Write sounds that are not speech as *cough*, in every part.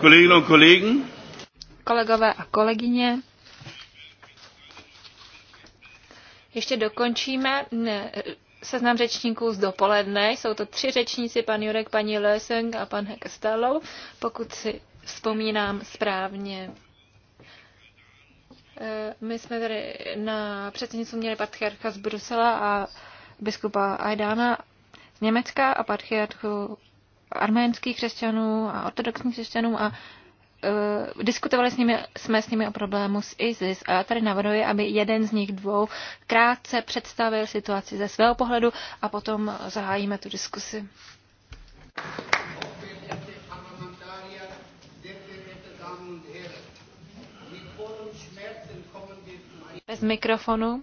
Kolleginnen und Kollegen. Kolegové a kolegyně. Ještě dokončíme seznam řečníků z dopoledne. Jsou to tři řečníci, pan Jurek, paní Leseng a pan Hekestalou, pokud si vzpomínám správně. Eh, my jsme tady na předsednictvu měli patriarcha z Brusela a biskupa Aidana z Německa a patriarchu arménských křesťanů a ortodoxních křesťanů a uh, diskutovali s nimi, jsme s nimi o problému s ISIS a já tady navrhuji, aby jeden z nich dvou krátce představil situaci ze svého pohledu a potom zahájíme tu diskusi. Bez mikrofonu.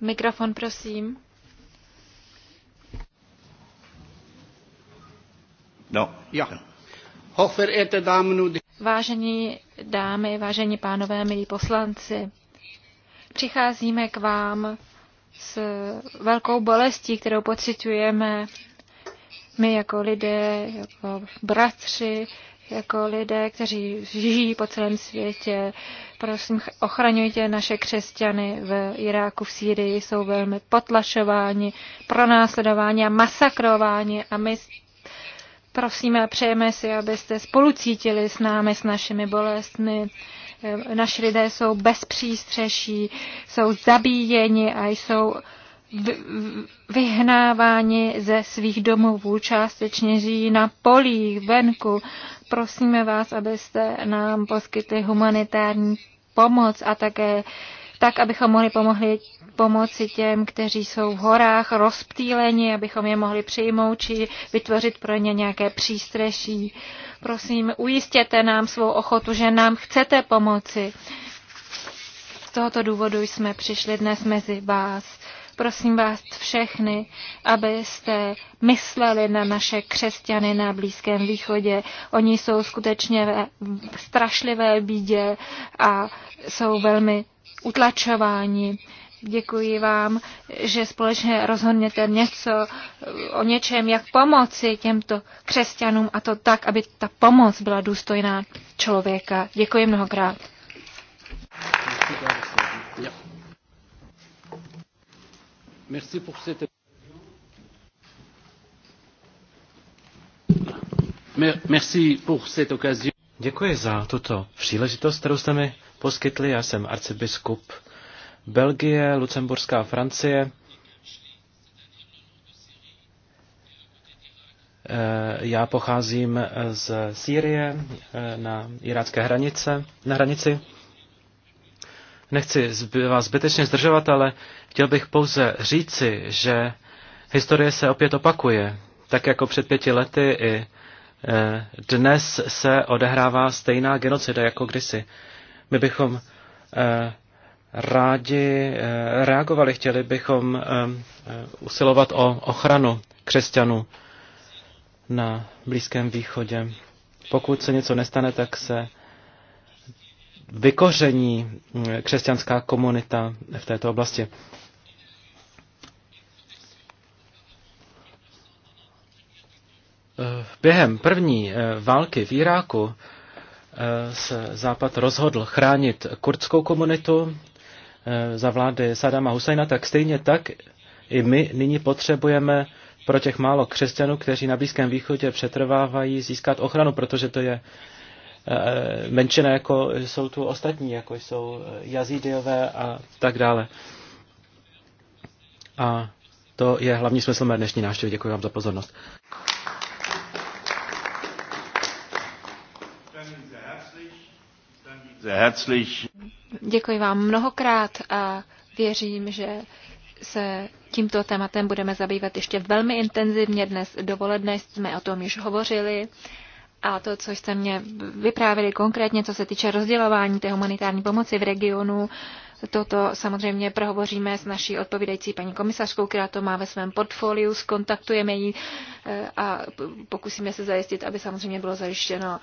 Mikrofon, prosím. No. Ja. Vážení dámy, vážení pánové, milí poslanci, přicházíme k vám s velkou bolestí, kterou pocitujeme my jako lidé, jako bratři, jako lidé, kteří žijí po celém světě. Prosím, ochraňujte naše křesťany v Iráku, v Sýrii, jsou velmi potlašováni, pronásledováni a masakrováni a my Prosíme a přejeme si, abyste spolucítili s námi, s našimi bolestmi. Eh, naši lidé jsou bez přístřeší, jsou zabíjeni a jsou vyhnáváni ze svých domovů, částečně žijí na polích, venku. Prosíme vás, abyste nám poskytli humanitární pomoc a také tak abychom mohli pomohli, pomoci těm, kteří jsou v horách rozptýleni, abychom je mohli přijmout či vytvořit pro ně nějaké přístřeší. Prosím, ujistěte nám svou ochotu, že nám chcete pomoci. Z tohoto důvodu jsme přišli dnes mezi vás. Prosím vás všechny, abyste mysleli na naše křesťany na Blízkém východě. Oni jsou skutečně ve strašlivé bídě a jsou velmi utlačováni. Děkuji vám, že společně rozhodněte něco o něčem, jak pomoci těmto křesťanům a to tak, aby ta pomoc byla důstojná člověka. Děkuji mnohokrát. Děkuji. Merci pour cette... Merci pour cette occasion. Děkuji za tuto příležitost, kterou jste mi poskytli. Já jsem arcibiskup Belgie, Lucemburská Francie. Eh, já pocházím z Sýrie eh, na irácké hranice, na hranici. Nechci vás zbytečně zdržovat, ale chtěl bych pouze říci, že historie se opět opakuje. Tak jako před pěti lety i e, dnes se odehrává stejná genocida jako kdysi. My bychom e, rádi e, reagovali, chtěli bychom usilovat o ochranu křesťanů na Blízkém východě. Pokud se něco nestane, tak se vykoření mm, křesťanská komunita v této oblasti. Eh, během první eh, války v Iráku eh, se Západ rozhodl chránit kurdskou komunitu za vlády Sadama Husajna, tak stejně tak i my nyní potřebujeme pro těch málo křesťanů, kteří na Blízkém východě přetrvávají, získat ochranu, protože to je Eh, menšina, jako jsou tu ostatní, jako jsou eh, jazidiové a tak dále. A to je hlavní smysl mé dnešní návštěvy. Děkuji vám za pozornost. Děkuji vám mnohokrát a věřím, že se tímto tématem budeme zabývat ještě velmi intenzivně. Dnes dovoledne, jsme o tom již hovořili a to, co jste mě vyprávěli konkrétně, co se týče rozdělování té humanitární pomoci v regionu, Toto samozřejmě prohovoříme s naší odpovídající paní komisařkou, která to má ve svém portfoliu, skontaktujeme ji eh, a pokusíme se zajistit, aby samozřejmě bylo zajištěno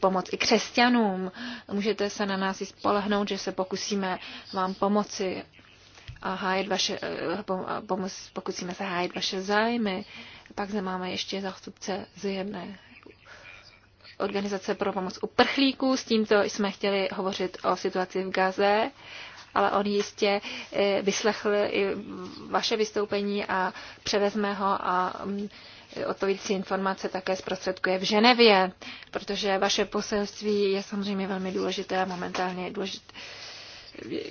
pomoc i křesťanům. Můžete se na nás i spolehnout, že se pokusíme vám pomoci a hájit vaše, eh, pomoc, pokusíme se hájit vaše zájmy. Pak zde máme ještě zástupce z jedné Organizace pro pomoc uprchlíků. S tímto jsme chtěli hovořit o situaci v Gaze, ale on jistě eh, vyslechl i vaše vystoupení a převezme ho a mm, odpovědící informace také zprostředkuje v Ženevě, protože vaše poselství je samozřejmě velmi důležité a momentálně je důležité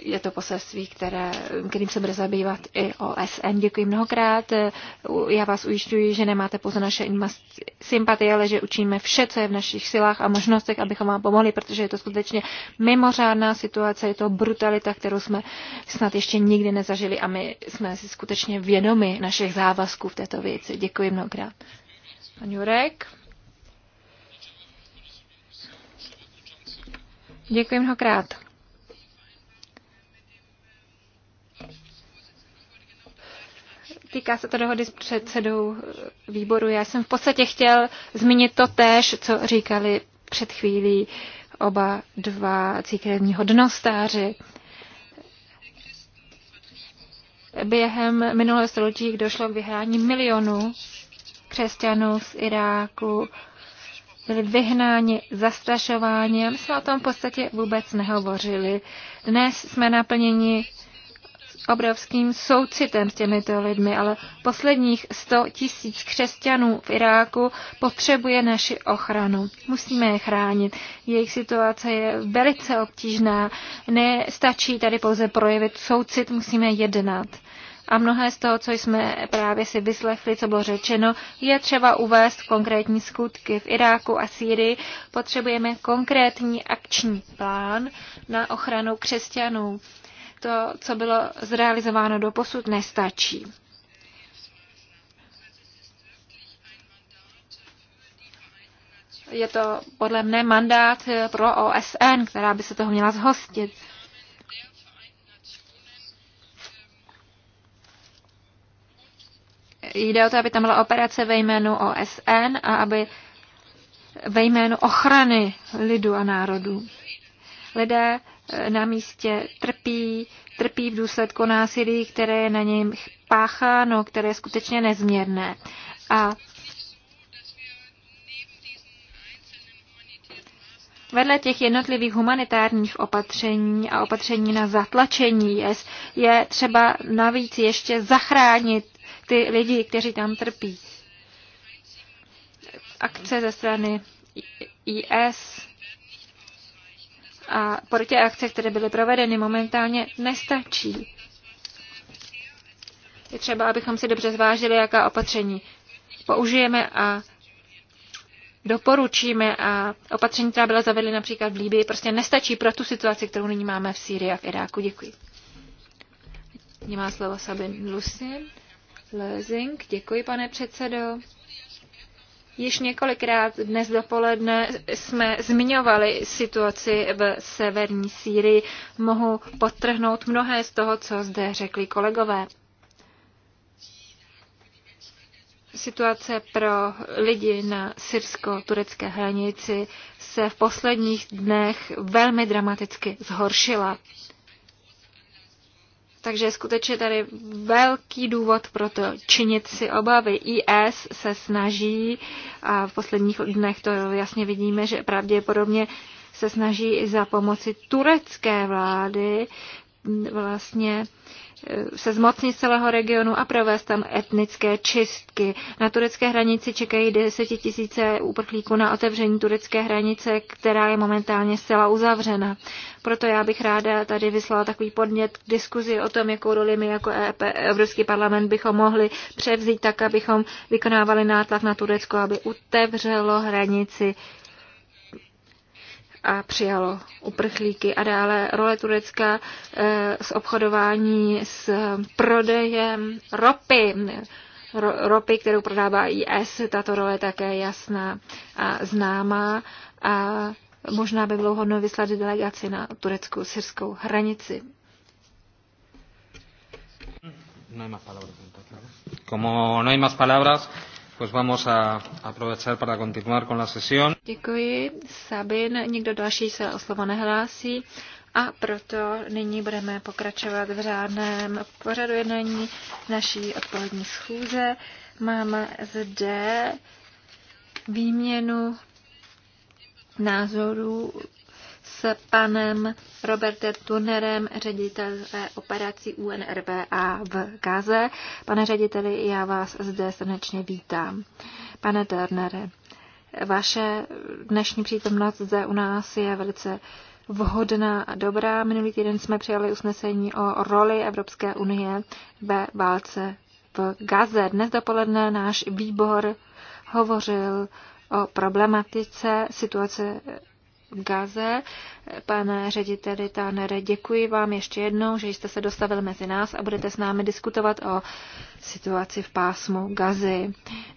je to poselství, které, kterým se bude zabývat i OSN. Děkuji mnohokrát. Já vás ujišťuji, že nemáte pouze naše sympatie, ale že učíme vše, co je v našich silách a možnostech, abychom vám pomohli, protože je to skutečně mimořádná situace, je to brutalita, kterou jsme snad ještě nikdy nezažili a my jsme si skutečně vědomi našich závazků v této věci. Děkuji mnohokrát. Pan Jurek. Děkuji mnohokrát. Týká se to dohody s předsedou výboru. Já jsem v podstatě chtěl zmínit to též, co říkali před chvílí oba dva církevní hodnostáři. Během minulého století došlo k vyhrání milionů křesťanů z Iráku, byli vyhnáni, zastrašováni my jsme o tom v podstatě vůbec nehovořili. Dnes jsme naplněni obrovským soucitem s těmito lidmi, ale posledních 100 tisíc křesťanů v Iráku potřebuje naši ochranu. Musíme je chránit. Jejich situace je velice obtížná. Nestačí tady pouze projevit soucit, musíme jednat. A mnohé z toho, co jsme právě si vyslechli, co bylo řečeno, je třeba uvést konkrétní skutky. V Iráku a Sýrii potřebujeme konkrétní akční plán na ochranu křesťanů to, co bylo zrealizováno do posud, nestačí. Je to podle mne mandát pro OSN, která by se toho měla zhostit. Jde o to, aby tam byla operace ve jménu OSN a aby ve jménu ochrany lidu a národů. Lidé Eh, na místě trpí, trpí v důsledku násilí, které je na něm pácháno, které je skutečně nezměrné. A Vedle těch jednotlivých humanitárních opatření a opatření na zatlačení jest, je třeba navíc ještě zachránit ty lidi, kteří tam trpí. Akce ze strany IS a protiakce, které byly provedeny, momentálně nestačí. Je třeba, abychom si dobře zvážili, jaká opatření použijeme a doporučíme a opatření, která byla zavedly například v Líbii, prostě nestačí pro tu situaci, kterou nyní máme v Sýrii a v Iráku. Děkuji. Nemá slovo Sabin Lusin. Lezing, děkuji, pane předsedo. Již několikrát dnes dopoledne jsme zmiňovali situaci v severní Sýrii. Mohu potrhnout mnohé z toho, co zde řekli kolegové. Situace pro lidi na syrsko-turecké hranici se v posledních dnech velmi dramaticky zhoršila. Takže skutečně tady velký důvod pro to činit si obavy. IS se snaží, a v posledních dnech to jasně vidíme, že pravděpodobně se snaží i za pomoci turecké vlády vlastně eh, se zmocnit celého regionu a provést tam etnické čistky. Na turecké hranici čekají desetitisíce úprchlíků na otevření turecké hranice, která je momentálně zcela uzavřena. Proto já bych ráda tady vyslala takový podnět k diskuzi o tom, jakou roli my jako EP, Evropský parlament bychom mohli převzít tak, abychom vykonávali nátlak na Turecko, aby otevřelo hranici a přijalo uprchlíky. A dále role Turecka eh, s obchodování s prodejem ropy. Ropy, kterou prodává IS, tato role také jasná a známá. A možná by bylo hodno vyslat delegaci na tureckou syrskou hranici. No hay más palabras. ¿no? Como no hay más palabras, Pues vamos a aprovechar para continuar con la sesión. Děkuji, Sabin. Nikdo další se o slovo nehlásí. A proto nyní budeme pokračovat v řádném pořadu jednání naší odpolední schůze. Máme zde výměnu názorů s panem Robertem Turnerem, ředitelem eh, operací UNRWA v Gaze. Pane řediteli, já vás zde srdečně vítám. Pane Turnere, vaše dnešní přítomnost zde u nás je velice vhodná a dobrá. Minulý týden jsme přijali usnesení o roli Evropské unie ve válce v Gaze. Dnes dopoledne náš výbor hovořil o problematice situace v Gaze. Pane řediteli Tanere, děkuji vám ještě jednou, že jste se dostavil mezi nás a budete s námi diskutovat o situaci v pásmu Gazy.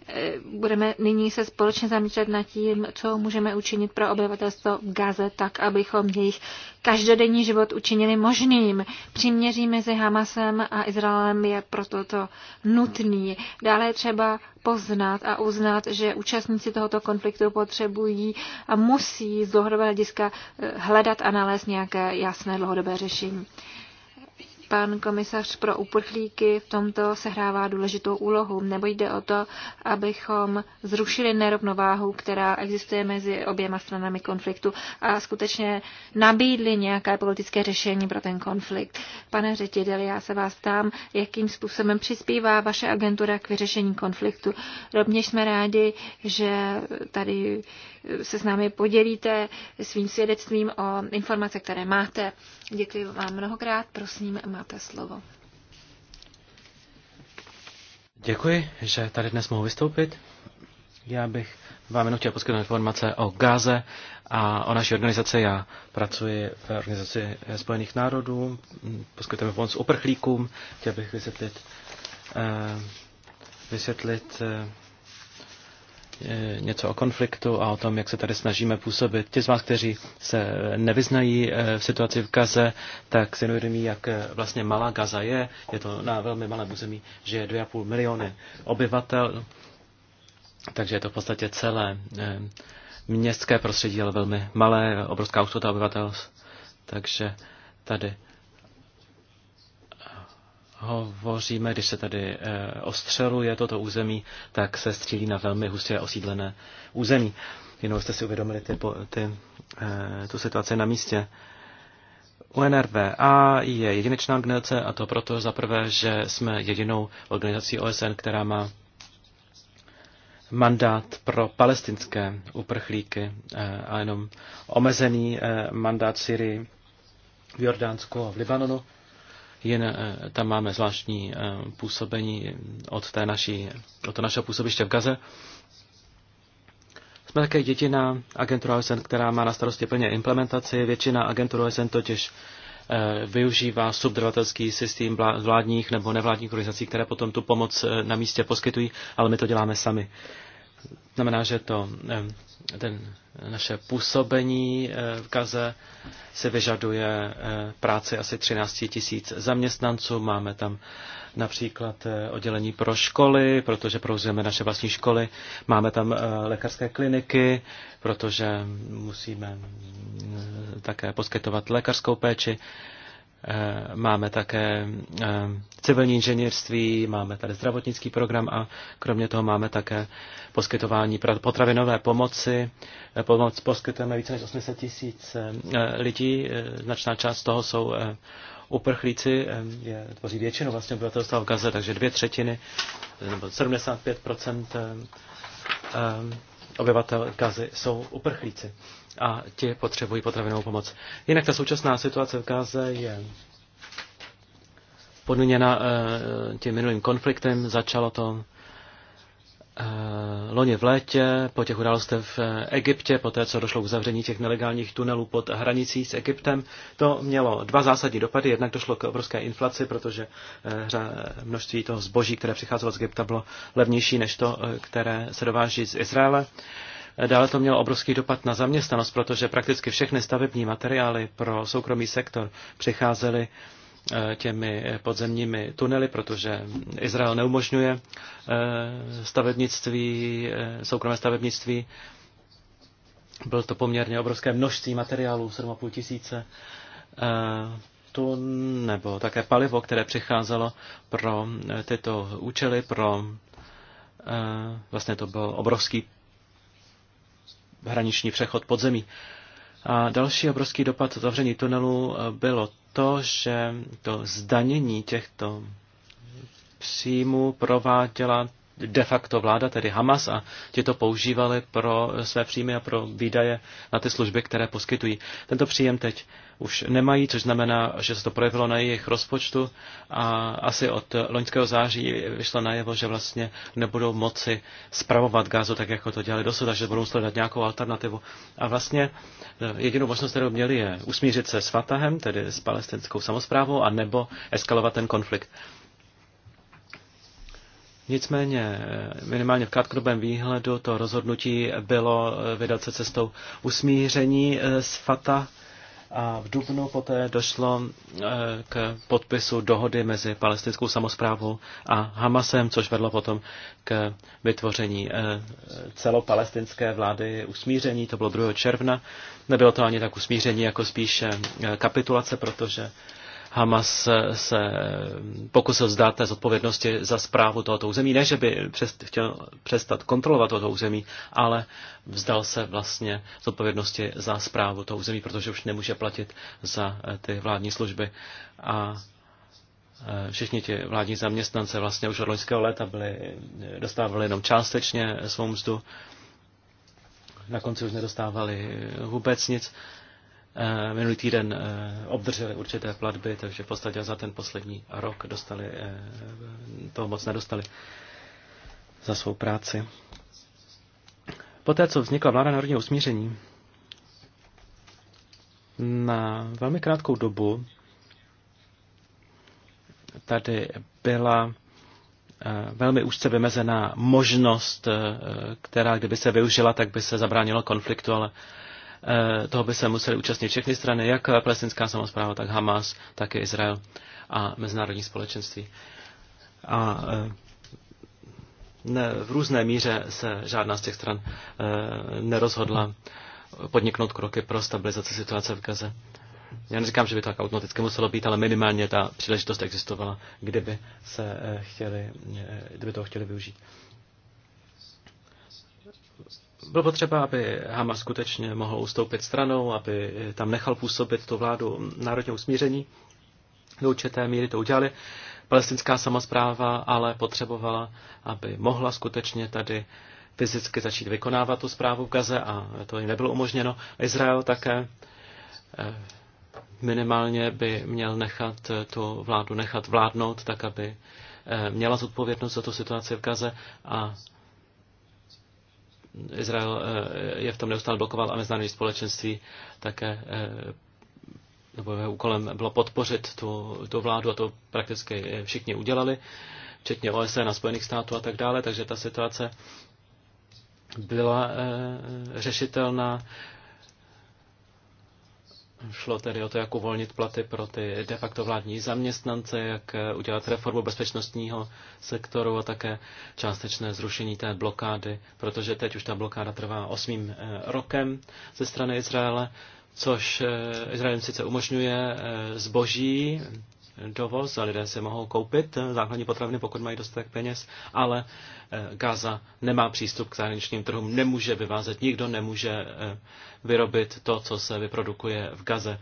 E, budeme nyní se společně zamýšlet nad tím, co můžeme učinit pro obyvatelstvo Gaze, tak abychom jejich každodenní život učinili možným. Příměří mezi Hamasem a Izraelem je proto to nutný. Dále je třeba poznat a uznat, že účastníci tohoto konfliktu potřebují a musí z dlouhodobého hlediska e, hledat a nalézt nějaké jasné dlouhodobé řešení pan komisař pro uprchlíky v tomto sehrává důležitou úlohu, nebo jde o to, abychom zrušili nerovnováhu, která existuje mezi oběma stranami konfliktu a skutečně nabídli nějaké politické řešení pro ten konflikt. Pane řediteli, já se vás ptám, jakým způsobem přispívá vaše agentura k vyřešení konfliktu. Rovněž jsme rádi, že tady se s námi podělíte svým svědectvím o informace, které máte. Děkuji vám mnohokrát, prosím, máte slovo. Děkuji, že tady dnes mohu vystoupit. Já bych vám jenom chtěl poskytnout informace o Gáze a o naší organizaci. Já pracuji v Organizaci spojených národů, poskytujeme pomoc uprchlíkům. Chtěl bych vysvětlit, eh, vysvětlit eh, Eh, něco o konfliktu a o tom, jak se tady snažíme působit. Ti z vás, kteří se nevyznají eh, v situaci v Gaze, tak si neuvědomí, jak eh, vlastně malá Gaza je. Je to na velmi malém území, že je 2,5 miliony obyvatel, takže je to v podstatě celé městské prostředí, ale velmi malé, obrovská ústota obyvatel. Takže tady hovoříme, když se tady eh, ostřeluje toto území, tak se střílí na velmi hustě osídlené území. Jenom jste si uvědomili ty, ty, eh, tu situaci na místě. UNRWA je jedinečná organizace a to proto zaprvé, že jsme jedinou organizací OSN, která má mandát pro palestinské uprchlíky eh, a jenom omezený mandát Syrii v Jordánsku a v Libanonu. Jen eh, tam máme zvláštní eh, působení od, té naší, od toho našeho působiště v Gaze. Jsme také děti na agentura OSN, která má na starosti plně implementaci. Většina agentur OSN totiž eh, využívá subdodavatelský systém vládních nebo nevládních organizací, které potom tu pomoc na místě poskytují, ale my to děláme sami. Znamená, že to, ten, naše působení eh, v Gaze se vyžaduje eh, práci asi 13 tisíc zaměstnanců. Máme tam například eh, oddělení pro školy, protože provozujeme naše vlastní školy. Máme tam lékařské kliniky, protože musíme mm, také poskytovat lékařskou péči. Eh, máme také eh, civilní inženýrství, máme tady zdravotnický program a kromě toho máme také poskytování potravinové pomoci. Eh, pomoc poskytujeme více než 800 tisíc lidí, značná část toho jsou uprchlíci, je, tvoří většinu vlastně obyvatelstva v Gaze, takže dvě třetiny, nebo 75 obyvatel Gazy jsou uprchlíci a ti potřebují potravinovou pomoc. Jinak ta současná situace v káze je podmíněna eh, tím minulým konfliktem. Začalo to eh, loni v létě, po těch událostech v eh, Egyptě, po té, co došlo k zavření těch nelegálních tunelů pod hranicí s Egyptem, to mělo dva zásadní dopady. Jednak došlo k obrovské inflaci, protože množství toho zboží, které přicházelo z Egypta, bylo levnější než to, které se dováží z Izraele. Dále to mělo obrovský dopad na zaměstnanost, protože prakticky všechny stavební materiály pro soukromý sektor přicházely e, těmi podzemními tunely, protože Izrael neumožňuje e, stavebnictví, e, soukromé stavebnictví. byl to poměrně obrovské množství materiálů, 7,5 tisíce tun, nebo také palivo, které přicházelo pro tyto účely, pro vlastně to byl obrovský hraniční přechod pod zemí. A další obrovský dopad zavření tunelu eh, bylo to, že to zdanění těchto příjmů prováděla de facto vláda, tedy Hamas, a ti to používali pro své příjmy a pro výdaje na ty služby, které poskytují. Tento příjem teď už nemají, což znamená, že se to projevilo na jejich rozpočtu a asi od loňského září vyšlo najevo, že vlastně nebudou moci spravovat gázu tak, jako to dělali dosud, a že budou muset dát nějakou alternativu. A vlastně eh, jedinou možnost, kterou měli, je usmířit se s Fatahem, tedy s palestinskou samozprávou, a nebo eskalovat ten konflikt. Nicméně eh, minimálně v krátkodobém výhledu to rozhodnutí bylo eh, vydat se cestou usmíření eh, z Fata a v Dubnu poté došlo k podpisu dohody mezi palestinskou samozprávou a Hamasem, což vedlo potom k vytvoření celopalestinské vlády usmíření, to bylo 2. června. Nebylo to ani tak usmíření, jako spíše kapitulace, protože Hamas se pokusil vzdát té zodpovědnosti za zprávu tohoto území. Ne, že by přest, chtěl přestat kontrolovat toto území, ale vzdal se vlastně zodpovědnosti za zprávu tohoto území, protože už nemůže platit za eh, ty vládní služby. A eh, všichni ti vládní zaměstnance vlastně už od loňského léta byli, eh, dostávali jenom částečně svou mzdu. Na konci už nedostávali vůbec nic Eh, minulý týden eh, obdrželi určité platby, takže v podstatě za ten poslední rok dostali, eh, toho moc nedostali za svou práci. Poté, co vznikla vláda národního usmíření, na velmi krátkou dobu tady byla velmi úzce vymezená možnost, která kdyby se využila, tak by se zabránilo konfliktu, ale Eh, toho by se museli účastnit všechny strany, jak palestinská samozpráva, tak Hamas, tak i Izrael a mezinárodní společenství. A eh, ne, v různé míře se žádná z těch stran eh, nerozhodla podniknout kroky pro stabilizaci situace v Gaze. Já neříkám, že by to tak automaticky muselo být, ale minimálně ta příležitost existovala, kdyby, se chtěli, kdyby toho chtěli využít. Bylo potřeba, aby Hamas skutečně mohl ustoupit stranou, aby tam nechal působit tu vládu národního usmíření. Do určité míry to udělali. Palestinská samozpráva ale potřebovala, aby mohla skutečně tady fyzicky začít vykonávat tu zprávu v Gaze a to jim nebylo umožněno. Izrael také eh, minimálně by měl nechat eh, tu vládu nechat vládnout, tak aby eh, měla zodpovědnost za tu situaci v Gaze a Izrael eh, je v tom neustále blokoval a mezinárodní společenství také eh, nebo jeho úkolem bylo podpořit tu, tu vládu a to prakticky eh, všichni udělali, včetně OSN a Spojených států a tak dále, takže ta situace byla e, řešitelná. Šlo tedy o to, jak uvolnit platy pro ty de facto vládní zaměstnance, jak eh, udělat reformu bezpečnostního sektoru a také částečné zrušení té blokády, protože teď už ta blokáda trvá osmým eh, rokem ze strany Izraele, což eh, Izraelem sice umožňuje zboží dovoz a lidé si mohou koupit eh, základní potraviny, pokud mají dostatek peněz, ale eh, Gaza nemá přístup k zahraničním trhům, nemůže vyvázet, nikdo nemůže eh, vyrobit to, co se vyprodukuje v Gaze.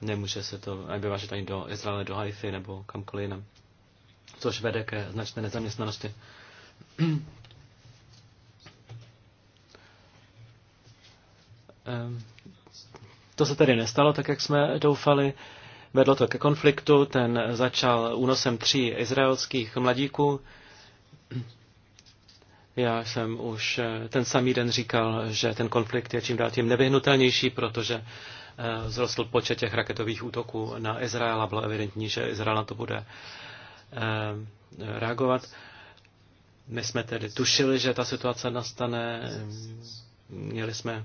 Nemůže se to vyvážet ani do Izraele, do Haify nebo kamkoliv jinam, což vede ke značné nezaměstnanosti. Ehm, to se tedy nestalo tak, jak jsme doufali. Vedlo to ke konfliktu, ten začal únosem tří izraelských mladíků. Já jsem už eh, ten samý den říkal, že ten konflikt je čím dál tím nevyhnutelnější, protože eh, vzrostl počet těch raketových útoků na Izrael a bylo evidentní, že Izrael na to bude eh, reagovat. My jsme tedy tušili, že ta situace nastane. Měli jsme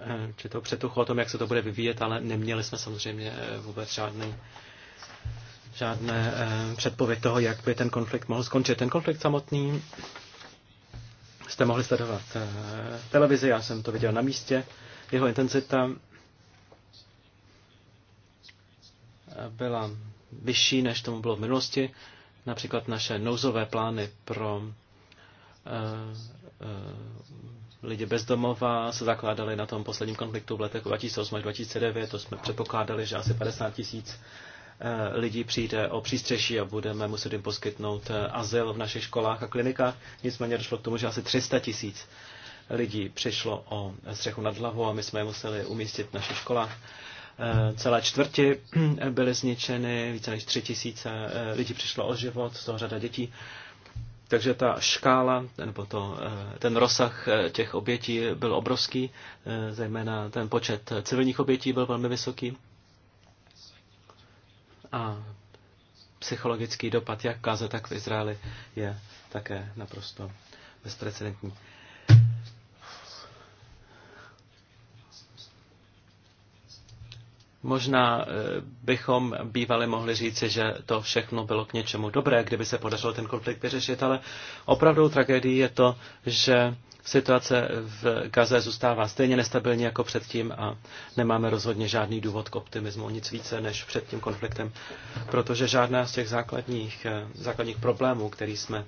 Eh, či to přetuchu o tom, jak se to bude vyvíjet, ale neměli jsme samozřejmě eh, vůbec žádný, žádné eh, předpověď toho, jak by ten konflikt mohl skončit. Ten konflikt samotný jste mohli sledovat v televizi, já jsem to viděl na místě, jeho intenzita byla vyšší, než tomu bylo v minulosti. Například naše nouzové plány pro lidi bezdomová se zakládali na tom posledním konfliktu v letech 2008 až 2009. To jsme předpokládali, že asi 50 tisíc eh, lidí přijde o přístřeší a budeme muset jim poskytnout eh, azyl v našich školách a klinikách. Nicméně došlo k tomu, že asi 300 tisíc lidí přišlo o střechu nad hlavou a my jsme je museli umístit v našich školách. Eh, celé čtvrti *clears throat* byly zničeny, více než tři tisíce lidí přišlo o život, z toho řada dětí. Takže ta škála, nebo to, eh, ten rozsah eh, těch obětí byl obrovský, eh, zejména ten počet civilních obětí byl velmi vysoký. A psychologický dopad jak v Gaze, tak v Izraeli je také naprosto bezprecedentní. Možná eh, bychom bývali mohli říci, že to všechno bylo k něčemu dobré, kdyby se podařilo ten konflikt vyřešit, ale opravdou tragédií je to, že situace v Gaze zůstává stejně nestabilní jako předtím a nemáme rozhodně žádný důvod k optimismu, nic více než před tím konfliktem, protože žádná z těch základních, eh, základních problémů, který jsme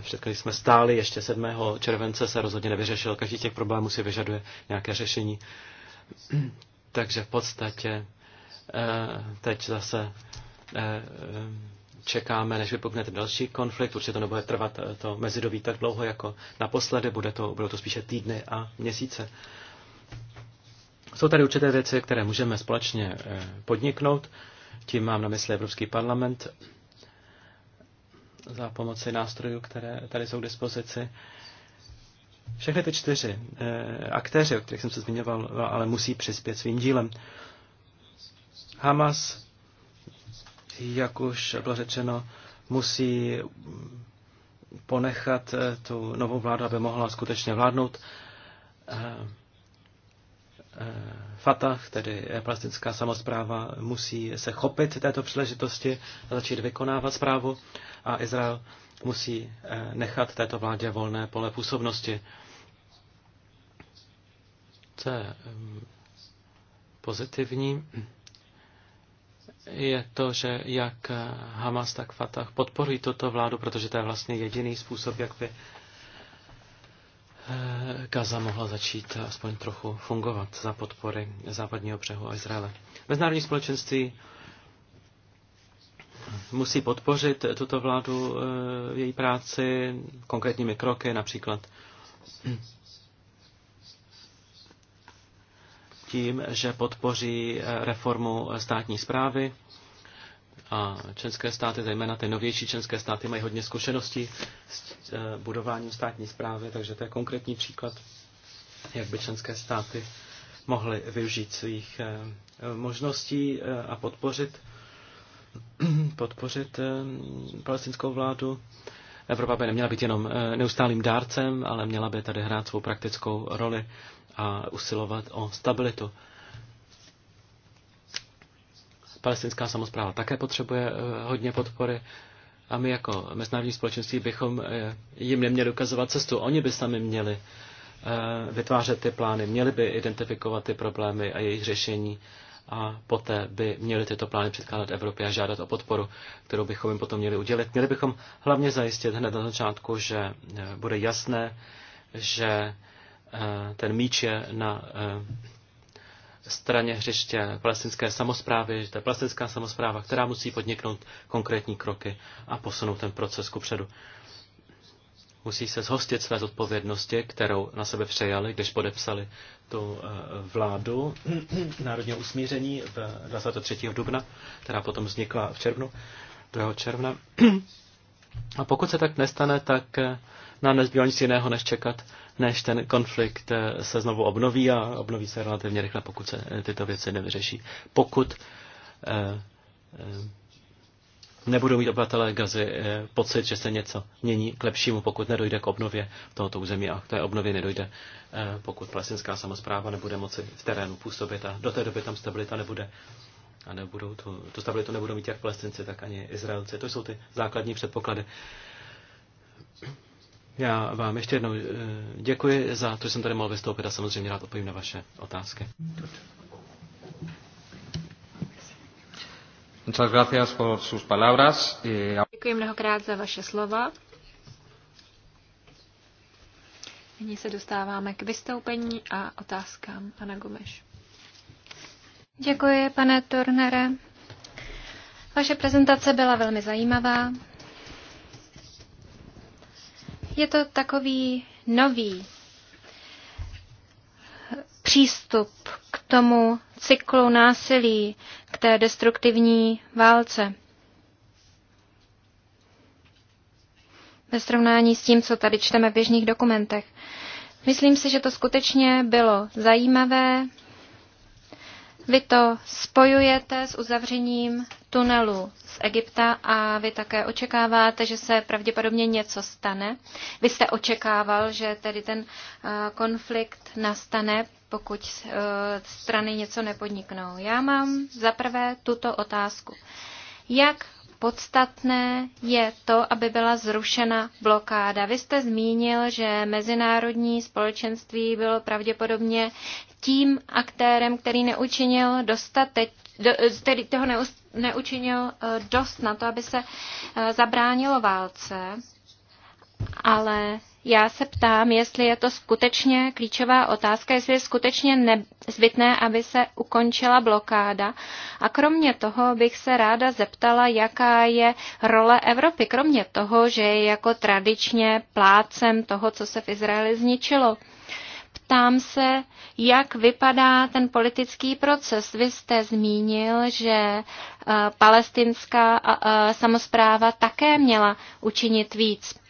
všechny jsme stáli ještě 7. července, se rozhodně nevyřešil. Každý těch problémů si vyžaduje nějaké řešení. Takže v podstatě eh, teď zase eh, eh, čekáme, než vypukne ten další konflikt. Určitě to nebude trvat to mezidobí tak dlouho jako naposledy, bude to, budou to spíše týdny a měsíce. Jsou tady určité věci, které můžeme společně podniknout. Tím mám na mysli Evropský parlament za pomoci nástrojů, které tady jsou k dispozici. Všechny ty čtyři eh, aktéři, o kterých jsem se zmiňoval, ale musí přispět svým dílem. Hamas, jak už bylo řečeno, musí ponechat eh, tu novou vládu, aby mohla skutečně vládnout. Eh, eh, Fatah, tedy palestinská samozpráva, musí se chopit této příležitosti a začít vykonávat zprávu a Izrael musí eh, nechat této vládě volné pole působnosti. Co je eh, pozitivní, je to, že jak eh, Hamas, tak Fatah podporují tuto vládu, protože to je vlastně jediný způsob, jak by Gaza mohla začít aspoň trochu fungovat za podpory západního břehu a Izraele. Mezinárodní společenství musí podpořit tuto vládu eh, v její práci konkrétními kroky, například tím, že podpoří eh, reformu státní zprávy. A členské státy, zejména ty novější členské státy, mají hodně zkušeností s eh, budováním státní zprávy, takže to je konkrétní příklad, jak by členské státy mohly využít svých možností a podpořit *clears throat* podpořit eh, palestinskou vládu. Evropa by neměla být jenom eh, neustálým dárcem, ale měla by tady hrát svou praktickou roli a usilovat o stabilitu. Palestinská samozpráva také potřebuje eh, hodně podpory a my jako mezinárodní společenství bychom jim neměli ukazovat cestu. Oni by sami měli vytvářet ty plány, měli by identifikovat ty problémy a jejich řešení a poté by měli tyto plány předkládat Evropě a žádat o podporu, kterou bychom jim potom měli udělit. Měli bychom hlavně zajistit hned na začátku, že eh, bude jasné, že eh, ten míč je na eh, straně hřiště palestinské samozprávy, že to je palestinská samozpráva, která musí podniknout konkrétní kroky a posunout ten proces kupředu musí se zhostit své zodpovědnosti, kterou na sebe přejali, když podepsali tu eh, vládu *clears throat* národního usmíření v 23. dubna, která potom vznikla v červnu, 2. června. *clears throat* A pokud se tak nestane, tak eh, nám nezbývá nic jiného, než čekat, než ten konflikt eh, se znovu obnoví a obnoví se relativně rychle, pokud se tyto věci nevyřeší. Pokud nebudou mít obyvatelé Gazy eh, pocit, že se něco mění k lepšímu, pokud nedojde k obnově tohoto území a k té obnově nedojde, eh, pokud palestinská samozpráva nebude moci v terénu působit a do té doby tam stabilita nebude. A nebudou tu, tu stabilitu nebudou mít jak palestinci, tak ani Izraelci. To jsou ty základní předpoklady. Já vám ještě jednou eh, děkuji za to, že jsem tady mohl vystoupit a samozřejmě rád odpovím na vaše otázky. Muchas gracias por sus palabras. Děkuji mnohokrát za vaše slova. Nyní se dostáváme k vystoupení a otázkám. Pana Gomeš. Děkuji, pane Turnere. Vaše prezentace byla velmi zajímavá. Je to takový nový přístup k tomu cyklu násilí, k té destruktivní válce. Ve srovnání s tím, co tady čteme v běžných dokumentech. Myslím si, že to skutečně bylo zajímavé, vy to spojujete s uzavřením tunelu z Egypta a vy také očekáváte, že se pravděpodobně něco stane. Vy jste očekával, že tedy ten eh, konflikt nastane, pokud eh, strany něco nepodniknou. Já mám zaprvé tuto otázku. Jak Podstatné je to, aby byla zrušena blokáda. Vy jste zmínil, že mezinárodní společenství bylo pravděpodobně tím aktérem, který neučinil dostateč, který toho neučinil eh, dost na to, aby se eh, zabránilo válce, ale já se ptám, jestli je to skutečně klíčová otázka, jestli je skutečně nezbytné, aby se ukončila blokáda. A kromě toho bych se ráda zeptala, jaká je role Evropy, kromě toho, že je jako tradičně plácem toho, co se v Izraeli zničilo ptám se, jak vypadá ten politický proces. Vy jste zmínil, že eh, palestinská eh, eh, samozpráva také měla učinit víc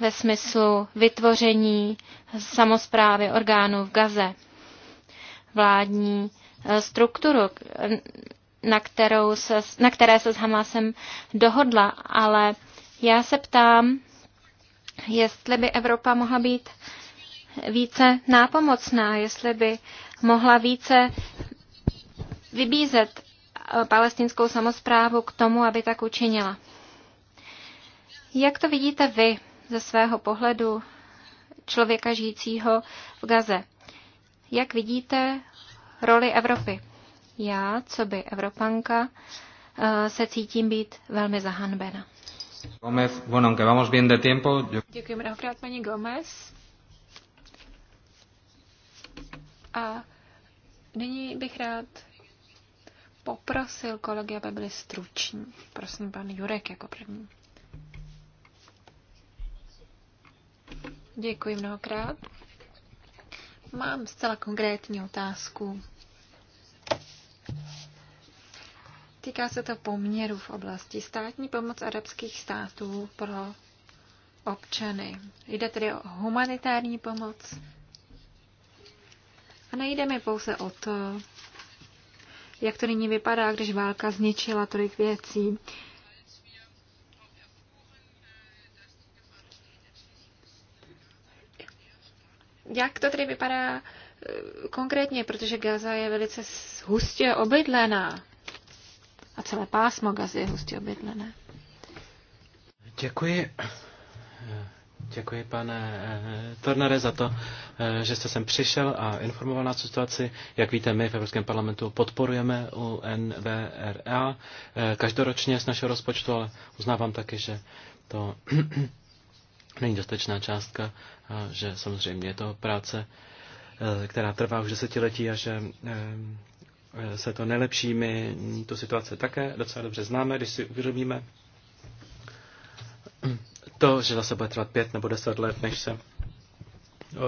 ve smyslu vytvoření samozprávy orgánů v Gaze, vládní eh, strukturu, na, kterou se, na které se s Hamasem dohodla, ale já se ptám, jestli by Evropa mohla být více nápomocná, jestli by mohla více vybízet eh, palestinskou samozprávu k tomu, aby tak učinila. Jak to vidíte vy? ze svého pohledu člověka žijícího v Gaze. Jak vidíte roli Evropy? Já, co by Evropanka, eh, se cítím být velmi zahanbena. Gomez, bueno, aunque vamos bien de tiempo, yo... Děkuji mnohokrát, paní Gomez. A nyní bych rád poprosil kolegy, aby byli struční. Prosím, pan Jurek jako první. Děkuji mnohokrát. Mám zcela konkrétní otázku. Týká se to poměru v oblasti státní pomoc arabských států pro občany. Jde tedy o humanitární pomoc. A nejde mi pouze o to, jak to nyní vypadá, když válka zničila tolik věcí. Jak to tedy vypadá eh, konkrétně, protože Gaza je velice hustě obydlená a celé pásmo Gazy je hustě obydlené. Děkuji. Děkuji, pane eh, Tornare, za to, eh, že jste sem přišel a informoval nás o situaci. Jak víte, my v Evropském parlamentu podporujeme UNVRA každoročně z našeho rozpočtu, ale uznávám taky, že to není dostatečná částka eh, že samozřejmě je to práce, eh, která trvá už desetiletí a že eh, se to nelepší. My tu situace také docela dobře známe, když si uvědomíme to, že zase bude trvat pět nebo deset let, než se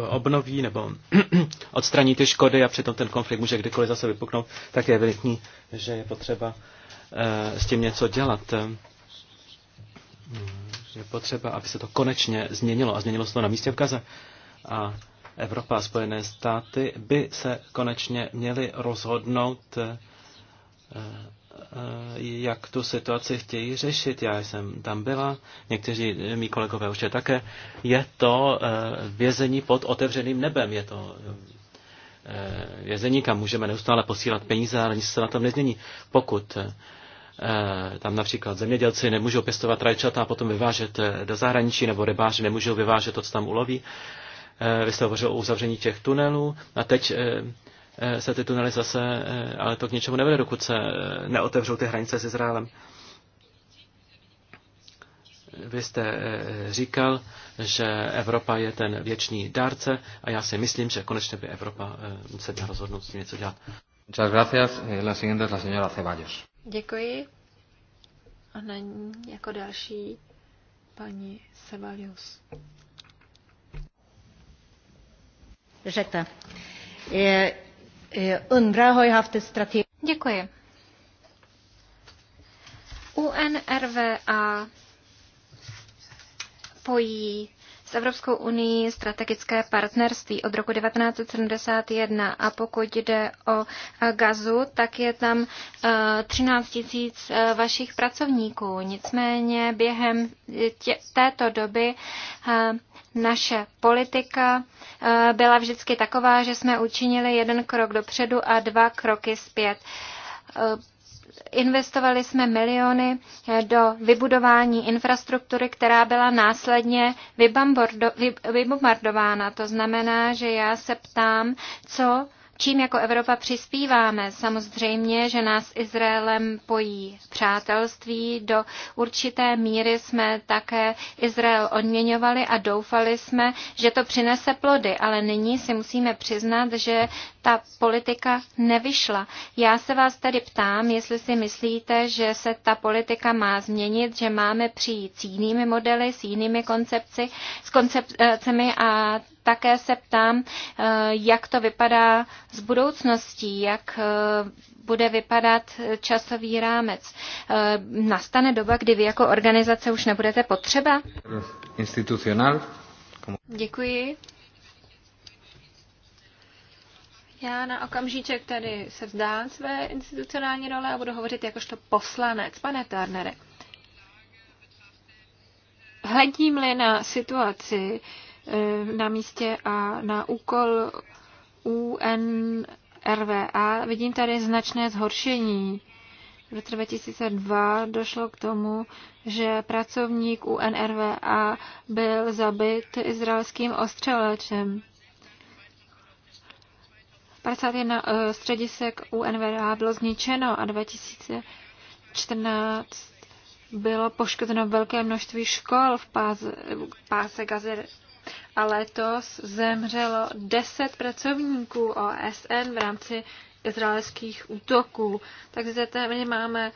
obnoví nebo *clears throat* odstraní ty škody a přitom ten konflikt může kdykoliv zase vypuknout, tak je evidentní, že je potřeba s tím něco dělat je potřeba, aby se to konečně změnilo a změnilo se to na místě v Gaze. A Evropa a Spojené státy by se konečně měly rozhodnout, eh, eh, jak tu situaci chtějí řešit. Já jsem tam byla, někteří mý kolegové už je také. Je to eh, vězení pod otevřeným nebem, je to vězení, kam můžeme neustále posílat peníze, ale nic se na tom nezmění. Pokud Eh, tam například zemědělci nemůžou pěstovat rajčata a potom vyvážet eh, do zahraničí, nebo rybáři nemůžou vyvážet to, co tam uloví. Eh, vy jste hovořil o uzavření těch tunelů a teď se ty tunely zase, ale to k něčemu? nevede, dokud se neotevřou ty hranice s Izraelem. Vy jste říkal, že Evropa je ten věčný dárce a já si myslím, že konečně by Evropa se měla rozhodnout s tím něco dělat. Muchas gracias. La siguiente es la señora Ceballos. Děkuji. A na ní jako další paní Sevalius. Řekte. Děkuji. UNRWA pojí s Evropskou unii strategické partnerství od roku 1971 a pokud jde o gazu, tak je tam 13 eh, tisíc eh, vašich pracovníků. Nicméně během eh, tě, této doby naše politika byla vždycky taková, že jsme učinili jeden krok dopředu a dva kroky zpět investovali jsme miliony eh, do vybudování infrastruktury, která byla následně vybombardována. To znamená, že já se ptám, co čím jako Evropa přispíváme. Samozřejmě, že nás Izraelem pojí přátelství. Do určité míry jsme také Izrael odměňovali a doufali jsme, že to přinese plody, ale nyní si musíme přiznat, že ta politika nevyšla. Já se vás tedy ptám, jestli si myslíte, že se ta politika má změnit, že máme přijít s jinými modely, s jinými koncepci, s koncepcemi a také se ptám, eh, jak to vypadá s budoucností, jak eh, bude vypadat časový rámec. Eh, nastane doba, kdy vy jako organizace už nebudete potřeba? Institucional. Děkuji. Já na okamžíček tady se vzdám své institucionální role a budu hovořit jakožto poslanec. Pane Tarnere, hledím-li na situaci, E, na místě a na úkol UNRWA vidím tady značné zhoršení. V roce 2002 došlo k tomu, že pracovník UNRWA byl zabit izraelským ostřelečem. 51 e, středisek UNRWA bylo zničeno a 2014 bylo poškozeno velké množství škol v páze, páse Gaze a letos zemřelo 10 pracovníků OSN v rámci izraelských útoků. Takže tady máme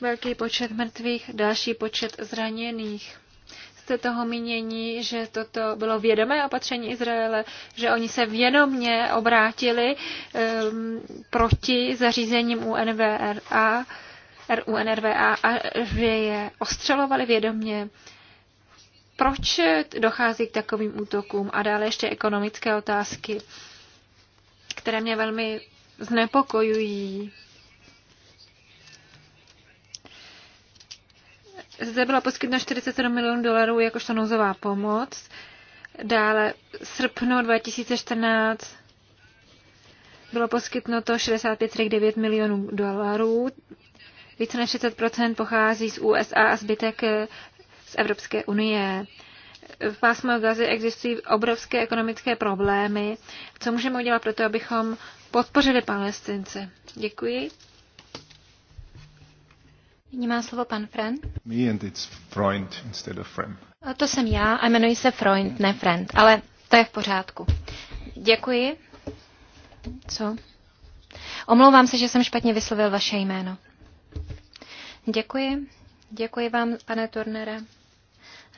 velký počet mrtvých, další počet zraněných. Jste toho mínění, že toto bylo vědomé opatření Izraele, že oni se vědomně obrátili um, proti zařízením UNVRA, RUNRVA a že je ostřelovali vědomně proč dochází k takovým útokům a dále ještě ekonomické otázky, které mě velmi znepokojují. Zde byla poskytna 47 milionů dolarů jakožto nouzová pomoc. Dále srpnu 2014 bylo poskytnuto 65,9 milionů dolarů. Více než 30 pochází z USA a zbytek z Evropské unie. V pásmu Gazy existují obrovské ekonomické problémy. Co můžeme udělat pro to, abychom podpořili Palestince? Děkuji. Nyní má slovo pan Fren. Me and it's Freund instead of Fren. To jsem já a jmenuji se Freund, ne Friend, ale to je v pořádku. Děkuji. Co? Omlouvám se, že jsem špatně vyslovil vaše jméno. Děkuji. Děkuji vám, pane Turnere,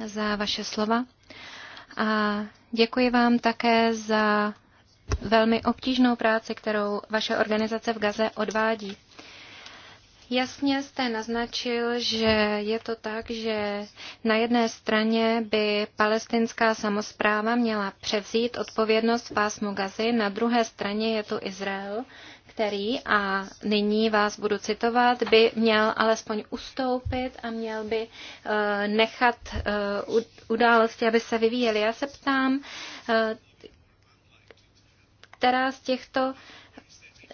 za vaše slova a děkuji vám také za velmi obtížnou práci, kterou vaše organizace v Gaze odvádí. Jasně jste naznačil, že je to tak, že na jedné straně by palestinská samozpráva měla převzít odpovědnost v pásmu Gazy, na druhé straně je tu Izrael, který, a nyní vás budu citovat, by měl alespoň ustoupit a měl by eh, nechat eh, události, aby se vyvíjely. Já se ptám, eh, která z těchto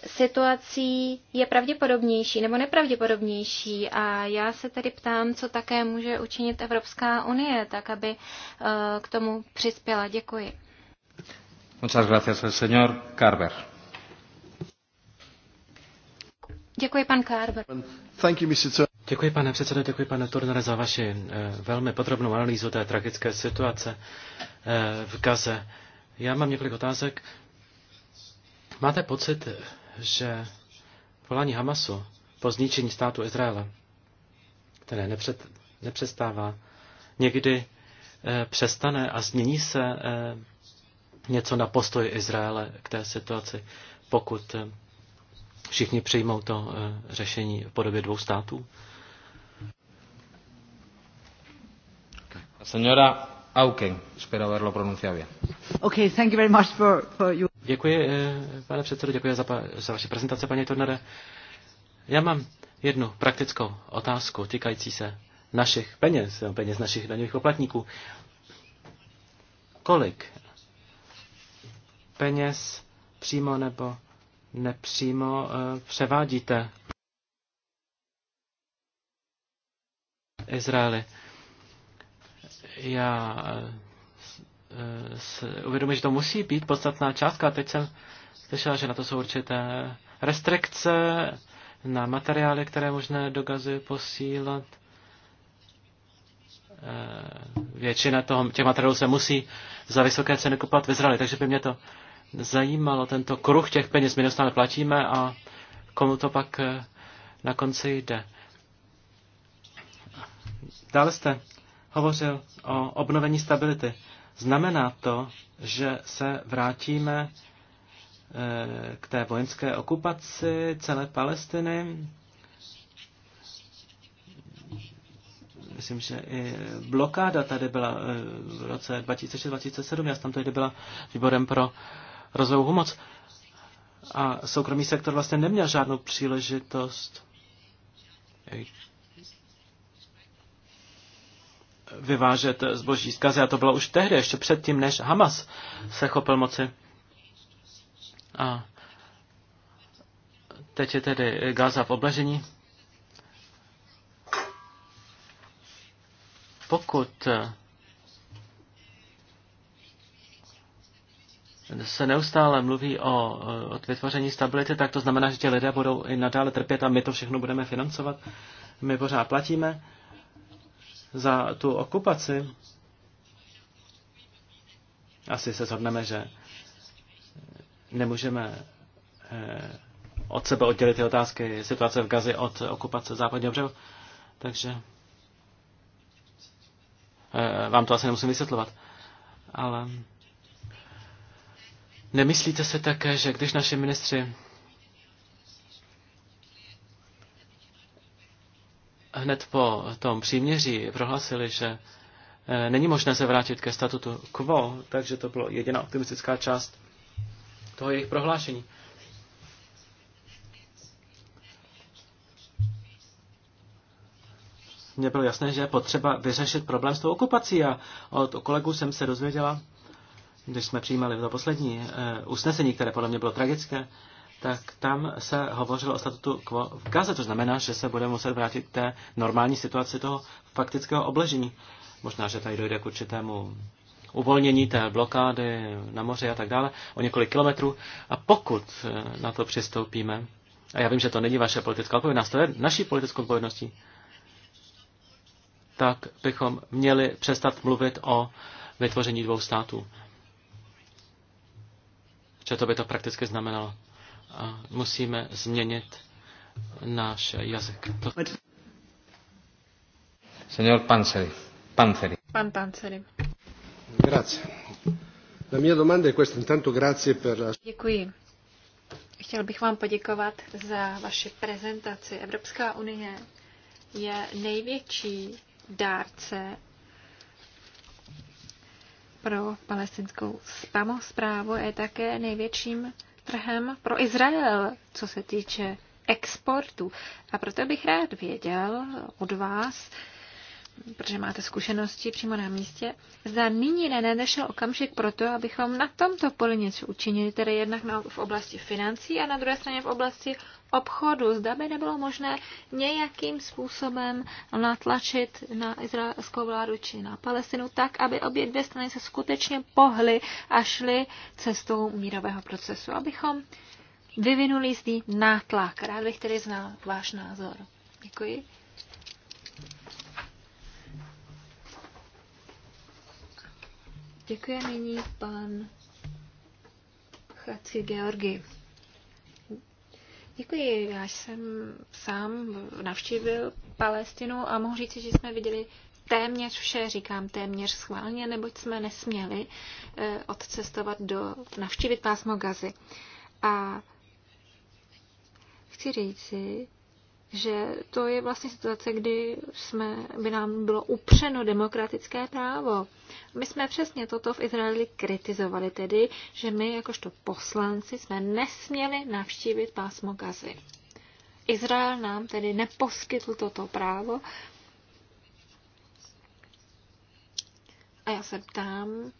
situací je pravděpodobnější nebo nepravděpodobnější. A já se tedy ptám, co také může učinit Evropská unie, tak aby k tomu přispěla. Děkuji. Muchas gracias, señor Carver. Děkuji, Kárber. Děkuji, pane předsedo, děkuji, pane Turnere, za vaši eh, velmi podrobnou analýzu té tragické situace eh, v Gaze. Já mám několik otázek. Máte pocit, že volání Hamasu po zničení státu Izraela, které nepřed, nepřestává, někdy eh, přestane a změní se něco na postoj Izraele k té situaci, pokud všichni přijmou to eh, řešení v podobě dvou států? Senora Auken, espero haberlo pronunciado bien. Okay, thank you very much for, for you. Děkuji, eh, pane předsedo, děkuji za, za vaši prezentaci, paní Tornare. Já mám jednu praktickou otázku týkající se našich peněz, peněz našich daňových poplatníků. Kolik peněz přímo nebo nepřímo eh, převádíte Izraeli. Já eh, eh, uvědomuji, že to musí být podstatná částka. Teď jsem slyšel, že na to jsou určité restrikce na materiály, které možné do Gazy posílat. Většina toho, těch materiálů se musí za vysoké ceny kupovat v Izraeli, takže by mě to zajímalo tento kruh těch peněz. My neustále platíme a komu to pak eh, na konci jde. Dále jste hovořil o obnovení stability. Znamená to, že se vrátíme eh, k té vojenské okupaci celé Palestiny. Myslím, že i blokáda tady byla eh, v roce 2006-2007, já jsem tam tady byla výborem pro rozvojovou pomoc. A soukromý sektor vlastně neměl žádnou příležitost vyvážet zboží z A to bylo už tehdy, ještě předtím, než Hamas se chopil moci. A teď je tedy Gaza v obležení. Pokud se neustále mluví o, o vytvoření stability, tak to znamená, že ti lidé budou i nadále trpět a my to všechno budeme financovat. My pořád platíme za tu okupaci. Asi se shodneme, že nemůžeme eh, od sebe oddělit ty otázky situace v Gazi od okupace západního břehu. Takže eh, vám to asi nemusím vysvětlovat. Ale Nemyslíte se také, že když naši ministři hned po tom příměří prohlásili, že eh, není možné se vrátit ke statutu quo, takže to byla jediná optimistická část toho jejich prohlášení. Mně bylo jasné, že je potřeba vyřešit problém s tou okupací a od kolegů jsem se dozvěděla, když jsme přijímali to poslední eh, usnesení, které podle mě bylo tragické, tak tam se hovořilo o statutu quo v Gaze, to znamená, že se budeme muset vrátit k té normální situaci toho faktického obležení. Možná, že tady dojde k určitému uvolnění té blokády na moři a tak dále o několik kilometrů. A pokud eh, na to přistoupíme, a já vím, že to není vaše politická odpovědnost, to je naší politickou odpovědností, tak bychom měli přestat mluvit o vytvoření dvou států co to by to prakticky znamenalo. A musíme změnit náš jazyk. To... Senor Panceri. Panceri. Pan Panceri. Grazie. La mia domanda è questa. Intanto grazie per la... Děkuji. Chtěl bych vám poděkovat za vaši prezentaci. Evropská unie je největší dárce pro palestinskou samozprávu je také největším trhem pro Izrael, co se týče exportu. A proto bych rád věděl od vás, protože máte zkušenosti přímo na místě, zda nyní nenadešel okamžik pro to, abychom na tomto poli něco učinili, tedy jednak na, v oblasti financí a na druhé straně v oblasti obchodu. Zda by nebylo možné nějakým způsobem natlačit na izraelskou vládu či na Palestinu tak, aby obě dvě strany se skutečně pohly a šly cestou mírového procesu, abychom vyvinuli zde nátlak. Rád bych tedy znal váš názor. Děkuji. Děkuji nyní pan Chaci Georgi. Děkuji. Já jsem sám navštívil Palestinu a mohu říct, že jsme viděli téměř vše, říkám téměř schválně, neboť jsme nesměli eh, odcestovat do, navštívit pásmo Gazy. A chci říci, že to je vlastně situace, kdy jsme, by nám bylo upřeno demokratické právo. My jsme přesně toto v Izraeli kritizovali, tedy, že my jakožto poslanci jsme nesměli navštívit pásmo Gazy. Izrael nám tedy neposkytl toto právo. A já se ptám,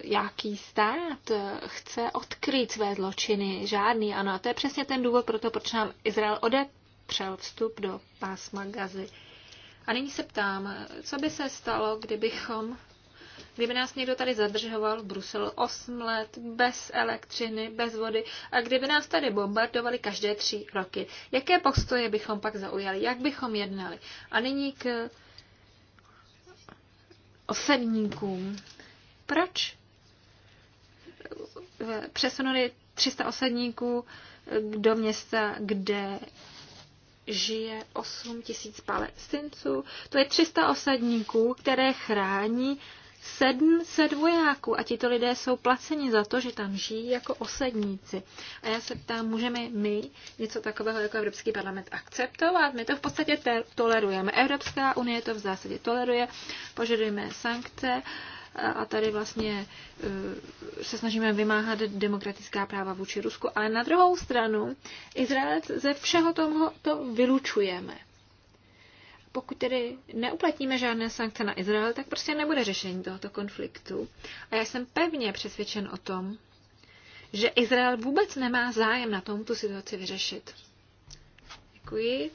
jaký stát chce odkryt své zločiny. Žádný, ano. A to je přesně ten důvod pro to, proč nám Izrael odepřel přel vstup do pásma gazy. A nyní se ptám, co by se stalo, kdybychom, kdyby nás někdo tady zadržoval v Bruselu 8 let, bez elektřiny, bez vody, a kdyby nás tady bombardovali každé tři roky. Jaké postoje bychom pak zaujali? Jak bychom jednali? A nyní k osadníkům. Proč přesunuli 300 osadníků do města, kde žije 8 tisíc palestinců. To je 300 osadníků, které chrání 700 vojáků a tito lidé jsou placeni za to, že tam žijí jako osadníci. A já se ptám, můžeme my něco takového jako Evropský parlament akceptovat? My to v podstatě tolerujeme. Evropská unie to v zásadě toleruje, požadujeme sankce, uh, a tady vlastně eh, se snažíme vymáhat demokratická práva vůči Rusku. Ale na druhou stranu Izrael ze všeho toho to vylučujeme. Pokud tedy neuplatníme žádné sankce na Izrael, tak prostě nebude řešení tohoto konfliktu. A já jsem pevně přesvědčen o tom, že Izrael vůbec nemá zájem na tom tu situaci vyřešit. Děkuji.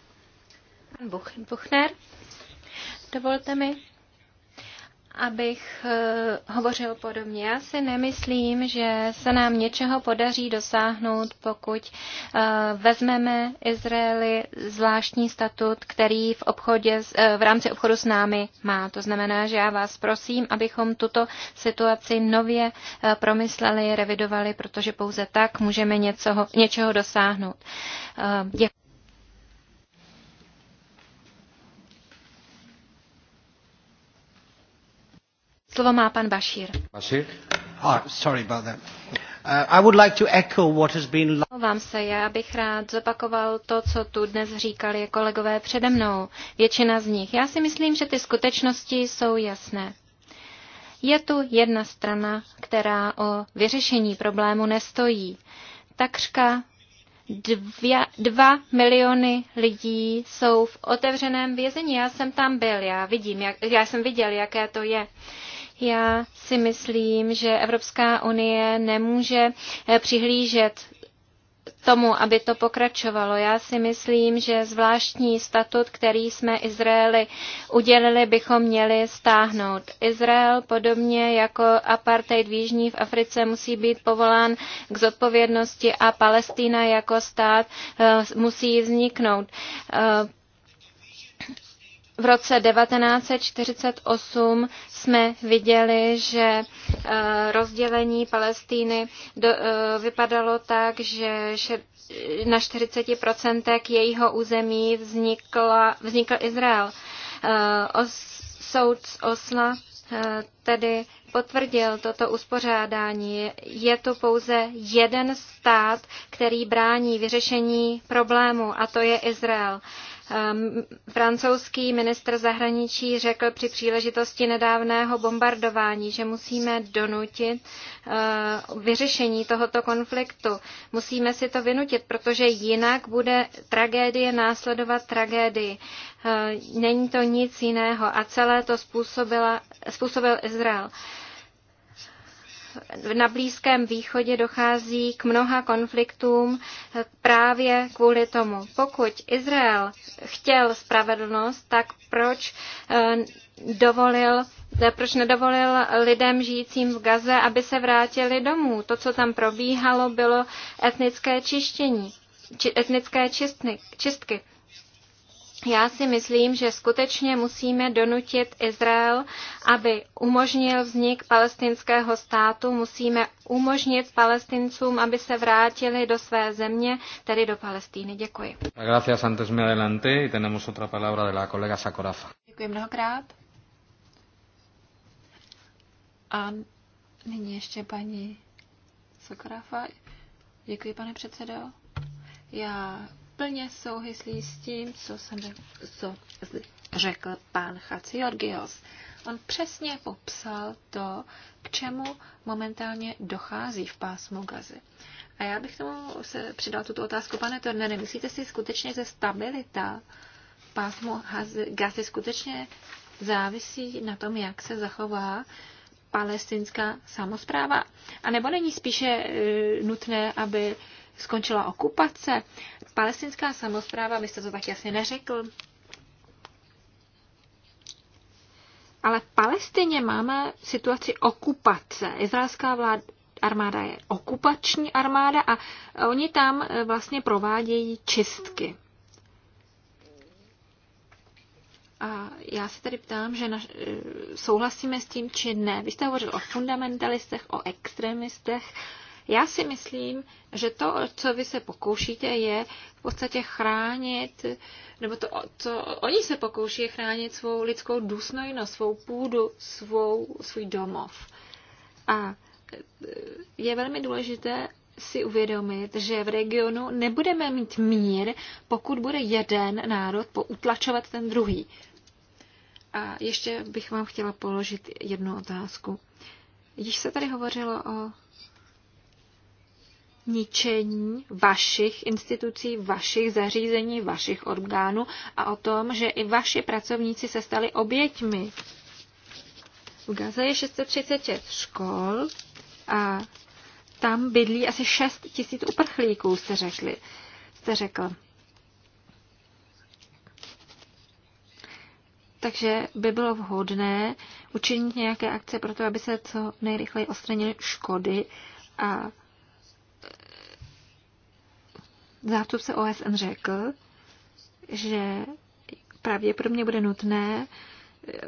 Pan Buchner, dovolte mi abych eh, hovořil podobně. Já si nemyslím, že se nám něčeho podaří dosáhnout, pokud eh, vezmeme Izraeli zvláštní statut, který v, obchodě, eh, v rámci obchodu s námi má. To znamená, že já vás prosím, abychom tuto situaci nově promysleli, revidovali, protože pouze tak můžeme něco, něčeho dosáhnout. Děkuji. Slovo má pan Bashir. Bashir? Oh, ah, sorry about that. Uh, I would like to echo what has been... Vám se, já bych rád zopakoval to, co tu dnes říkali kolegové přede mnou, většina z nich. Já si myslím, že ty skutečnosti jsou jasné. Je tu jedna strana, která o vyřešení problému nestojí. Takřka dvě, dva miliony lidí jsou v otevřeném vězení. Já jsem tam byl, já vidím, jak, já jsem viděl, jaké to je. Uh, já si myslím, že Evropská unie nemůže eh, přihlížet tomu, aby to pokračovalo. Já si myslím, že zvláštní statut, který jsme Izraeli udělili, bychom měli stáhnout. Izrael, podobně jako apartheid v Jižní v Africe, musí být povolán k zodpovědnosti a Palestina jako stát eh, musí vzniknout. Eh, v roce 1948 jsme viděli, že eh, rozdělení Palestíny eh, vypadalo tak, že na 40% jejího území vznikla, vznikl Izrael. Eh, soud z Osla tedy potvrdil toto uspořádání. Je to pouze jeden stát, který brání vyřešení problému, a to je Izrael. Ehm, francouzský ministr zahraničí řekl při příležitosti nedávného bombardování, že musíme donutit eh, vyřešení tohoto konfliktu. Musíme si to vynutit, protože jinak bude tragédie následovat tragédii. Eh, není to nic jiného a celé to způsobila, způsobil Izrael na Blízkém východě dochází k mnoha konfliktům právě kvůli tomu. Pokud Izrael chtěl spravedlnost, tak proč eh, dovolil eh, proč nedovolil lidem žijícím v Gaze, aby se vrátili domů. To, co tam probíhalo, bylo etnické čištění, či, etnické čistny, čistky. Já si myslím, že skutečně musíme donutit Izrael, aby umožnil vznik palestinského státu, musíme umožnit palestincům, aby se vrátili do své země, tedy do Palestíny. Děkuji. Děkuji mnohokrát. A nyní ještě paní Sokorafa. Děkuji, pane předsedo. Já plně souvislí s tím, co jsem co řekl pán Chaciorgios. On přesně popsal to, k čemu momentálně dochází v pásmu gazy. A já bych tomu se přidal tuto otázku, pane Tornere, myslíte si skutečně, že stabilita pásmu gazy skutečně závisí na tom, jak se zachová palestinská samozpráva? A nebo není spíše e, nutné, aby e, skončila okupace. Palestinská samozpráva, vy jste to tak jasně neřekl, ale v Palestině máme situaci okupace. Izraelská vláda, armáda je okupační armáda a oni tam eh, vlastně provádějí čistky. A já se tady ptám, že naš, eh, souhlasíme s tím, či ne. Vy jste hovořil o fundamentalistech, o extremistech, já si myslím, že to, co vy se pokoušíte, je v podstatě chránit, nebo to, co oni se pokouší, je chránit svou lidskou důstojnost, svou půdu, svou, svůj domov. A e, je velmi důležité si uvědomit, že v regionu nebudeme mít mír, pokud bude jeden národ poutlačovat ten druhý. A ještě bych vám chtěla položit jednu otázku. Již se tady hovořilo o ničení vašich institucí, vašich zařízení, vašich orgánů a o tom, že i vaši pracovníci se stali oběťmi. V Gaze je 630 škol a tam bydlí asi 6 tisíc uprchlíků, jste, řekli, jste řekl. Takže by bylo vhodné učinit nějaké akce pro to, aby se co nejrychleji odstranily škody a zástupce OSN řekl, že pravděpodobně bude nutné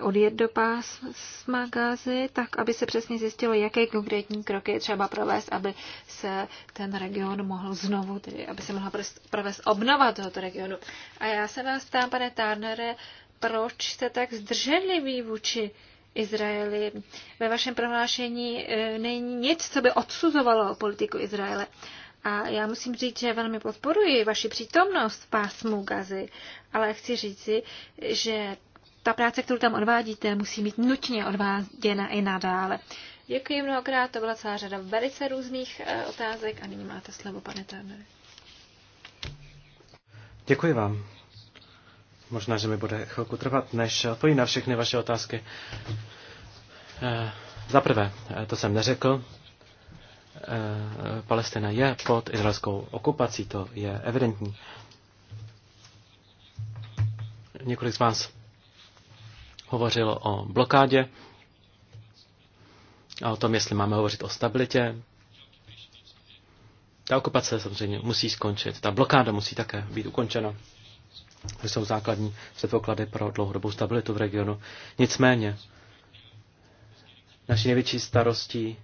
odjet do pásma Gázy, tak aby se přesně zjistilo, jaké konkrétní kroky je třeba provést, aby se ten region mohl znovu, tedy aby se mohla provést obnova tohoto regionu. A já se vás ptám, pane Tarnere, proč jste tak zdrženlivý vůči Izraeli? Ve vašem prohlášení e, není nic, co by odsuzovalo politiku Izraele. A já musím říct, že velmi podporuji vaši přítomnost v pásmu gazy, ale chci říci, že ta práce, kterou tam odvádíte, musí být nutně odváděna i nadále. Děkuji mnohokrát, to byla celá řada velice různých eh, otázek a nyní máte slovo, pane Turnery. Děkuji vám. Možná, že mi bude chvilku trvat, než odpovím na všechny vaše otázky. Eh, za prvé, eh, to jsem neřekl, Eh, Palestina je pod izraelskou okupací, to je evidentní. Několik z vás hovořilo o blokádě a o tom, jestli máme hovořit o stabilitě. Ta okupace samozřejmě musí skončit, ta blokáda musí také být ukončena. To jsou základní předpoklady pro dlouhodobou stabilitu v regionu. Nicméně, naší největší starostí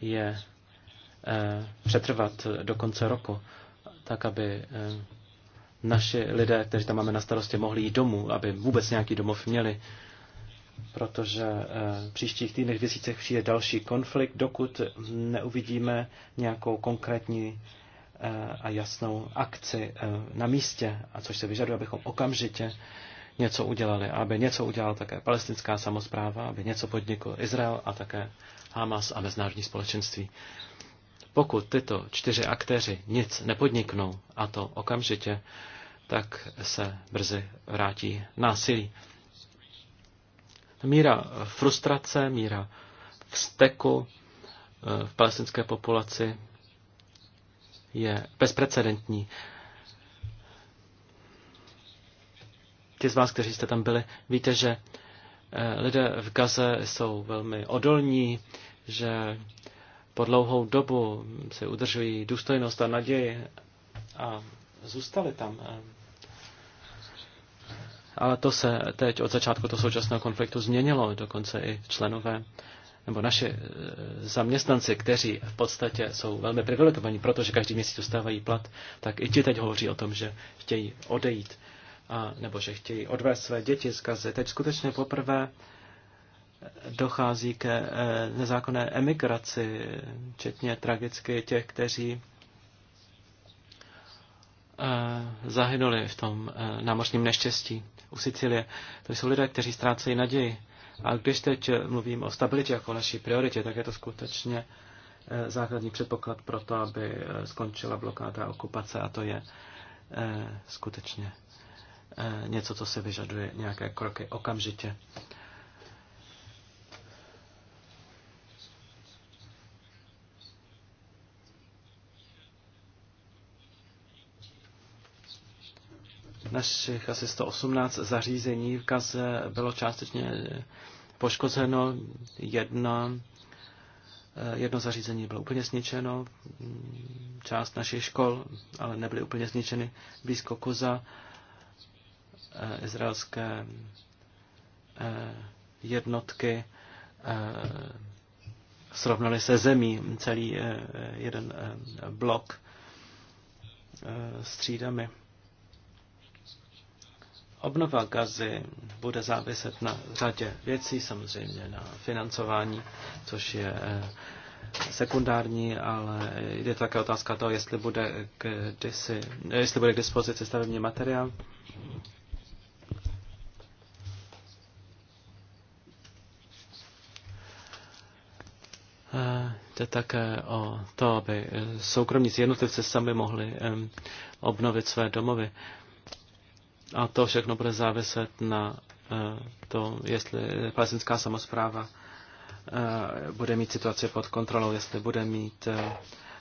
je Eh, přetrvat do konce roku, tak aby eh, naši lidé, kteří tam máme na starosti, mohli jít domů, aby vůbec nějaký domov měli, protože eh, v příštích týdnech, měsících přijde další konflikt, dokud neuvidíme nějakou konkrétní a jasnou akci na místě, a což se vyžaduje, abychom okamžitě něco udělali, aby něco udělala také palestinská samozpráva, aby něco podnikl Izrael a také Hamas a mezinárodní společenství. Pokud tyto čtyři aktéři nic nepodniknou, a to okamžitě, tak se brzy vrátí násilí. Míra frustrace, míra vzteku eh, v palestinské populaci je bezprecedentní. Ti z vás, kteří jste tam byli, víte, že eh, lidé v Gaze jsou velmi odolní, že po dlouhou dobu si udržují důstojnost a naději a zůstali tam. Ale to se teď od začátku toho současného konfliktu změnilo, dokonce i členové nebo naši eh, zaměstnanci, kteří v podstatě jsou velmi privilegovaní, protože každý měsíc dostávají plat, tak i ti teď hovoří o tom, že chtějí odejít, a, nebo že chtějí odvést své děti z Gazy. Teď skutečně poprvé dochází ke eh, nezákonné emigraci, včetně tragicky těch, kteří eh, zahynuli v tom eh, námořním neštěstí u Sicilie. To jsou lidé, kteří ztrácejí naději. A když teď mluvím o stabilitě jako naší prioritě, tak je to skutečně základní předpoklad pro to, aby skončila blokáda okupace a to je skutečně něco, co se vyžaduje nějaké kroky okamžitě. Našich asi 118 zařízení v Gaze bylo částečně poškozeno, jedno eh, jedno zařízení bylo úplně zničeno, část našich škol, ale nebyly úplně zničeny blízko Koza. Eh, izraelské eh, jednotky srovnaly se zemí celý jeden blok střídami. Obnova gazy bude záviset na řadě věcí, samozřejmě na financování, což je eh, sekundární, ale je také otázka toho, jestli bude, kdysi, eh, jestli bude k dispozici stavební materiál. Eh, jde také o to, aby soukromníci jednotlivci sami mohli obnovit své domovy. A to všechno bude záviset na eh, to, jestli palestinská samozpráva eh, bude mít situaci pod kontrolou, jestli bude mít eh,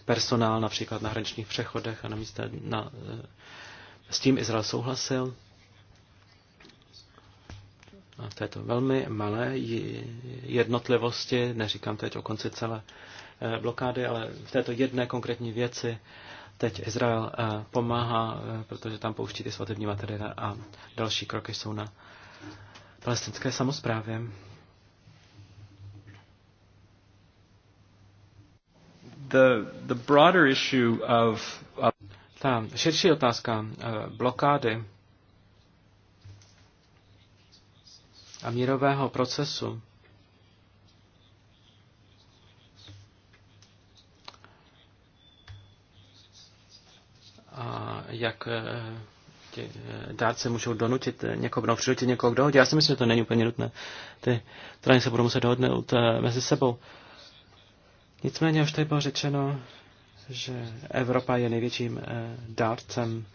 personál například na hraničních přechodech a na místě na, s tím Izrael souhlasil. A v této velmi malé jednotlivosti, neříkám teď o konci celé blokády, ale v této jedné konkrétní věci Teď Izrael eh, pomáhá, eh, protože tam pouští ty svatební materiály a další kroky jsou na palestinské samozprávě. The, the broader issue of, of... Ta širší otázka eh, blokády a mírového procesu a jak eh, ti eh, dárce můžou donutit někoho, no, přinutit někoho k dohodě. Já si myslím, že to není úplně nutné. Ty strany se budou muset dohodnout eh, mezi sebou. Nicméně už tady bylo řečeno, že Evropa je největším dárcem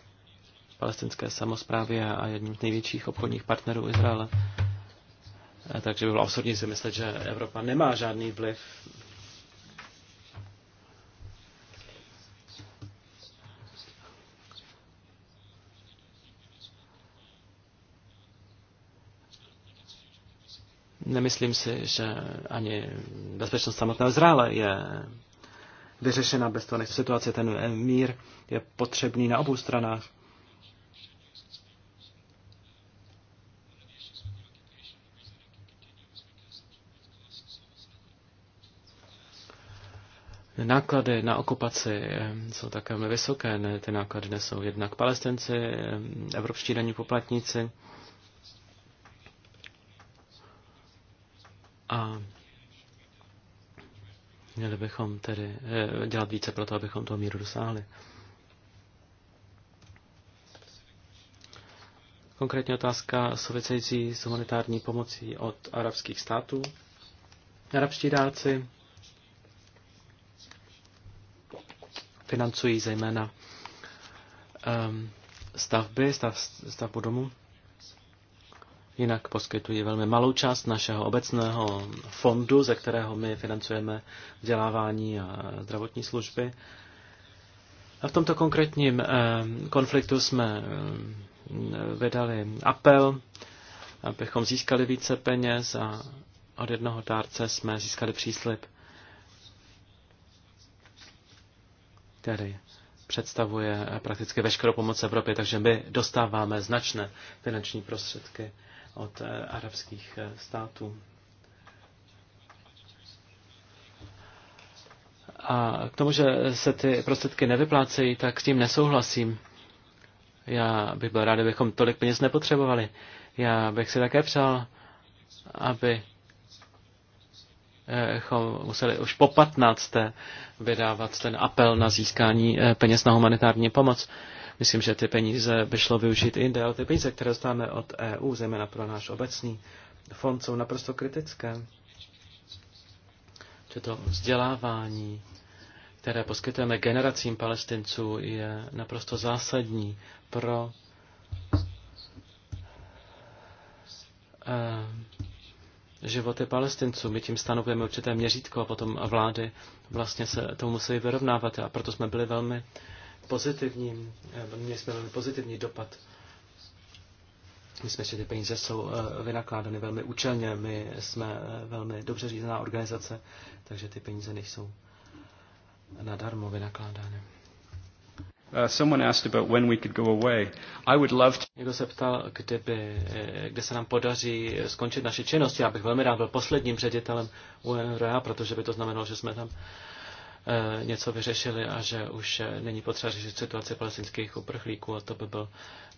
palestinské samozprávy a jedním z největších obchodních partnerů Izraele. Takže by bylo absurdní si myslet, že Evropa nemá žádný vliv Nemyslím si, že ani bezpečnost samotného Izraele je vyřešena bez toho, než situace ten mír je potřebný na obou stranách. Náklady na okupaci jsou také velmi vysoké. Ty náklady nesou jednak palestinci, evropští daní poplatníci. A měli bychom tedy eh, dělat více pro to, abychom toho míru dosáhli. Konkrétní otázka související s humanitární pomocí od arabských států. Arabští dárci financují zejména um, stavby, stav, stavbu domu jinak poskytují velmi malou část našeho obecného fondu, ze kterého my financujeme vzdělávání a zdravotní služby. A v tomto konkrétním eh, konfliktu jsme eh, vydali apel, abychom získali více peněz a od jednoho dárce jsme získali příslip, který představuje prakticky veškerou pomoc Evropy, takže my dostáváme značné finanční prostředky od eh, arabských eh, států. A k tomu, že se ty prostředky nevyplácejí, tak s tím nesouhlasím. Já bych byl rád, abychom tolik peněz nepotřebovali. Já bych si také přál, aby eh, museli už po 15. vydávat ten apel na získání peněz na humanitární pomoc. Myslím, že ty peníze by šlo využít i jinde, ale ty peníze, které dostáváme od EU, zejména pro náš obecný fond, jsou naprosto kritické. Že to vzdělávání, které poskytujeme generacím palestinců, je naprosto zásadní pro eh, životy palestinců. My tím stanovujeme určité měřítko a potom vlády vlastně se tomu musí vyrovnávat a proto jsme byli velmi pozitivní, eh, my jsme velmi pozitivní dopad. Myslím, že ty peníze jsou eh, vynakládány velmi účelně, my jsme eh, velmi dobře řízená organizace, takže ty peníze nejsou nadarmo vynakládány. Uh, someone asked about when we could go away. I would love to... Někdo se ptal, kdyby, kde se nám podaří skončit naše činnosti. Já bych velmi rád byl posledním ředitelem UNRWA, protože by to znamenalo, že jsme tam Eh, něco vyřešili a že už eh, není potřeba řešit situaci palestinských uprchlíků a to by byl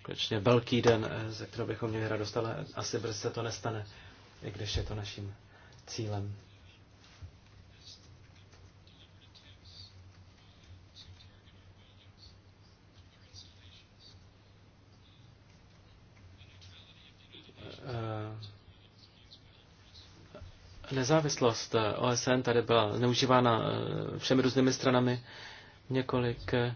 konečně velký den, eh, ze kterého bychom měli radost, ale asi brzy se to nestane, i když je to naším cílem. Nezávislost eh, OSN tady byla zneužívána eh, všemi různými stranami. Několik eh,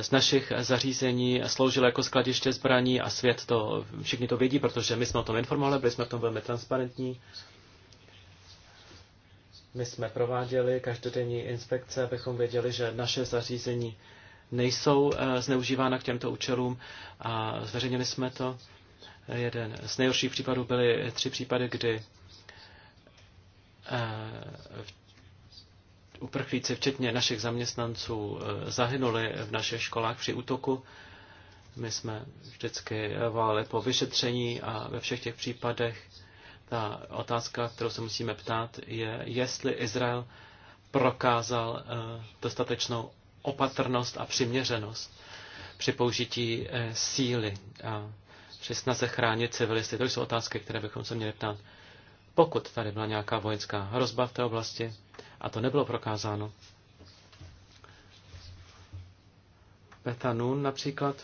z našich zařízení sloužilo jako skladiště zbraní a svět to, všichni to vědí, protože my jsme o tom informovali, byli jsme o tom velmi transparentní. My jsme prováděli každodenní inspekce, abychom věděli, že naše zařízení nejsou zneužívána k těmto účelům a zveřejnili jsme to. Jeden z nejhorších případů byly tři případy, kdy Eh, uprchlíci, včetně našich zaměstnanců, eh, zahynuli v našich školách při útoku. My jsme vždycky volali po vyšetření a ve všech těch případech ta otázka, kterou se musíme ptát, je, jestli Izrael prokázal eh, dostatečnou opatrnost a přiměřenost při použití síly a při snaze chránit civilisty. To jsou otázky, které bychom se měli ptát pokud tady byla nějaká vojenská hrozba v té oblasti, a to nebylo prokázáno. Betanun například.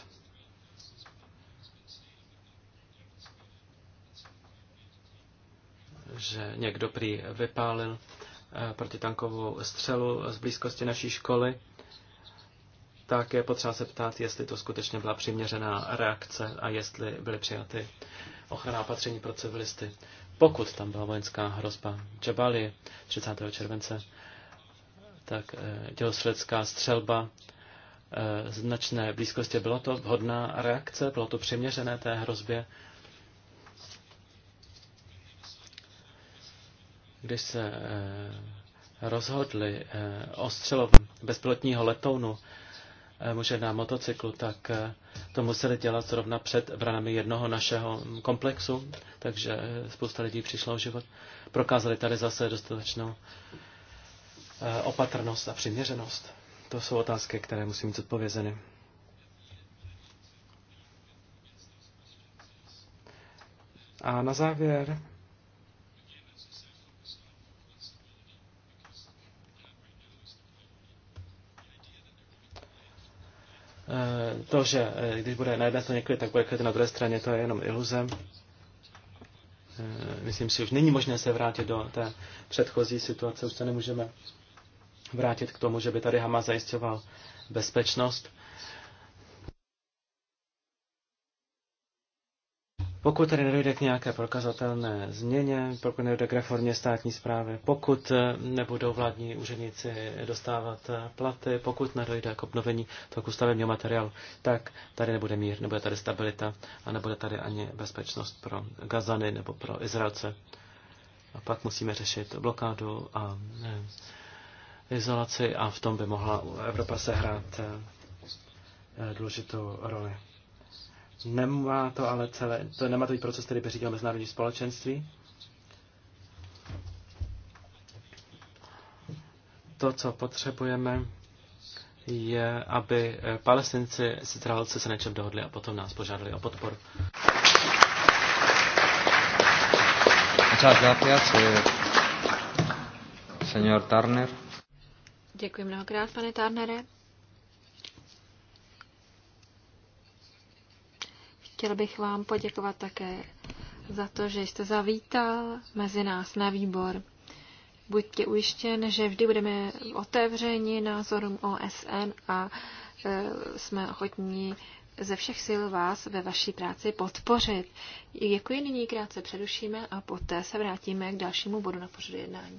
že někdo prý vypálil eh, protitankovou střelu z blízkosti naší školy, tak je potřeba se ptát, jestli to skutečně byla přiměřená reakce a jestli byly přijaty ochranná opatření pro civilisty pokud tam byla vojenská hrozba Džabali 30. července, tak eh, dělostřelecká střelba eh, značné blízkosti. Byla to vhodná reakce, bylo to přiměřené té hrozbě. Když se eh, rozhodli o střelov bezpilotního letounu, Eh, muže na motocyklu, tak eh, to museli dělat zrovna před branami jednoho našeho komplexu, takže eh, spousta lidí přišlo o život. Prokázali tady zase dostatečnou opatrnost a přiměřenost. To jsou otázky, které musí být odpovězeny. A na závěr Eh, to, že eh, když bude na jedné straně klid, tak bude klid na druhé straně, to je jenom iluze. Eh, myslím si, už není možné se vrátit do té předchozí situace, už se nemůžeme vrátit k tomu, že by tady Hamas zajišťoval bezpečnost. Pokud tady nedojde k nějaké prokazatelné změně, pokud nedojde k reformě státní zprávy, pokud eh, nebudou vládní úředníci dostávat eh, platy, pokud nedojde k obnovení toku stavebního materiálu, tak tady nebude mír, nebude tady stabilita a nebude tady ani bezpečnost pro Gazany nebo pro Izraelce. A pak musíme řešit blokádu a eh, izolaci a v tom by mohla Evropa sehrát důležitou roli. Nemá to ale celé, to nemá to proces, který by říkal mezinárodní společenství. To, co potřebujeme, je, aby palestinci, Izraelci se něčem dohodli a potom nás požádali o podporu. Eh, Děkuji mnohokrát, pane Tarnere. Chtěl bych vám poděkovat také za to, že jste zavítal mezi nás na výbor. Buďte ujištěn, že vždy budeme otevřeni názorům OSN a e, jsme ochotní ze všech sil vás ve vaší práci podpořit. Děkuji, nyní krátce přerušíme a poté se vrátíme k dalšímu bodu na pořadu jednání.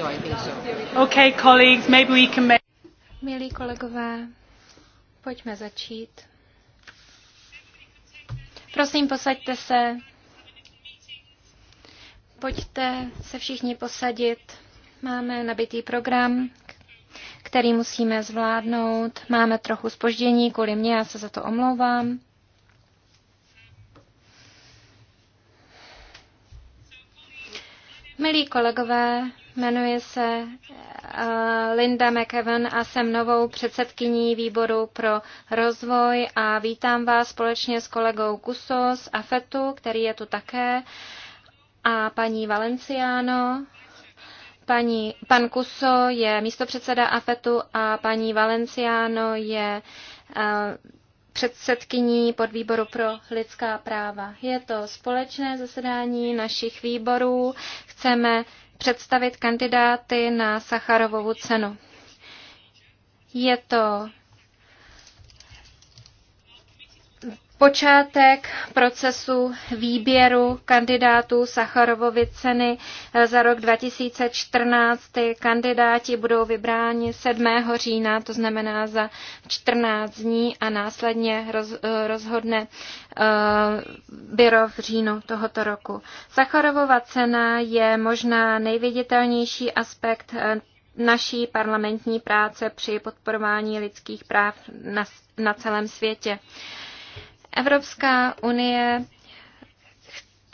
so I think so. Okay, colleagues, maybe we can make... Milí kolegové, pojďme začít. Prosím, posaďte se. Pojďte se všichni posadit. Máme nabitý program, který musíme zvládnout. Máme trochu spoždění kvůli mě, já se za to omlouvám. Milí kolegové, Jmenuji se eh, Linda McEwen a jsem novou předsedkyní výboru pro rozvoj a vítám vás společně s kolegou Kuso z AFETu, který je tu také, a paní Valenciano. Paní, pan Kuso je místopředseda AFETu a paní Valenciano je eh, předsedkyní podvýboru pro lidská práva. Je to společné zasedání našich výborů. Chceme představit kandidáty na Sacharovovu cenu. Je to Počátek procesu výběru kandidátů Sacharovovy ceny za rok 2014. Ty kandidáti budou vybráni 7. října, to znamená za 14 dní a následně roz, rozhodne uh, byro v říjnu tohoto roku. Sacharovova cena je možná nejviditelnější aspekt eh, naší parlamentní práce při podporování lidských práv na, na celém světě. Uh, Evropská unie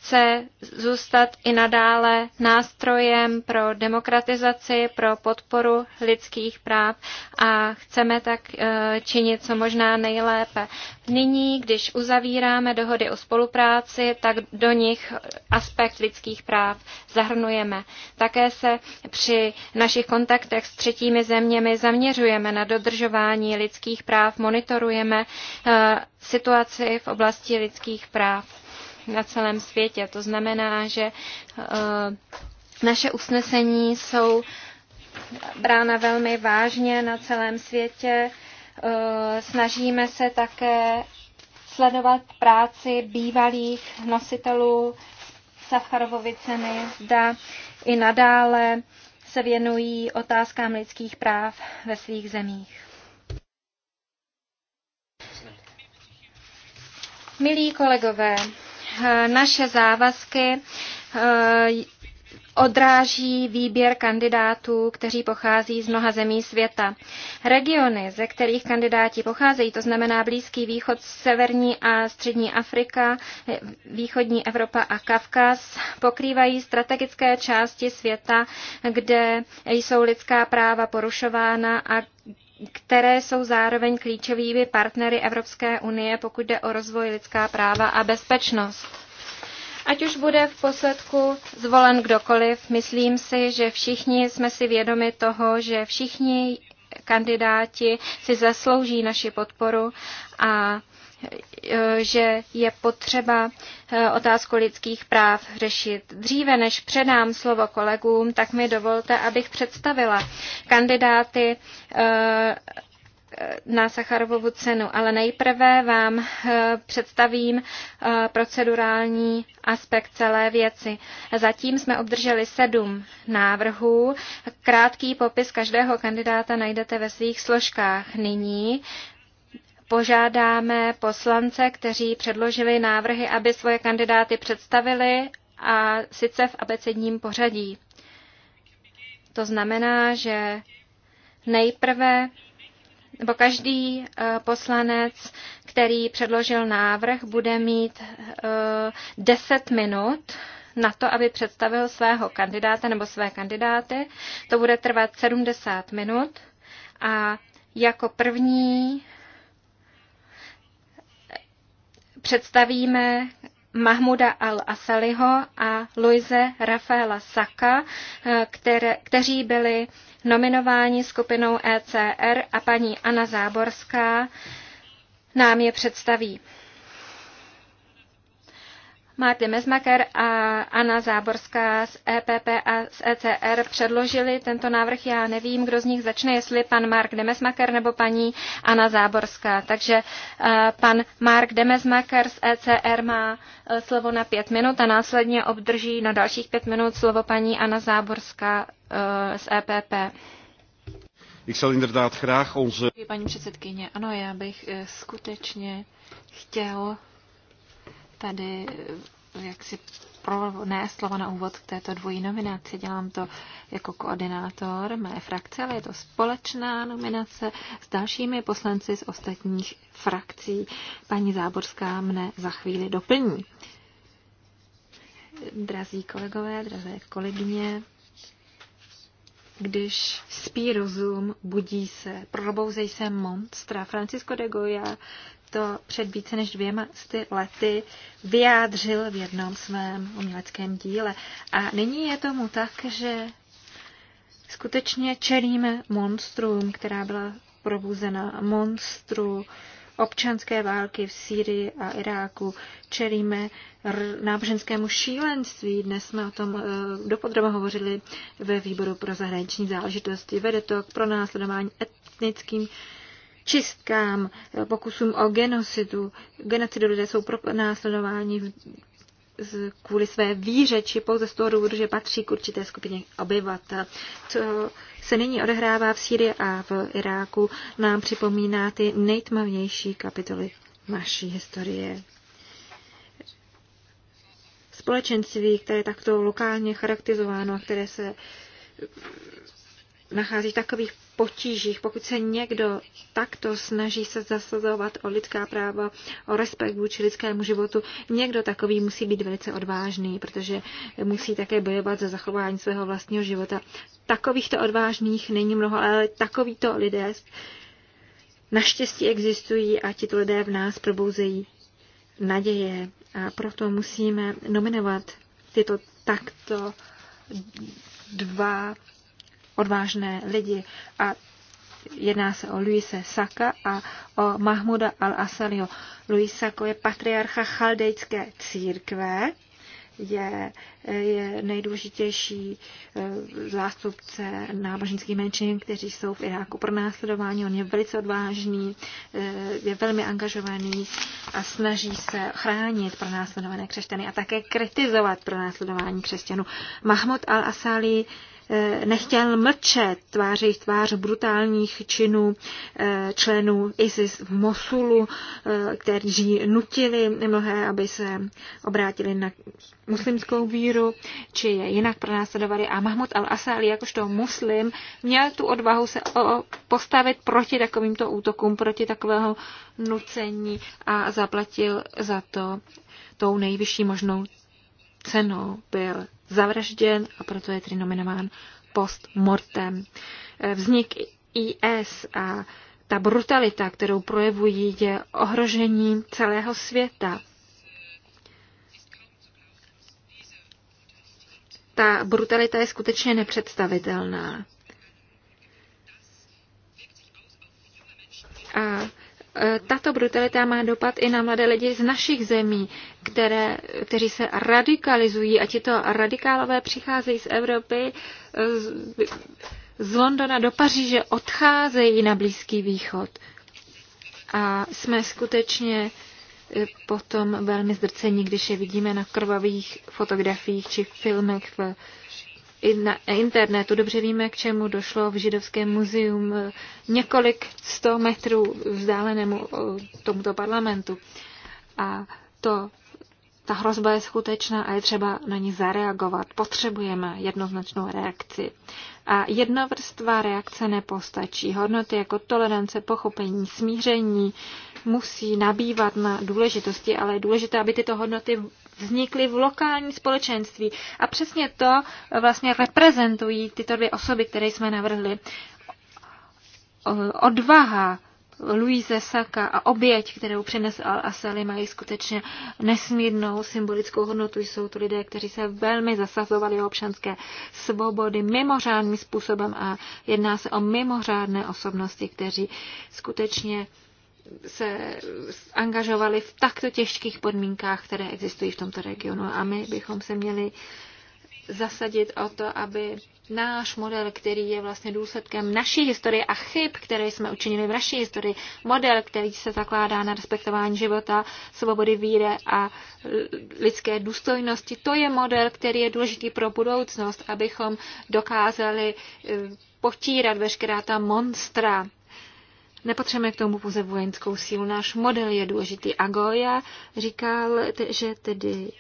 chce zůstat i nadále nástrojem pro demokratizaci, pro podporu lidských práv a chceme tak eh, činit co možná nejlépe. Nyní, když uzavíráme dohody o spolupráci, tak do nich aspekt lidských práv zahrnujeme. Také se při našich kontaktech s třetími zeměmi zaměřujeme na dodržování lidských práv, monitorujeme eh, situaci v oblasti lidských práv na celém světě. To znamená, že eh, naše usnesení jsou brána velmi vážně na celém světě. Eh, snažíme se také sledovat práci bývalých nositelů Sacharovovy ceny, zda i nadále se věnují otázkám lidských práv ve svých zemích. Milí kolegové, naše závazky eh, odráží výběr kandidátů, kteří pochází z mnoha zemí světa. Regiony, ze kterých kandidáti pocházejí, to znamená Blízký východ, Severní a Střední Afrika, Východní Evropa a Kavkaz, pokrývají strategické části světa, kde jsou lidská práva porušována a které jsou zároveň klíčovými partnery Evropské unie, pokud jde o rozvoj lidská práva a bezpečnost. Ať už bude v posledku zvolen kdokoliv, myslím si, že všichni jsme si vědomi toho, že všichni kandidáti si zaslouží naši podporu a že je potřeba eh, otázku lidských práv řešit. Dříve než předám slovo kolegům, tak mi dovolte, abych představila kandidáty eh, na Sacharovovu cenu, ale nejprve vám eh, představím procedurální aspekt celé věci. Zatím jsme obdrželi sedm návrhů. Krátký popis každého kandidáta najdete ve svých složkách. Nyní požádáme poslance, kteří předložili návrhy, aby svoje kandidáty představili a sice v abecedním pořadí. To znamená, že nejprve nebo každý eh, poslanec, který předložil návrh, bude mít 10 eh, minut na to, aby představil svého kandidáta nebo své kandidáty. To bude trvat 70 minut a jako první představíme Mahmuda al-Asaliho a Luise Rafaela Saka, eh, které, kteří byli nominováni skupinou ECR a paní Anna Záborská nám je představí. Marty Mesmaker a Anna Záborská z EPP a z ECR předložili tento návrh. Já nevím, kdo z nich začne, jestli pan Mark Demesmaker nebo paní Anna Záborská. Takže eh, pan Mark Demesmaker z ECR má eh, slovo na pět minut a následně obdrží na dalších pět minut slovo paní Anna Záborská eh, z EPP. Ik zal inderdaad graag onze... Paní předsedkyně, ano, já bych skutečně chtěl tady eh, jak si ne slova na úvod k této dvojí nominaci. Dělám to jako koordinátor mé frakce, ale je to společná nominace s dalšími poslanci z ostatních frakcí. Paní Záborská mne za chvíli doplní. Drazí kolegové, drazé kolegyně, když spí rozum, budí se, probouzej se monstra. Francisco de Goya to před více než dvěma sty lety vyjádřil v jednom svém uměleckém díle. A nyní je tomu tak, že skutečně čelíme monstrum, která byla probuzena monstru občanské války v Sýrii a Iráku. Čelíme náboženskému šílenství. Dnes jsme o tom eh, dopodroba hovořili ve výboru pro zahraniční záležitosti. Vede to k pronásledování etnickým čistkám, eh, pokusům o genocidu, genocidu lidé jsou pro následování kvůli své víře, či pouze z toho důvodu, že patří k určité skupině obyvatel. Co se nyní odehrává v Sýrii a v Iráku, nám připomíná ty nejtmavnější kapitoly naší historie. Společenství, které je takto lokálně charakterizováno a které se nachází v takových potížích, pokud se někdo takto snaží se zasazovat o lidská práva, o respekt vůči lidskému životu, někdo takový musí být velice odvážný, protože musí také bojovat za zachování svého vlastního života. Takovýchto odvážných není mnoho, ale takovýto lidé naštěstí existují a tito lidé v nás probouzejí naděje. A proto musíme nominovat tyto takto dva odvážné lidi. A jedná se o Luise Saka a o Mahmuda al-Asalio. Luis Sako je patriarcha chaldejské církve, je, je nejdůležitější eh, zástupce náboženských menšin, kteří jsou v Iráku pro následování. On je velice odvážný, eh, je velmi angažovaný a snaží se chránit pro následované křesťany a také kritizovat pro následování křesťanů. Mahmud al-Asali Eh, nechtěl mlčet tváří tvář brutálních činů eh, členů ISIS v Mosulu, eh, kteří nutili mnohé, aby se obrátili na muslimskou víru, či je jinak pronásledovali. A Mahmud al-Asali, jakožto muslim, měl tu odvahu se postavit proti takovýmto útokům, proti takového nucení a zaplatil za to tou nejvyšší možnou cenou byl zavražděn a proto je tedy nominován post mortem. Eh, Vznik IS a ta brutalita, kterou projevují, je ohrožení celého světa. Ta brutalita je skutečně nepředstavitelná. A Eh, tato brutalita má dopad i na mladé lidi z našich zemí, které, kteří se radikalizují a tito radikálové přicházejí z Evropy, eh, z, z Londona do Paříže, odcházejí na Blízký východ. A jsme skutečně eh, potom velmi zdrcení, když je vidíme na krvavých fotografiích či filmech v i na internetu. Dobře víme, k čemu došlo v židovském muzeum několik sto metrů vzdálenému tomuto parlamentu. A to, ta hrozba je skutečná a je třeba na ní zareagovat. Potřebujeme jednoznačnou reakci. A jednovrstvá reakce nepostačí. Hodnoty jako tolerance, pochopení, smíření, musí nabývat na důležitosti, ale je důležité, aby tyto hodnoty vznikly v lokální společenství. A přesně to eh, vlastně reprezentují tyto dvě osoby, které jsme navrhli. Eh, odvaha Luise Saka a oběť, kterou přinesl Asely, mají skutečně nesmírnou symbolickou hodnotu. Jsou to lidé, kteří se velmi zasazovali o občanské svobody mimořádným způsobem a jedná se o mimořádné osobnosti, kteří skutečně se angažovali v takto těžkých podmínkách, které existují v tomto regionu. A my bychom se měli zasadit o to, aby náš model, který je vlastně důsledkem naší historie a chyb, které jsme učinili v naší historii, model, který se zakládá na respektování života, svobody víry a lidské důstojnosti, to je model, který je důležitý pro budoucnost, abychom dokázali eh, potírat veškerá ta monstra Nepotřebujeme k tomu pouze vojenskou sílu. Náš model je důležitý. Goya říkal, že tedy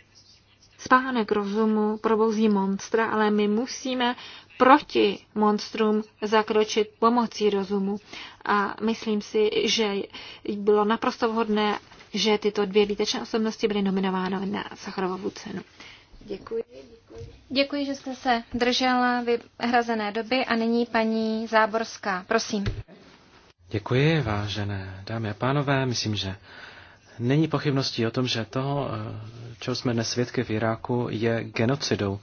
spánek rozumu probouzí monstra, ale my musíme proti monstrum zakročit pomocí rozumu. A myslím si, že bylo naprosto vhodné, že tyto dvě výtečné osobnosti byly nominovány na Sacharovovu cenu. Děkuji, Děkuji že jste se držela vyhrazené doby a nyní paní Záborská. Prosím. Děkuji, vážené dámy a pánové. Myslím, že není pochybností o tom, že toho, eh, čeho jsme dnes svědky v Iráku, je genocidou.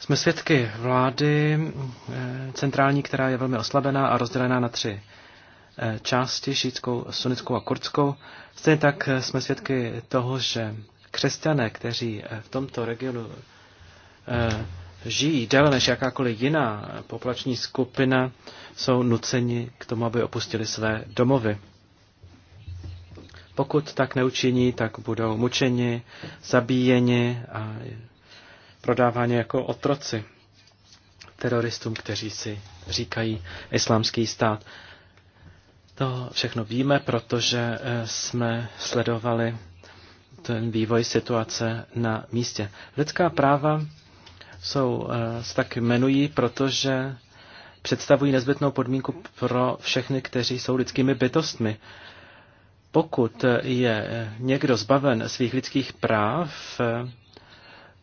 Jsme svědky vlády eh, centrální, která je velmi oslabená a rozdělená na tři eh, části, šítskou, sunickou a kurdskou. Stejně tak jsme svědky toho, že křesťané, kteří v tomto regionu žijí déle než jakákoliv jiná populační skupina, jsou nuceni k tomu, aby opustili své domovy. Pokud tak neučiní, tak budou mučeni, zabíjeni a prodáváni jako otroci teroristům, kteří si říkají islámský stát. To všechno víme, protože eh, jsme sledovali ten vývoj situace na místě. Lidská práva jsou, eh, se tak jmenují, protože představují nezbytnou podmínku pro všechny, kteří jsou lidskými bytostmi. Pokud je někdo zbaven svých lidských práv,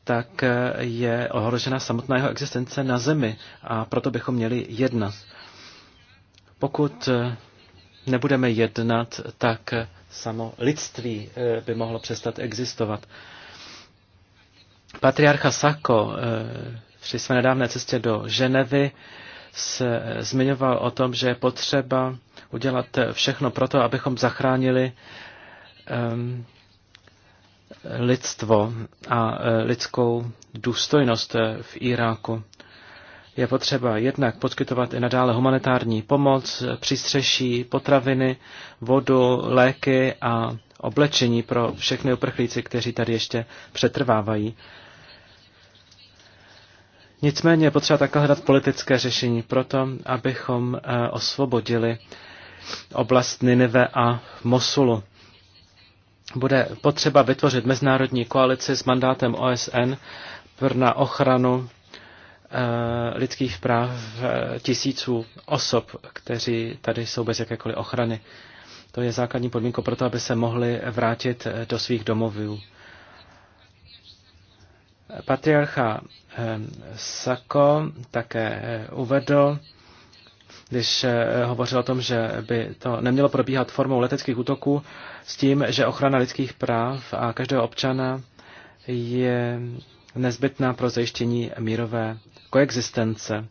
tak je ohrožena samotná jeho existence na Zemi a proto bychom měli jednat. Pokud nebudeme jednat, tak samo lidství eh, by mohlo přestat existovat. Patriarcha Sako eh, při své nedávné cestě do Ženevy se zmiňoval o tom, že je potřeba udělat všechno pro to, abychom zachránili um, lidstvo a e, lidskou důstojnost e, v Iráku. Je potřeba jednak poskytovat i nadále humanitární pomoc, e, přístřeší, potraviny, vodu, léky a oblečení pro všechny uprchlíci, kteří tady ještě přetrvávají. Nicméně je potřeba také hledat politické řešení proto, abychom eh, osvobodili oblast Nineve a Mosulu. Bude potřeba vytvořit mezinárodní koalici s mandátem OSN na ochranu eh, lidských práv eh, tisíců osob, kteří tady jsou bez jakékoliv ochrany. To je základní podmínka pro to, aby se mohli vrátit do svých domovů. Patriarcha eh, Sako také eh, uvedl, když eh, hovořil o tom, že by to nemělo probíhat formou leteckých útoků, s tím, že ochrana lidských práv a každého občana je nezbytná pro zajištění mírové koexistence.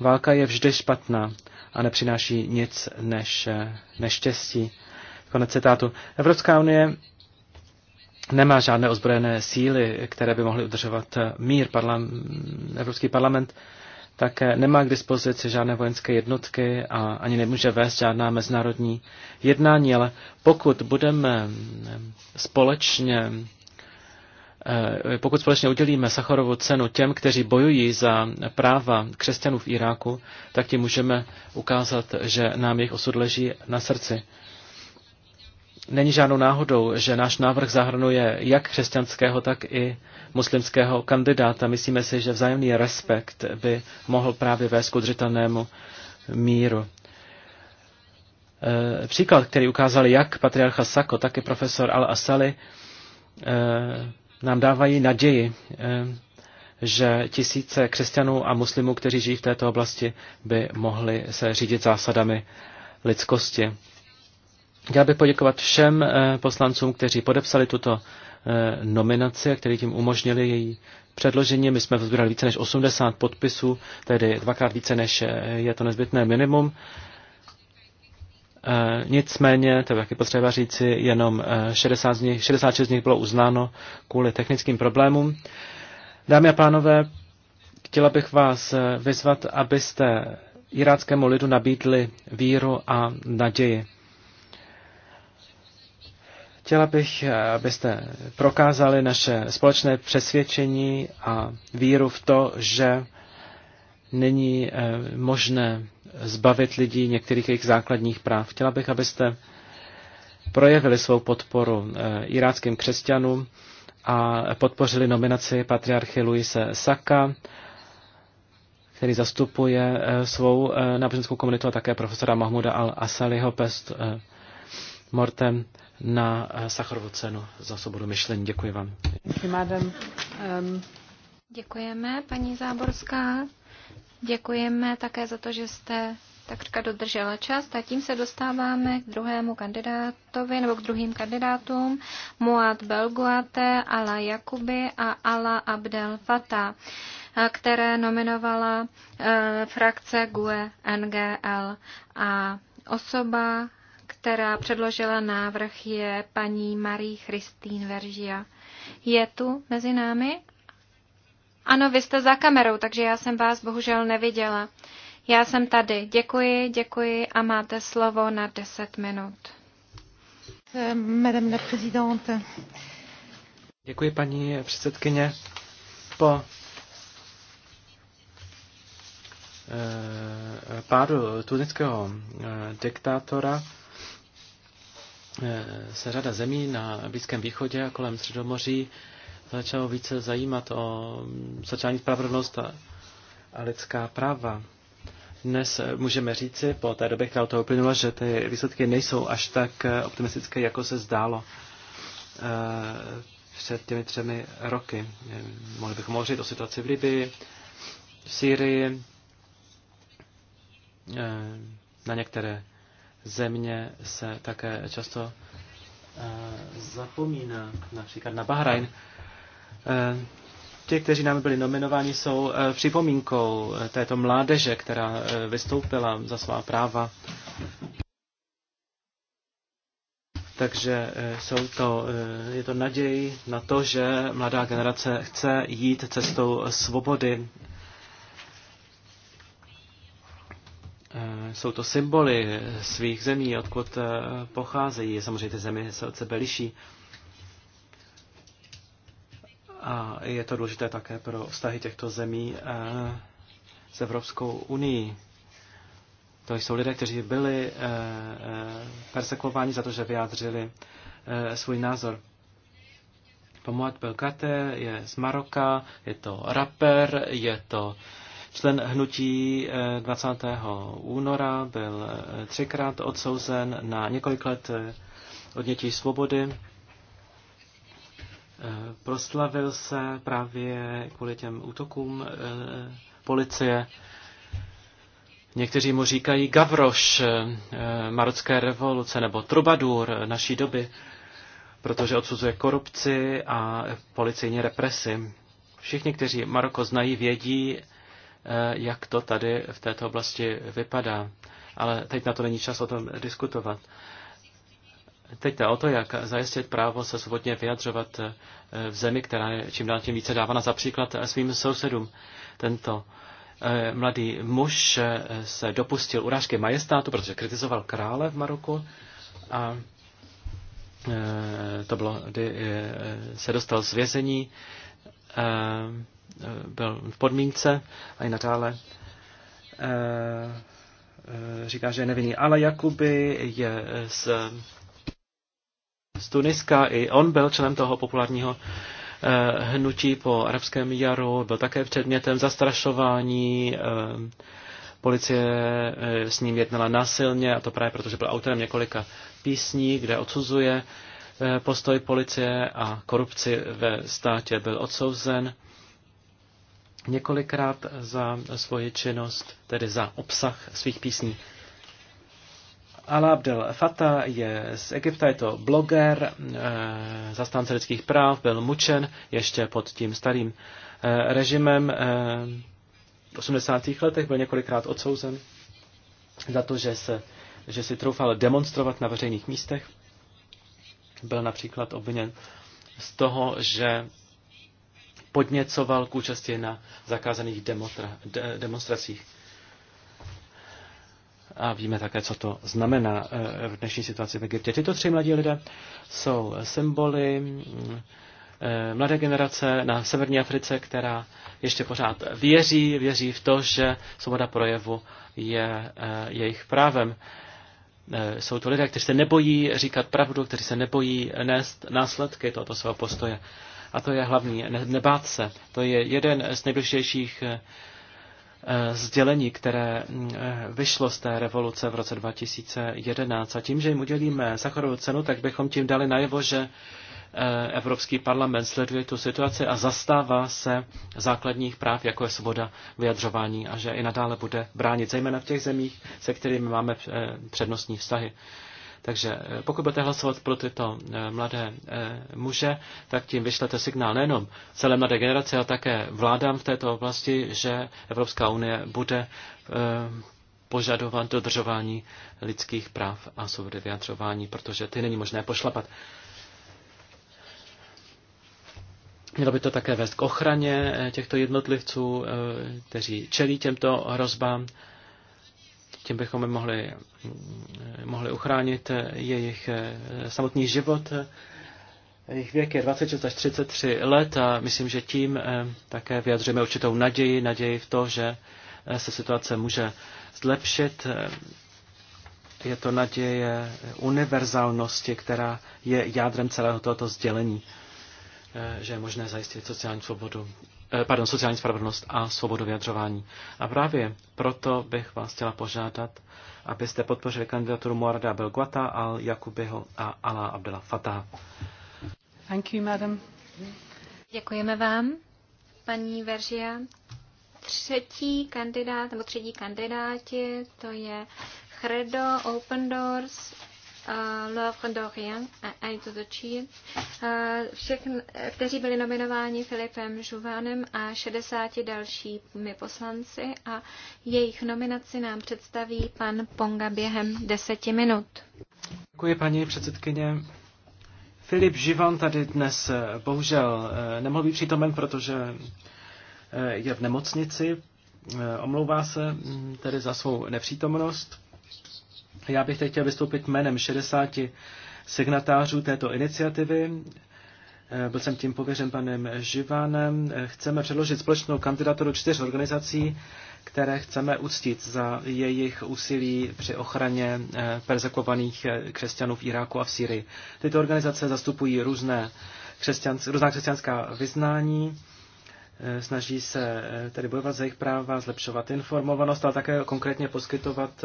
Válka je vždy špatná a nepřináší nic než neštěstí. Konec citátu. Evropská unie nemá žádné ozbrojené síly, které by mohly udržovat mír. Parlam, Evropský parlament také nemá k dispozici žádné vojenské jednotky a ani nemůže vést žádná mezinárodní jednání, ale pokud budeme společně eh, pokud společně udělíme Sacharovu cenu těm, kteří bojují za práva křesťanů v Iráku, tak ti můžeme ukázat, že nám jejich osud leží na srdci. Není žádnou náhodou, že náš návrh zahrnuje jak křesťanského, tak i muslimského kandidáta. Myslíme si, že vzájemný respekt by mohl právě vést k udržitelnému míru. E, příklad, který ukázali jak patriarcha Sako, tak i profesor Al-Asali, e, nám dávají naději, e, že tisíce křesťanů a muslimů, kteří žijí v této oblasti, by mohli se řídit zásadami lidskosti. Chtěl bych poděkovat všem eh, poslancům, kteří podepsali tuto eh, nominaci a kteří tím umožnili její předložení. My jsme vzbírali více než 80 podpisů, tedy dvakrát více, než eh, je to nezbytné minimum. Nicméně, to taky potřeba říci, jenom 60 z nich, 66 z nich bylo uznáno kvůli technickým problémům. Dámy a pánové, chtěla bych vás vyzvat, abyste iráckému lidu nabídli víru a naději. Chtěla bych, eh, abyste prokázali naše společné přesvědčení a víru v to, že není eh, možné zbavit lidí některých jejich základních práv. Chtěla bych, abyste projevili svou podporu eh, iráckým křesťanům a podpořili nominaci patriarchy Luise Saka, který zastupuje svou náboženskou komunitu a také profesora Mahmuda al-Asaliho pest mortem na eh, Sacharovu cenu za svobodu myšlení. Děkuji vám. Děkujeme, paní Záborská. Děkujeme také za to, že jste takřka dodržela čas a tím se dostáváme k druhému kandidátovi nebo k druhým kandidátům Muad Belguate, Ala Jakuby a Ala Abdel Fata, které nominovala e, frakce GUE NGL a osoba která předložila návrh, je paní Marie Christín Veržia. Je tu mezi námi? Ano, vy jste za kamerou, takže já jsem vás bohužel neviděla. Já jsem tady. Děkuji, děkuji a máte slovo na 10 minut. Madame la présidente. Děkuji, paní předsedkyně. Po eh, pádu tunického eh, diktátora Eh, se řada zemí na Blízkém východě a kolem Středomoří začalo více zajímat o sociální spravedlnost a lidská práva. Dnes eh, můžeme říci, po té době, která to uplynula, že ty výsledky nejsou až tak eh, optimistické, jako se zdálo před těmi třemi roky. Mohli bychom hovořit o situaci v Libii, v Sýrii, na některé země se také často eh, zapomíná, například na Bahrajn. Eh, ti, kteří nám byli nominováni, jsou eh, připomínkou této mládeže, která vystoupila za svá práva. Takže jsou to, je to naději na to, že mladá generace chce jít cestou svobody Eh, jsou to symboly eh, svých zemí, odkud eh, pocházejí. Samozřejmě ty země se od sebe liší. A je to důležité také pro vztahy těchto zemí s Evropskou unii. To jsou lidé, kteří byli persekováni za to, že vyjádřili svůj názor. Pomoat Belkate je z Maroka, je to rapper, je to uh, Člen hnutí 20. Eh, února byl eh, třikrát odsouzen na několik let eh, odnětí svobody. Proslavil se právě kvůli těm útokům policie. Někteří mu říkají Gavroš marocké revoluce nebo Trubadur naší doby, protože odsuzuje korupci a policejní represi. Všichni, kteří Maroko znají, vědí, Eh, jak to tady v této oblasti vypadá. Ale teď na to není čas o tom diskutovat. Teď jde o to, jak zajistit právo se svobodně vyjadřovat eh, v zemi, která je čím dál tím více dávána za příklad eh, svým sousedům. Tento mladý muž se dopustil urážky majestátu, protože kritizoval krále v Maroku a to bylo, kdy se dostal z vězení Eh, byl v podmínce a i nadále eh, eh, říká, že je nevinný. Ale Jakuby je z, z Tuniska, i on byl členem toho populárního hnutí po arabském jaru, byl také předmětem zastrašování, policie s ním jednala násilně, a to právě proto, že byl autorem několika písní, kde odsuzuje postoj policie a korupci ve státě byl odsouzen několikrát za svoji činnost, tedy za obsah svých písní. Al Abdel Fata je z Egypta, je to bloger, e, zastánce lidských práv, byl mučen ještě pod tím starým e, režimem e, v 80. letech, byl několikrát odsouzen za to, že, se, že si troufal demonstrovat na veřejných místech. Byl například obviněn z toho, že podněcoval k účasti na zakázaných demotra, de, demonstracích. A víme také, co to znamená eh, v dnešní situaci v Egyptě. Tyto tři mladí lidé jsou symboly eh, mladé generace na severní Africe, která ještě pořád věří, věří v to, že svoboda projevu je eh, jejich právem. Jsou to lidé, kteří se nebojí říkat pravdu, kteří se nebojí nést následky tohoto svého postoje. A to je hlavní, nebát se. To je jeden z nejbližších eh, eh, sdělení, které mm, eh, vyšlo z té revoluce v roce 2011. A tím, že jim udělíme Sacharovu cenu, tak bychom tím dali najevo, že Evropský parlament sleduje tu situaci a zastává se základních práv, jako je svoboda vyjadřování a že i nadále bude bránit, zejména v těch zemích, se kterými máme přednostní vztahy. Takže eh, pokud budete hlasovat pro tyto eh, mladé eh, muže, tak tím vyšlete signál nejenom celé mladé generace, ale také vládám v této oblasti, že Evropská unie bude požadovat dodržování lidských práv a svobody vyjadřování, protože ty není možné pošlapat. Mělo by to také vést k ochraně těchto jednotlivců, kteří čelí těmto hrozbám tím bychom mohli, mohli uchránit jejich eh, samotný život. Jejich věk je 26 až 33 let a myslím, že tím eh, také vyjadřujeme určitou naději, naději v to, že eh, se situace může zlepšit. Je to naděje univerzálnosti, která je jádrem celého tohoto sdělení, že je možné zajistit sociální svobodu Eh, pardon, sociální spravedlnost a svobodu vyjadřování. A právě proto bych vás chtěla požádat, abyste podpořili kandidaturu Muarda Belguata, Al Jakubiho a Ala Abdela Fataha. Thank you, madam. Děkujeme vám, paní Veržia. Třetí kandidát, nebo třetí kandidáti, to je Credo Open Doors L'Ovre d'Orient a Aid to the Child, kteří byli nominováni Filipem Žuvánem a 60 dalšími poslanci a jejich nominaci nám představí pan Ponga během deseti minut. Děkuji paní předsedkyně. Filip Živan tady dnes eh, bohužel eh, nemohl být přítomen, protože eh, je v nemocnici, omlouvá se mm, tedy za svou nepřítomnost. Já bych teď chtěl vystoupit jménem 60 signatářů této iniciativy. Eh, byl jsem tím pověřen panem Živánem. Eh, chceme předložit společnou kandidaturu čtyř organizací, které chceme uctít za jejich úsilí při ochraně eh, perzekovaných křesťanů v Iráku a v Syrii. Tyto organizace zastupují různé křesťans, různá křesťanská vyznání, snaží se tedy bojovat za jejich práva, zlepšovat informovanost, ale také konkrétně poskytovat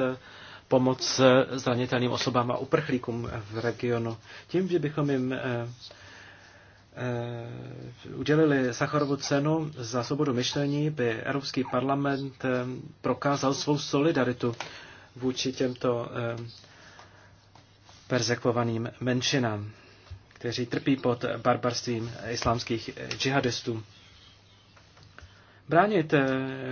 pomoc zranitelným osobám a uprchlíkům v regionu. Tím, že bychom jim eh, eh, udělili Sacharovu cenu za svobodu myšlení, by Evropský parlament eh, prokázal svou solidaritu vůči těmto persekvovaným menšinám, kteří trpí pod barbarstvím islámských džihadistů. Bránit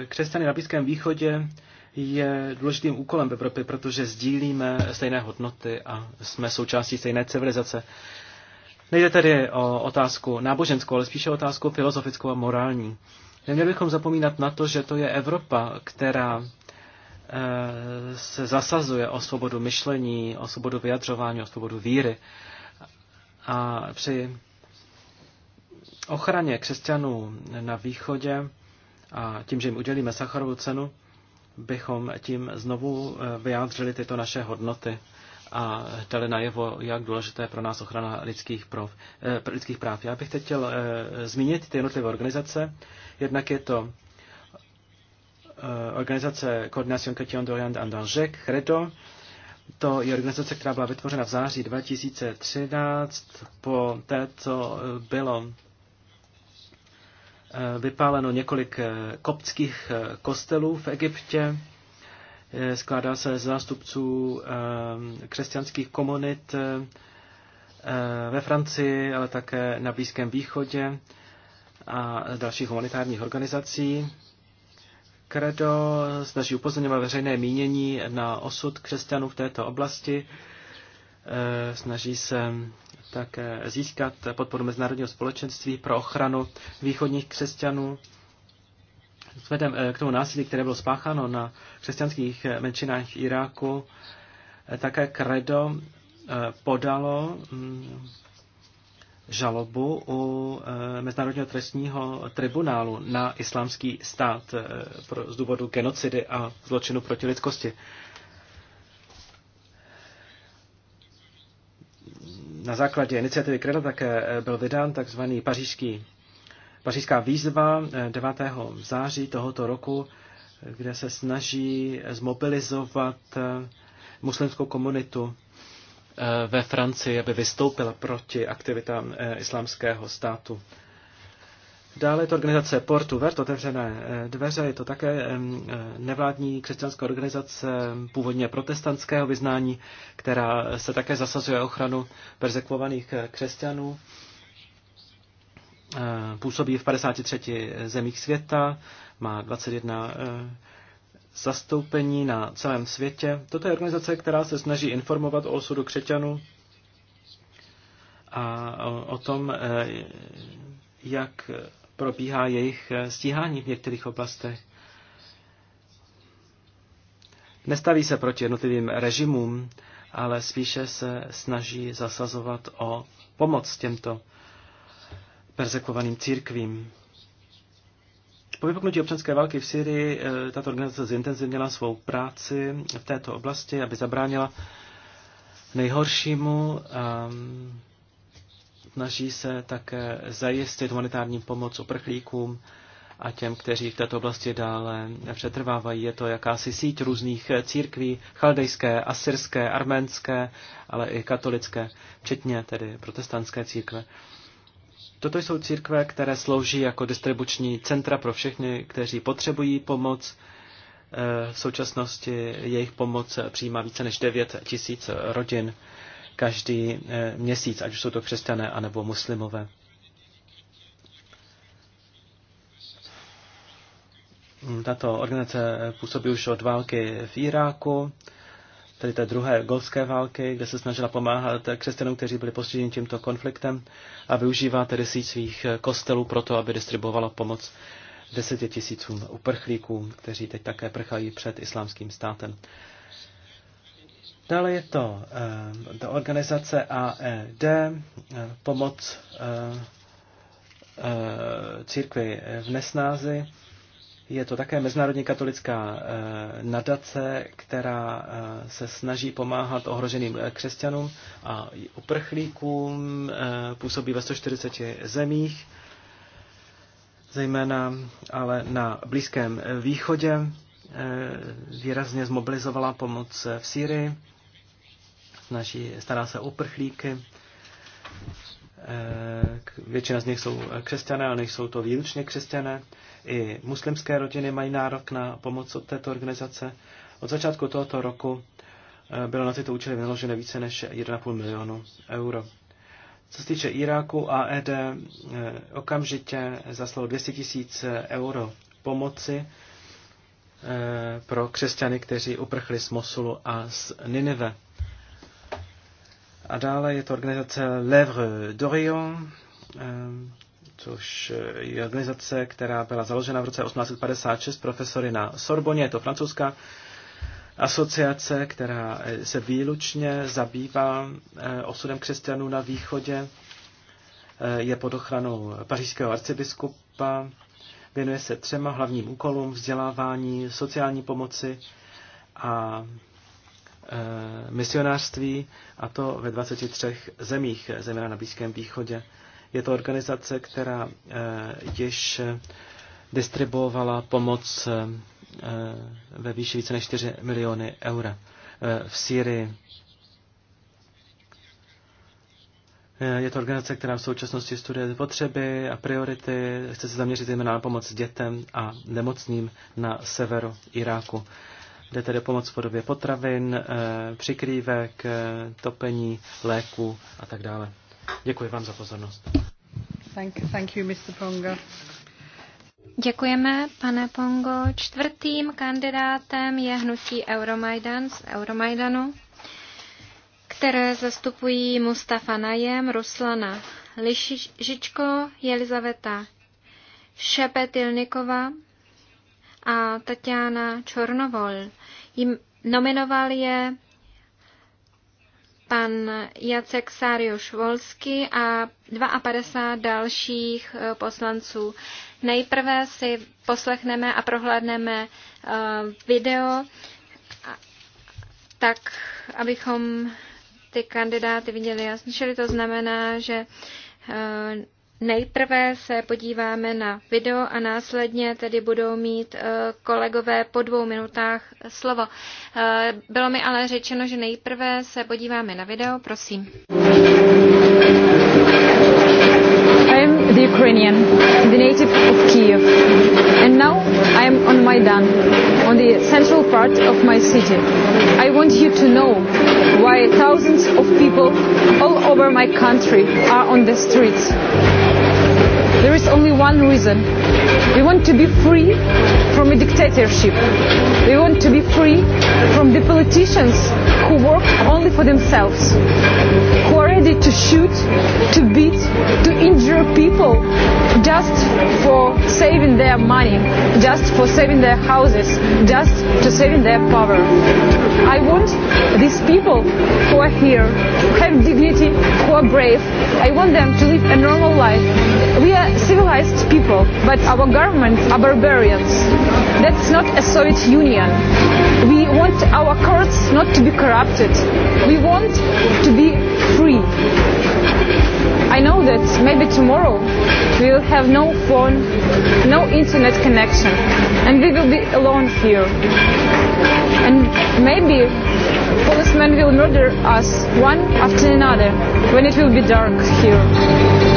křesťany na Blízkém východě je důležitým úkolem v Evropě, protože sdílíme stejné hodnoty a jsme součástí stejné civilizace. Nejde tedy o otázku náboženskou, ale spíše o otázku filozofickou a morální. Neměli bychom zapomínat na to, že to je Evropa, která eh, se zasazuje o svobodu myšlení, o svobodu vyjadřování, o svobodu víry. A při ochraně křesťanů na východě a tím, že jim udělíme Sacharovu cenu, bychom tím znovu eh, vyjádřili tyto naše hodnoty a dali najevo, jak důležité je pro nás ochrana lidských, prov, eh, lidských práv. Já bych teď chtěl eh, zmínit ty jednotlivé organizace. Jednak je to eh, organizace Coordination Question d'Orient and d'Angers, CREDO. To je organizace, která byla vytvořena v září 2013 po té, co bylo Eh, vypáleno několik eh, koptských eh, kostelů v Egyptě. Skládá se zástupců křesťanských komunit ve Francii, ale také na Blízkém východě a dalších humanitárních organizací. Kredo snaží upozorňovat veřejné mínění na osud křesťanů v této oblasti, snaží se tak získat podporu mezinárodního společenství pro ochranu východních křesťanů. Vzhledem eh, k tomu násilí, které bylo spácháno na křesťanských eh, menšinách Iráku, eh, také Credo podalo mm, žalobu u Mezinárodního trestního tribunálu na islámský stát z důvodu genocidy a zločinu proti lidskosti. na základě iniciativy Kreda také eh, byl vydán takzvaný pařížský, pařížská výzva 9. Eh, září tohoto roku, eh, kde se snaží zmobilizovat muslimskou komunitu ve Francii, aby vystoupila proti aktivitám islámského státu Dále je to organizace Portu Vert, otevřené eh, dveře, je to také eh, nevládní křesťanská organizace původně protestantského vyznání, která se také zasazuje ochranu persekvovaných eh, křesťanů. Působí v 53 zemích světa, má 21 zastoupení na celém světě. Toto je organizace, která se snaží informovat o osudu křesťanů a o, o tom, jak probíhá jejich eh, stíhání v některých oblastech. Nestaví se proti jednotlivým režimům, ale spíše se snaží zasazovat o pomoc těmto persekovaným církvím. Po vypuknutí občanské války v Syrii eh, tato organizace zintenzivnila svou práci v této oblasti, aby zabránila nejhoršímu. Um, Snaží se také zajistit humanitární pomoc uprchlíkům a těm, kteří v této oblasti dále přetrvávají. Je to jakási síť různých církví, chaldejské, asyrské, arménské, ale i katolické, včetně tedy protestantské církve. Toto jsou církve, které slouží jako distribuční centra pro všechny, kteří potřebují pomoc. Eh, v současnosti jejich pomoc přijímá více než 9 tisíc rodin každý eh, měsíc, ať už jsou to křesťané anebo muslimové. Hmm, tato organizace eh, působí už od války v Iráku, tedy té druhé golské války, kde se snažila pomáhat křesťanům, kteří byli postiženi tímto konfliktem a využívá tedy síť svých eh, kostelů pro to, aby distribuovala pomoc desetitisícům uprchlíků, kteří teď také prchají před islámským státem. Dále je to do eh, organizace AED, eh, pomoc eh, církvi v Nesnázi. Je to také Mezinárodní katolická nadace, která se snaží pomáhat ohroženým křesťanům a uprchlíkům. Působí ve 140 zemích, zejména ale na Blízkém východě. Výrazně zmobilizovala pomoc v Sýrii snaží, stará se o prchlíky. Eh, většina z nich jsou křesťané, ale nejsou to výlučně křesťané. I muslimské rodiny mají nárok na pomoc od této organizace. Od začátku tohoto roku eh, bylo na tyto účely vynaloženo více než 1,5 milionu euro. Co se týče Iráku, AED eh, okamžitě zaslalo 200 tisíc euro pomoci pro křesťany, kteří uprchli z Mosulu a z Nineve. A dále je to organizace Lèvres d'Orient, eh, což je organizace, která byla založena v roce 1856 profesory na Sorboně, je to francouzská asociace, která eh, se výlučně zabývá eh, osudem křesťanů na východě, je pod ochranou pařížského arcibiskupa, věnuje se třema hlavním úkolům vzdělávání, sociální pomoci a Eh, misionářství, a to ve 23 zemích, zejména na Blízkém východě. Je to organizace, která eh, již distribuovala pomoc eh, ve výši více než 4 miliony eur v Sýrii. Je to organizace, která v současnosti studuje potřeby a priority. Chce se zaměřit zejména na pomoc dětem a nemocným na severu Iráku. Jde tedy pomoc v podobě potravin, eh, přikrývek, eh, topení, léku a tak dále. Děkuji vám za pozornost. Thank, thank you, Mr. Ponga. Děkujeme, pane Pongo. Čtvrtým kandidátem je hnutí Euromaidan z Euromaidanu, které zastupují Mustafa Najem, Ruslana Lišičko, Jelizaveta Šepetilnikova, a Tatiana Čornovol. Jim nominoval je pan Jacek Sáriuš Volsky a 52 dalších e, poslanců. Nejprve si poslechneme a prohlédneme e, video, tak abychom ty kandidáty viděli a slyšeli. To znamená, že e, Nejprve se podíváme na video a následně tedy budou mít eh, kolegové po dvou minutách slovo. Eh, bylo mi ale řečeno, že nejprve se podíváme na video, prosím. Ukrainian, the native of Kiev. And now I am on Maidan, on the central part of my city. I want you to know why thousands of people all over my country are on the streets There is only one reason. We want to be free from a dictatorship. We want to be free from the politicians who work only for themselves, who are ready to shoot, to beat, to injure people just for saving their money, just for saving their houses, just to saving their power. I want these people who are here, who have dignity, who are brave, I want them to live a normal life We are civilized people, but our governments are barbarians. That's not a Soviet Union. We want our courts not to be corrupted. We want to be free. I know that maybe tomorrow we will have no phone, no internet connection, and we will be alone here. And maybe policemen will murder us one after another when it will be dark here.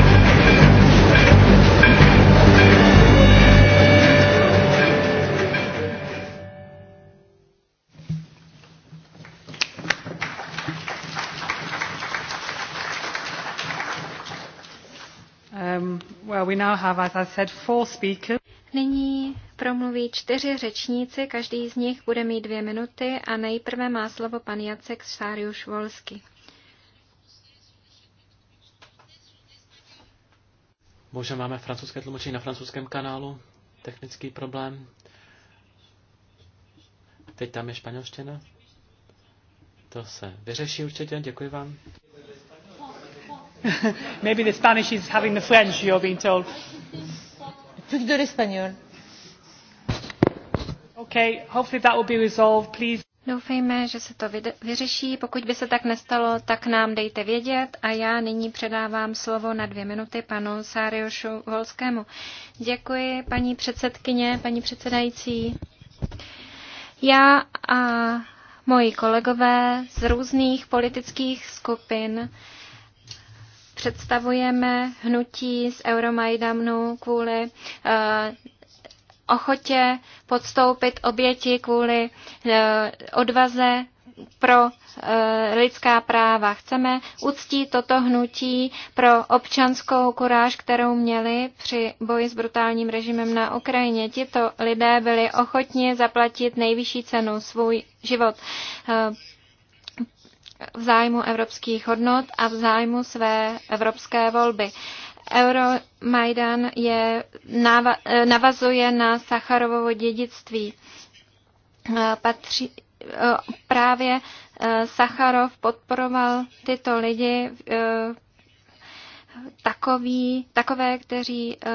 Nyní promluví čtyři řečníci, každý z nich bude mít dvě minuty a nejprve má slovo pan Jacek Sáriuš Volsky. Bože, máme francouzské tlumočení na francouzském kanálu, technický problém. Teď tam je španělština. To se vyřeší určitě, děkuji vám. *laughs* Maybe the Spanish is having the French, you're being told. Plus de l'espagnol. Okay, hopefully that will be resolved, please. Doufejme, že se to vyřeší. Pokud by se tak nestalo, tak nám dejte vědět. A já nyní předávám slovo na dvě minuty panu Sáriošu Volskému. Děkuji, paní předsedkyně, paní předsedající. Já a moji kolegové z různých politických skupin představujeme hnutí z Euromaidanu kvůli eh, ochotě podstoupit oběti kvůli eh, odvaze pro eh, lidská práva. Chceme uctít toto hnutí pro občanskou kuráž, kterou měli při boji s brutálním režimem na Ukrajině. Tito lidé byli ochotni zaplatit nejvyšší cenu svůj život v zájmu evropských hodnot a v zájmu své evropské volby. Euromajdan je, navazuje na Sacharovovo dědictví. E, patří, e, právě e, Sacharov podporoval tyto lidi takový, takové, kteří eh,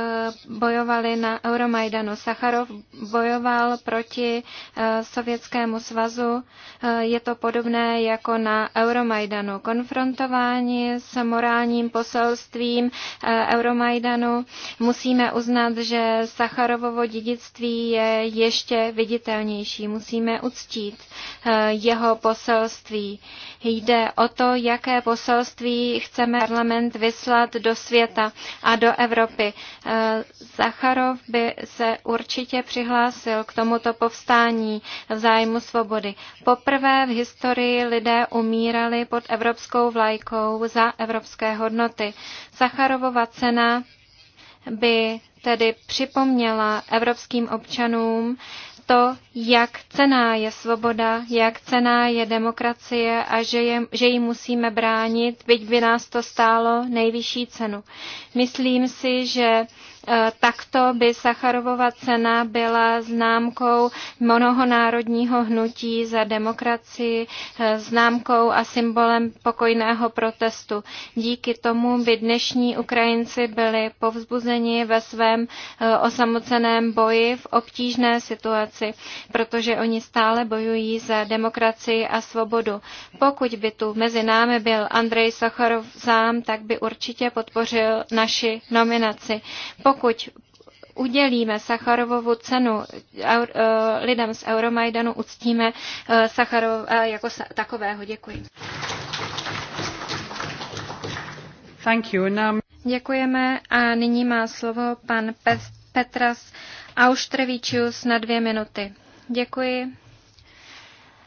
bojovali na Euromajdanu. Sacharov bojoval proti eh, Sovětskému svazu. Eh, je to podobné jako na Euromajdanu. konfrontování s morálním poselstvím Euromajdanu musíme uznat, že Sacharovovo dědictví je ještě viditelnější. Musíme uctít jeho poselství. Jde o to, jaké poselství chceme parlament vyslat dostat do světa a do Evropy. Eh, Zacharov by se určitě přihlásil k tomuto povstání v zájmu svobody. Poprvé v historii lidé umírali pod evropskou vlajkou za evropské hodnoty. Zacharovova cena by tedy připomněla evropským občanům to, jak cená je svoboda, jak cená je demokracie a že, je, že ji musíme bránit, byť by nás to stálo nejvyšší cenu. Myslím si, že takto by Sacharovova cena byla známkou mnohonárodního hnutí za demokracii, známkou a symbolem pokojného protestu. Díky tomu by dnešní Ukrajinci byli povzbuzeni ve svém eh, osamoceném boji v obtížné situaci, protože oni stále bojují za demokracii a svobodu. Pokud by tu mezi námi byl Andrej Sacharov sám, tak by určitě podpořil naši nominaci. Pokud pokud udělíme Sacharovovu cenu eh, lidem z Euromajdanu, uctíme eh, Sacharov eh, jako takového. Děkuji. Thank you. Now... Děkujeme a nyní má slovo pan Petras Auštrevičius na dvě minuty. Děkuji.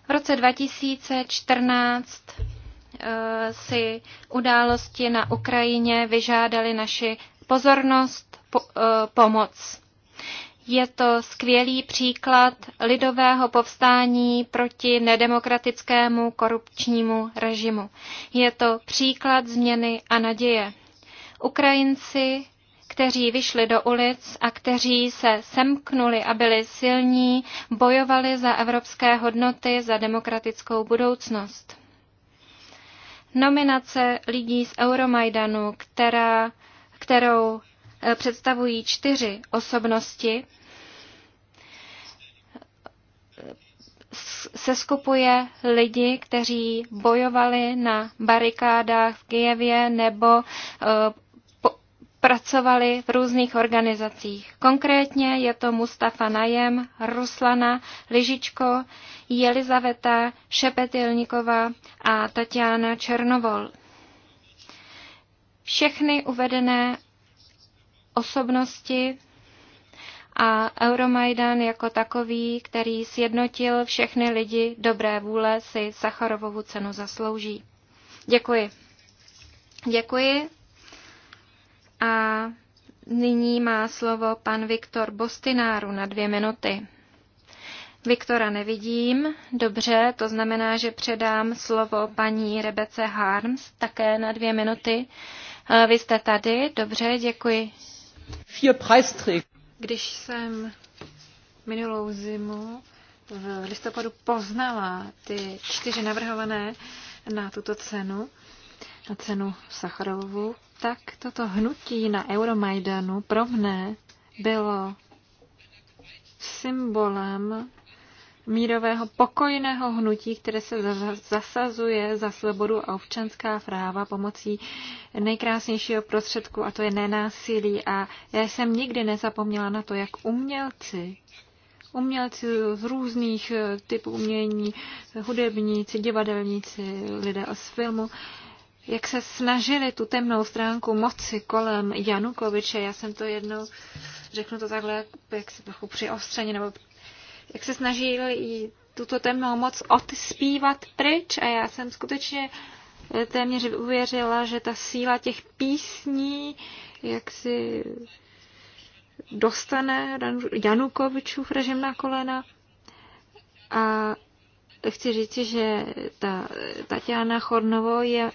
V roce 2014 si události na Ukrajině vyžádali naši pozornost po, eh, pomoc. Je to skvělý příklad lidového povstání proti nedemokratickému korupčnímu režimu. Je to příklad změny a naděje. Ukrajinci, kteří vyšli do ulic a kteří se semknuli a byli silní, bojovali za evropské hodnoty, za demokratickou budoucnost. Nominace lidí z Euromajdanu, která, kterou Eh, představují čtyři osobnosti, se skupuje lidi, kteří bojovali na barikádách v Kijevě nebo eh, pracovali v různých organizacích. Konkrétně je to Mustafa Najem, Ruslana Ližičko, Jelizaveta Šepetilníková a Tatiana Černovol. Všechny uvedené osobnosti a Euromaidan jako takový, který sjednotil všechny lidi dobré vůle, si Sacharovovu cenu zaslouží. Děkuji. Děkuji. A nyní má slovo pan Viktor Bostináru na dvě minuty. Viktora nevidím, dobře, to znamená, že předám slovo paní Rebece Harms také na dvě minuty. Vy jste tady, dobře, děkuji. Když jsem minulou zimu v listopadu poznala ty čtyři navrhované na tuto cenu, na cenu Sacharovu, tak toto hnutí na Euromajdanu pro mne bylo symbolem mírového pokojného hnutí, které se zasazuje za svobodu a občanská práva pomocí nejkrásnějšího prostředku, a to je nenásilí. A já jsem nikdy nezapomněla na to, jak umělci, umělci z různých eh, typů umění, hudebníci, divadelníci, lidé z filmu, jak se snažili tu temnou stránku moci kolem Janukoviče. Já jsem to jednou, řeknu to takhle, jak se trochu přiostřeně nebo jak se snažili tuto temnou moc odspívat pryč a já jsem skutečně eh, téměř uvěřila, že ta síla těch písní, jak si dostane Janukovičův režim na kolena. A chci říct, že ta Tatiana Chornovo je,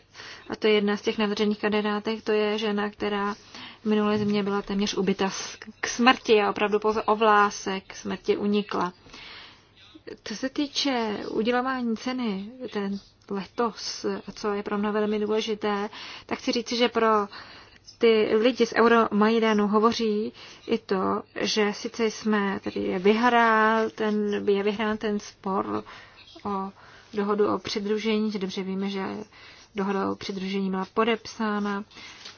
a to je jedna z těch navržených kandidátek, to je žena, která v minulé země byla téměř ubyta k smrti a opravdu pouze o vlásek smrti unikla. Co se týče udělování ceny ten letos, co je pro mě velmi důležité, tak chci říci, že pro ty lidi z Euromajdanu hovoří i to, že sice jsme, tedy je vyhrál ten, je vyhrán ten spor o dohodu o přidružení, že dobře víme, že dohoda o přidružení byla podepsána,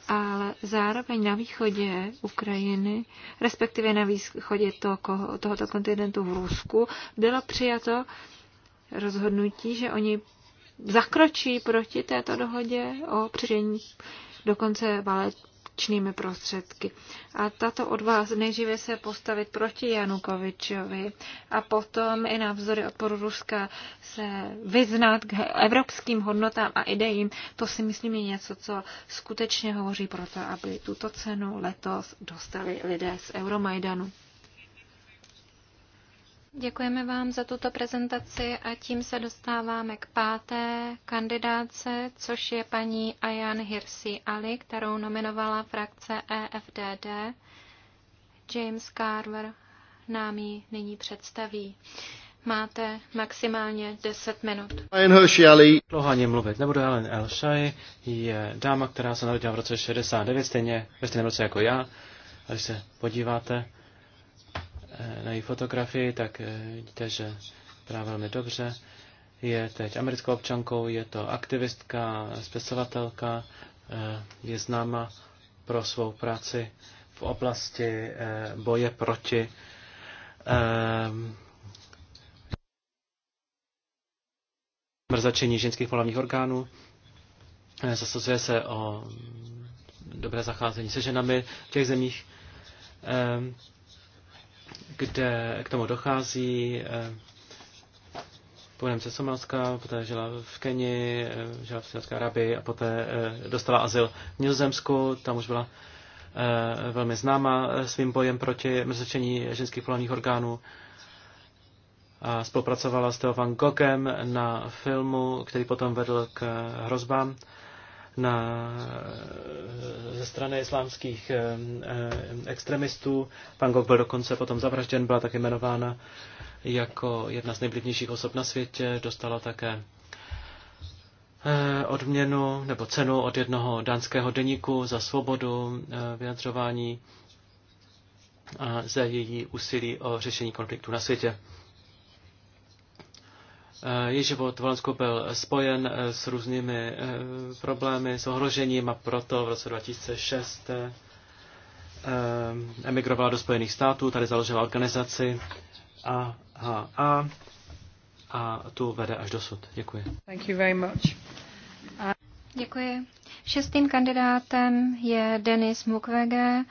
ale zároveň na východě Ukrajiny, respektive na východě toho, tohoto kontinentu v Rusku, bylo přijato rozhodnutí, že oni zakročí proti této dohodě o přidružení. Dokonce finančními prostředky. A tato odvaha nejdříve se postavit proti Janukovičovi a potom i na vzory odporu Ruska se vyznat k evropským hodnotám a idejím, to si myslím je něco, co skutečně hovoří pro to, aby tuto cenu letos dostali lidé z Euromajdanu. Děkujeme vám za tuto prezentaci a tím se dostáváme k páté kandidáce, což je paní Ayan Hirsi Ali, kterou nominovala frakce EFDD. James Carver nám ji nyní představí. Máte maximálně 10 minut. Ayan Hirsi Ali. Dlouháně mluvit nebudu, Ellen El Shai je dáma, která se narodila v roce 69, stejně ve stejném roce jako já. A když se podíváte Eh, na její fotografii, tak eh, vidíte, že právě velmi dobře. Je teď americkou občankou, je to aktivistka, spisovatelka, eh, je známa pro svou práci v oblasti boje proti mrzačení ženských polovních orgánů. Zasazuje se o dobré zacházení se ženami v těch zemích, kde k tomu dochází. Eh, původem se Somalska, poté žila v Keni, eh, žila v Sýrské Arabii a poté eh, dostala azyl v Nizozemsku, tam už byla velmi známa svým bojem proti mrzečení ženských polovních orgánů. A spolupracovala s Theo Van Goghem na filmu, který potom vedl k hrozbám na, ze strany islámských eh, eh, extremistů. Pan Gok byl dokonce potom zavražděn, byla také jmenována jako jedna z nejvlivnějších osob na světě, dostala také eh, odměnu nebo cenu od jednoho dánského deníku za svobodu vyjadřování a za její úsilí o řešení konfliktu na světě. Eh, Její život v Holandsku byl spojen eh, s různými eh, problémy, s ohrožením a proto v roce 2006 emigrovala do Spojených států, tady založila organizaci AHA a tu vede až dosud. Děkuji. Thank you very much. A... Děkuji. Šestým kandidátem je Denis Mukwege,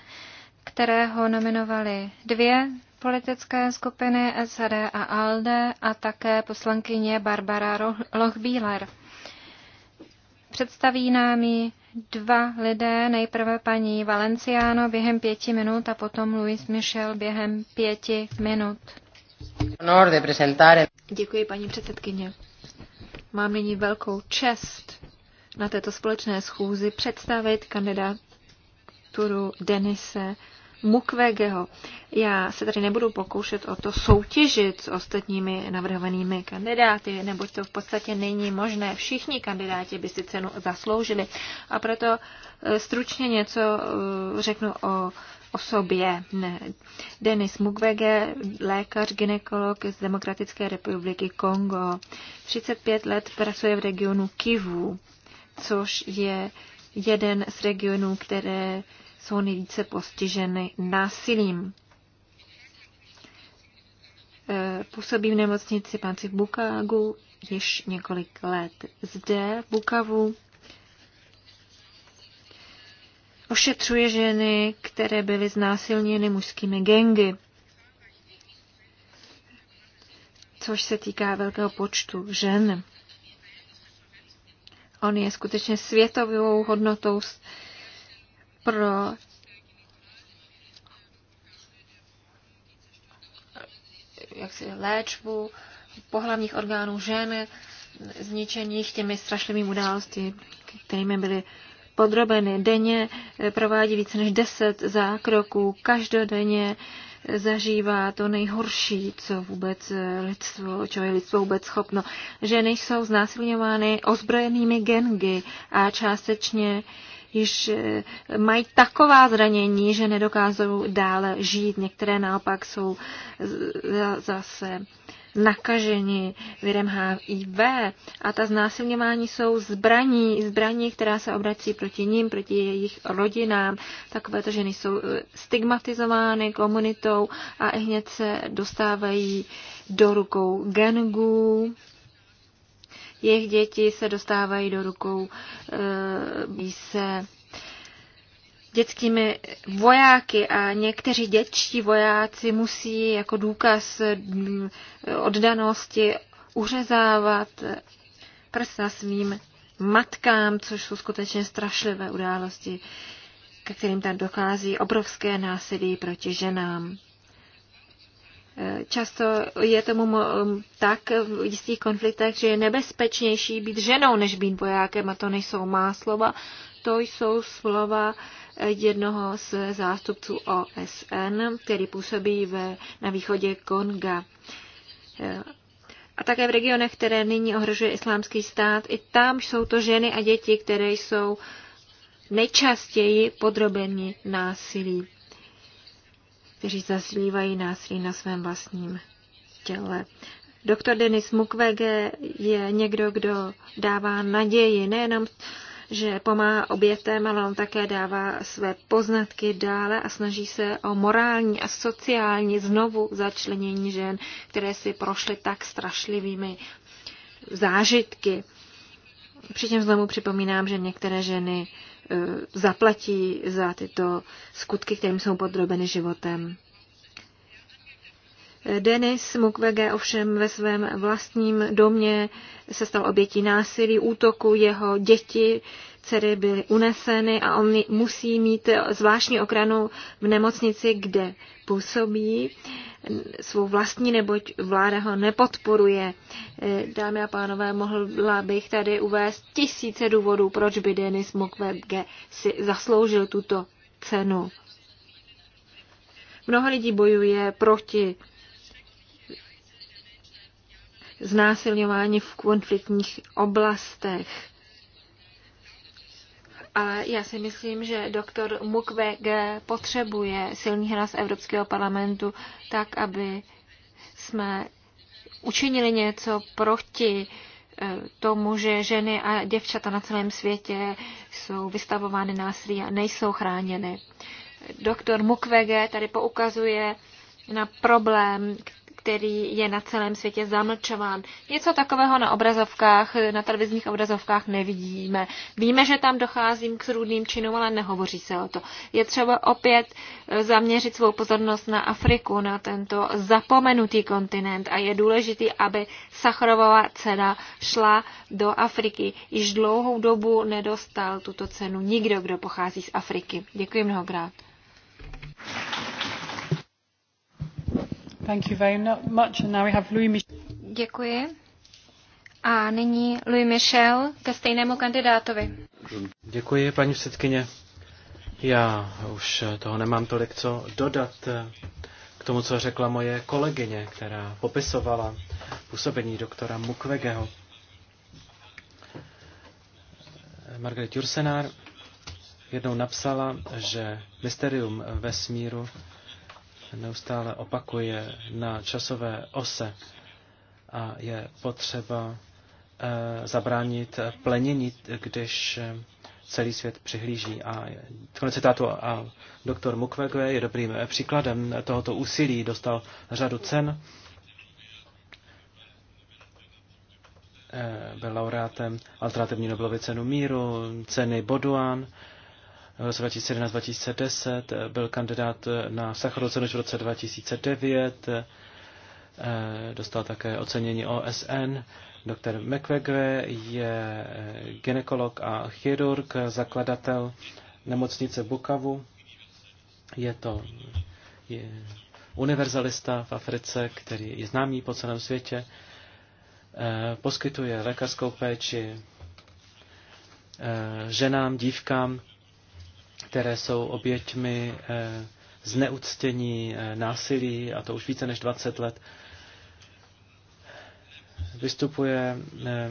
kterého nominovali dvě politické skupiny SAD a ALDE a také poslankyně Barbara Lochbíler. Představí nám ji dva lidé, nejprve paní Valenciano během pěti minut a potom Luis Michel během pěti minut. Děkuji, paní předsedkyně. Mám nyní velkou čest na této společné schůzi představit kandidaturu Denise Mukwegeho. Já se tady nebudu pokoušet o to soutěžit s ostatními navrhovanými kandidáty, neboť to v podstatě není možné. Všichni kandidáti by si cenu zasloužili. A proto e, stručně něco e, řeknu o osobě. Ne. Denis Mukwege, lékař, ginekolog z Demokratické republiky Kongo. 35 let pracuje v regionu Kivu, což je jeden z regionů, které jsou nejvíce postiženy násilím. E, působí v nemocnici Panci v Bukágu již několik let. Zde v Bukavu ošetřuje ženy, které byly znásilněny mužskými gengy, což se týká velkého počtu žen. On je skutečně světovou hodnotou pro jaksi léčbu pohlavních orgánů žen zničených těmi strašlivými události, kterými byly podrobeny. Denně eh, provádí více než deset zákroků, každodenně eh, zažívá to nejhorší, co vůbec eh, lidstvo, co je lidstvo vůbec schopno. Ženy jsou znásilňovány ozbrojenými gengy a částečně již eh, mají taková zranění, že nedokázou dále žít. Některé naopak jsou zase nakaženi virem HIV a ta znásilňování jsou zbraní, zbraní, která se obrací proti ním, proti jejich rodinám. to, ženy jsou eh, stigmatizovány komunitou a i hned se dostávají do rukou gengů jejich děti se dostávají do rukou eh, se dětskými vojáky a někteří dětští vojáci musí jako důkaz mm, oddanosti uřezávat prsa svým matkám, což jsou skutečně strašlivé události, ke kterým tam dochází obrovské násilí proti ženám. Často je tomu tak v jistých konfliktech, že je nebezpečnější být ženou, než být vojákem, a to nejsou má slova, to jsou slova jednoho z zástupců OSN, který působí ve, na východě Konga. A také v regionech, které nyní ohrožuje islámský stát, i tam jsou to ženy a děti, které jsou nejčastěji podrobeni násilí kteří zazlívají násilí na svém vlastním těle. Doktor Denis Mukwege je někdo, kdo dává naději nejenom že pomáhá obětem, ale on také dává své poznatky dále a snaží se o morální a sociální znovu začlenění žen, které si prošly tak strašlivými zážitky. Přičem znovu připomínám, že některé ženy Eh, zaplatí za tyto skutky, kterým jsou podrobeny životem. Eh, Denis Mukwege ovšem ve svém vlastním domě se stal obětí násilí, útoku jeho děti dcery byly uneseny a on musí mít zvláštní okranu v nemocnici, kde působí svou vlastní, neboť vláda ho nepodporuje. Dámy a pánové, mohla bych tady uvést tisíce důvodů, proč by Denis Mukwege si zasloužil tuto cenu. Mnoho lidí bojuje proti znásilňování v konfliktních oblastech ale já si myslím, že doktor Mukwege potřebuje silný hlas Evropského parlamentu tak, aby jsme učinili něco proti eh, tomu, že ženy a děvčata na celém světě jsou vystavovány násilí a nejsou chráněny. Doktor Mukwege tady poukazuje na problém, který je na celém světě zamlčován. Něco takového na obrazovkách, na televizních obrazovkách nevidíme. Víme, že tam dochází k zrůdným činům, ale nehovoří se o to. Je třeba opět zaměřit svou pozornost na Afriku, na tento zapomenutý kontinent a je důležitý, aby Sachrovová cena šla do Afriky. Již dlouhou dobu nedostal tuto cenu nikdo, kdo pochází z Afriky. Děkuji mnohokrát. No-, Děkuji. A nyní Louis Michel ke stejnému kandidátovi. Děkuji, paní předsedkyně. Já už toho nemám tolik co dodat eh, k tomu, co řekla moje kolegyně, která popisovala působení doktora Mukwegeho. Eh, Margaret Jursenár jednou napsala, že mysterium vesmíru neustále opakuje na časové ose a je potřeba eh, zabránit plenění, když eh, celý svět přihlíží. A konec citátu a doktor Mukwege je dobrým eh, příkladem tohoto úsilí, dostal řadu cen, byl laureátem alternativní Nobelovy cenu míru, ceny Boduan, v roce 2011-2010, byl kandidát na Sacharov cenu v roce 2009, dostal také ocenění OSN. Doktor McVegre je ginekolog a chirurg, zakladatel nemocnice Bukavu. Je to je univerzalista v Africe, který je známý po celém světě. Poskytuje lékařskou péči eh, ženám, dívkám které jsou oběťmi eh, zneuctění, eh, násilí, a to už více než 20 let, vystupuje eh,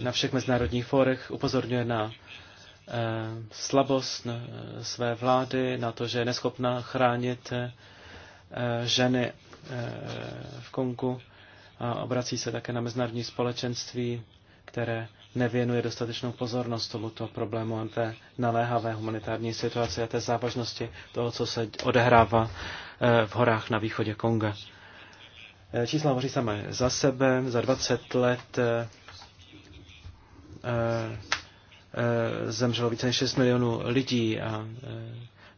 na všech mezinárodních fórech, upozorňuje na slabost své vlády, na to, že je neschopná chránit ženy v Kongu a obrací se také na mezinárodní společenství, které nevěnuje dostatečnou pozornost tomuto problému a té naléhavé humanitární situaci a té závažnosti toho, co se odehrává eh, v horách na východě Konga. Eh, čísla hovoří samé za sebe. Za 20 let eh, zemřelo více než 6 milionů lidí a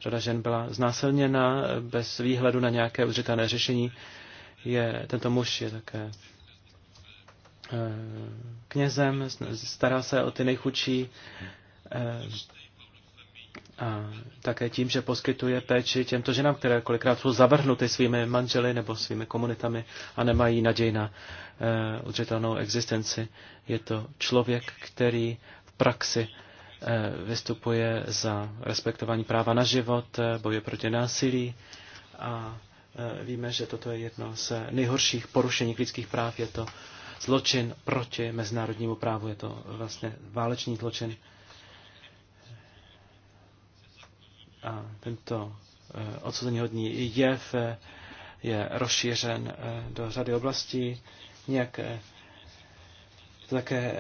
řada žen byla znásilněna bez výhledu na nějaké udržitelné řešení. Je, tento muž je také Eh, knězem, stará se o ty nejchudší eh, a také tím, že poskytuje péči těmto ženám, které kolikrát jsou zavrhnuty svými manželi nebo svými komunitami a nemají naději na eh, udřetelnou existenci. Je to člověk, který v praxi vystupuje za respektování práva na život, boje proti násilí a víme, že toto je jedno z nejhorších porušení lidských práv. Je to uh, zločin proti mezinárodnímu právu. Je to vlastně válečný zločin. A tento eh, hodní jev eh, je rozšířen eh, do řady oblastí. Nějaké také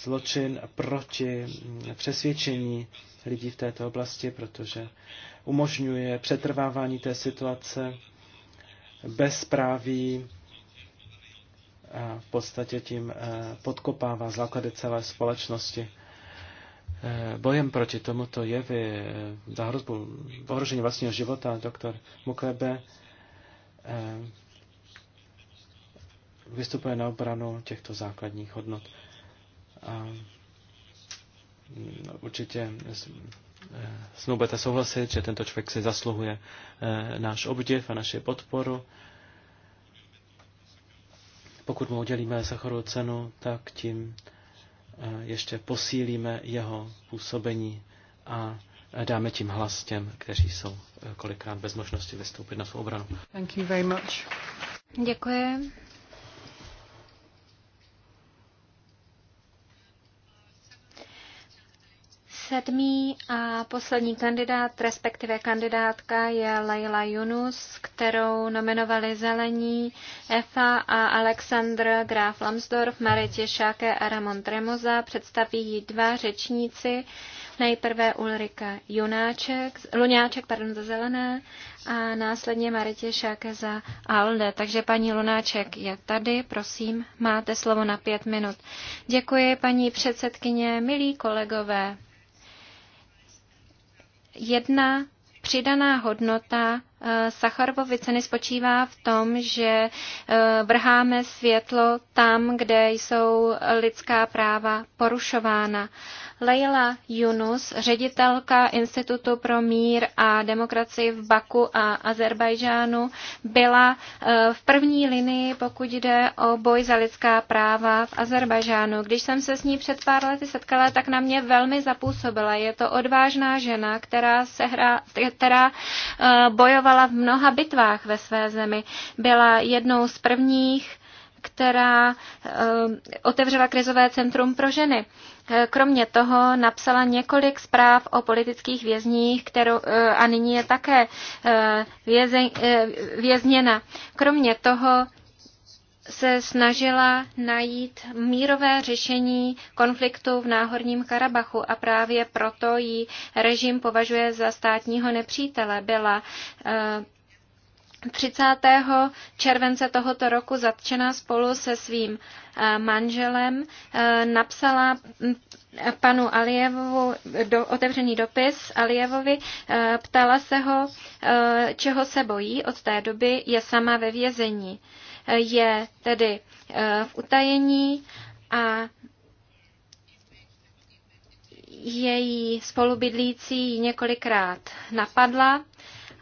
zločin proti mm, přesvědčení lidí v této oblasti, protože umožňuje přetrvávání té situace, bezpráví, v podstatě tím e, podkopává základy celé společnosti. E, bojem proti tomuto jevy e, za hrozbu ohrožení vlastního života doktor Mukwebe vystupuje na obranu těchto základních hodnot. A mm, určitě s mnou budete souhlasit, že tento člověk si zasluhuje náš obdiv a naši podporu. Pokud mu udělíme Sacharovu cenu, tak tím eh, ještě posílíme jeho působení a eh, dáme tím hlas těm, kteří jsou eh, kolikrát bez možnosti vystoupit na svou obranu. Thank you very much. Děkuji. Sedmý a poslední kandidát, respektive kandidátka, je Leila Yunus, kterou nominovali Zelení, Efa a Alexandr Graf Lambsdorff, Maritě Šáke a Ramon Tremoza. Představí ji dva řečníci, nejprve Ulrika Junáček, Lunáček pardon, za Zelené a následně Maritě Šáke za ALDE. Takže paní Lunáček je tady, prosím, máte slovo na pět minut. Děkuji, paní předsedkyně, milí kolegové jedna přidaná hodnota eh, Sacharovovy ceny spočívá v tom, že eh, vrháme světlo tam, kde jsou lidská práva porušována. Leila Yunus, ředitelka Institutu pro mír a demokracii v Baku a Azerbajdžánu, byla eh, v první linii, pokud jde o boj za lidská práva v Azerbajdžánu. Když jsem se s ní před pár lety setkala, tak na mě velmi zapůsobila. Je to odvážná žena, která, se hra, která eh, bojovala v mnoha bitvách ve své zemi. Byla jednou z prvních která eh, otevřela krizové centrum pro ženy. Eh, kromě toho napsala několik zpráv o politických vězních kterou, eh, a nyní je také věze, vězněna. Kromě toho se snažila najít mírové řešení konfliktu v Náhorním Karabachu a právě proto ji režim považuje za státního nepřítele. Byla 30. července tohoto roku zatčena spolu se svým eh, manželem eh, napsala hm, panu Alijevovu do, otevřený dopis Alijevovi, eh, ptala se ho, čeho se bojí, od té doby je sama ve vězení. Je tedy v utajení a její spolubydlící ji několikrát napadla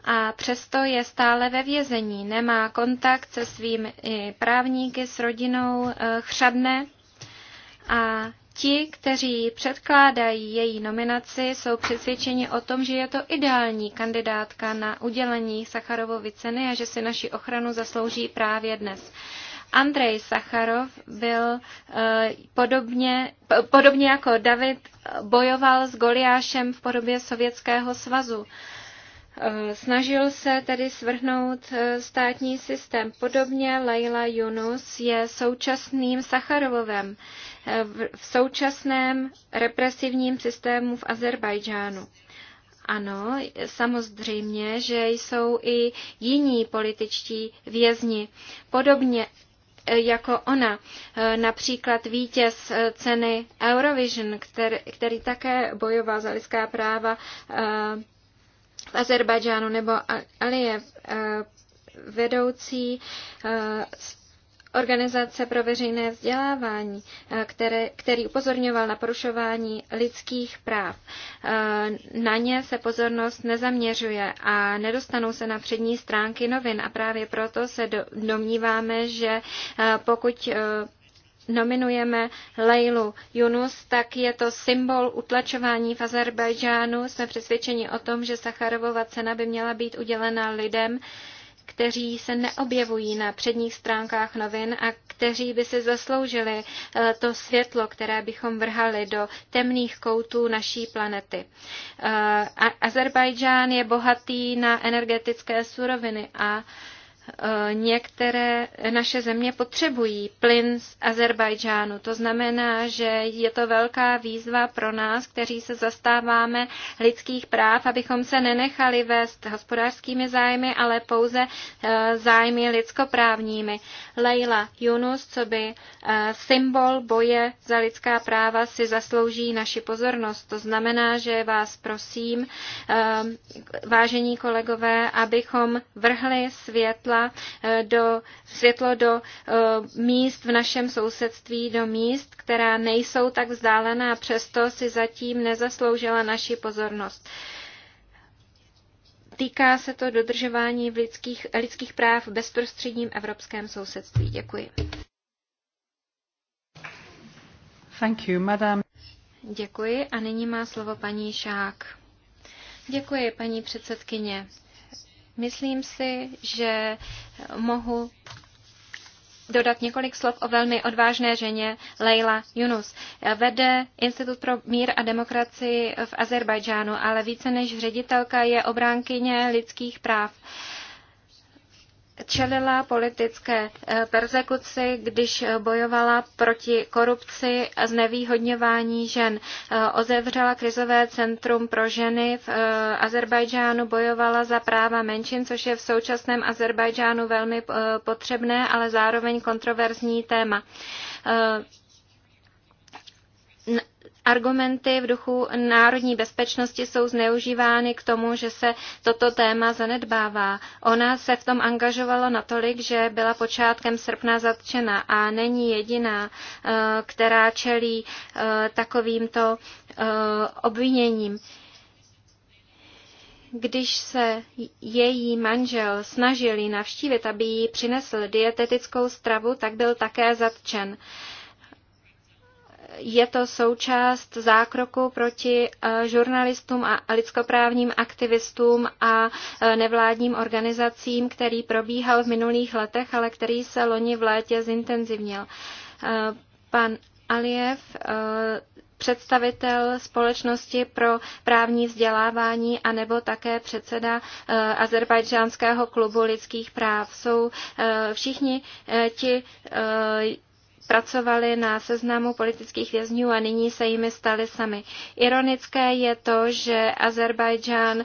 a přesto je stále ve vězení. Nemá kontakt se svými právníky, s rodinou, eh, chřadne a ti, kteří předkládají její nominaci, jsou přesvědčeni o tom, že je to ideální kandidátka na udělení Sacharovovy ceny a že si naši ochranu zaslouží právě dnes. Andrej Sacharov byl eh, podobně, podobně jako David bojoval s Goliášem v podobě Sovětského svazu. Eh, snažil se tedy svrhnout eh, státní systém. Podobně Leila Yunus je současným Sacharovovem eh, v současném represivním systému v Azerbajdžánu. Ano, samozřejmě, že jsou i jiní političtí vězni. Podobně jako ona, například vítěz ceny Eurovision, který, který také bojoval za lidská práva v Azerbajdžánu nebo Alijev, eh, vedoucí eh, organizace pro veřejné vzdělávání, eh, které, který upozorňoval na porušování lidských práv. Na ně se pozornost nezaměřuje a nedostanou se na přední stránky novin a právě proto se domníváme, že pokud nominujeme Leilu Yunus, tak je to symbol utlačování v Azerbajdžánu. Jsme přesvědčeni o tom, že Sacharovova cena by měla být udělena lidem, kteří se neobjevují na předních stránkách novin a kteří by si zasloužili eh, to světlo, které bychom vrhali do temných koutů naší planety. Eh, Azerbajdžán je bohatý na energetické suroviny a Eh, některé naše země potřebují plyn z Azerbajdžánu. To znamená, že je to velká výzva pro nás, kteří se zastáváme lidských práv, abychom se nenechali vést hospodářskými zájmy, ale pouze eh, zájmy lidskoprávními. Leila Yunus, co by eh, symbol boje za lidská práva, si zaslouží naši pozornost. To znamená, že vás prosím, vážení kolegové, abychom vrhli světlo světla eh, do, světlo do eh, míst v našem sousedství, do míst, která nejsou tak vzdálená, přesto si zatím nezasloužila naši pozornost. Týká se to dodržování lidských, lidských práv v bezprostředním evropském sousedství. Děkuji. Thank you, madam. Děkuji a nyní má slovo paní Šák. Děkuji, paní předsedkyně. Myslím si, že mohu dodat několik slov o velmi odvážné ženě Leila Yunus. Vede Institut pro mír a demokracii v Azerbajdžánu, ale více než ředitelka je obránkyně lidských práv čelila politické eh, persekuci, když eh, bojovala proti korupci a znevýhodňování žen. Eh, ozevřela krizové centrum pro ženy v Azerbajdžánu, bojovala za práva menšin, což je v současném Azerbajdžánu velmi potřebné, ale zároveň kontroverzní téma Argumenty v duchu národní bezpečnosti jsou zneužívány k tomu, že se toto téma zanedbává. Ona se v tom angažovala natolik, že byla počátkem srpna zatčena a není jediná, eh, která čelí eh, takovýmto eh, obviněním když se její manžel snažil ji navštívit, aby jí přinesl dietetickou stravu, tak byl také zatčen je to součást zákroku proti eh, žurnalistům a lidskoprávním aktivistům a eh, nevládním organizacím, který probíhal v minulých letech, ale který se loni v létě zintenzivnil. Eh, pan Aliev představitel společnosti pro právní vzdělávání a nebo také předseda Azerbajdžánského klubu lidských práv. Jsou všichni ti pracovali na seznamu politických vězňů a nyní se jimi stali sami. Ironické je to, že Azerbajdžán eh,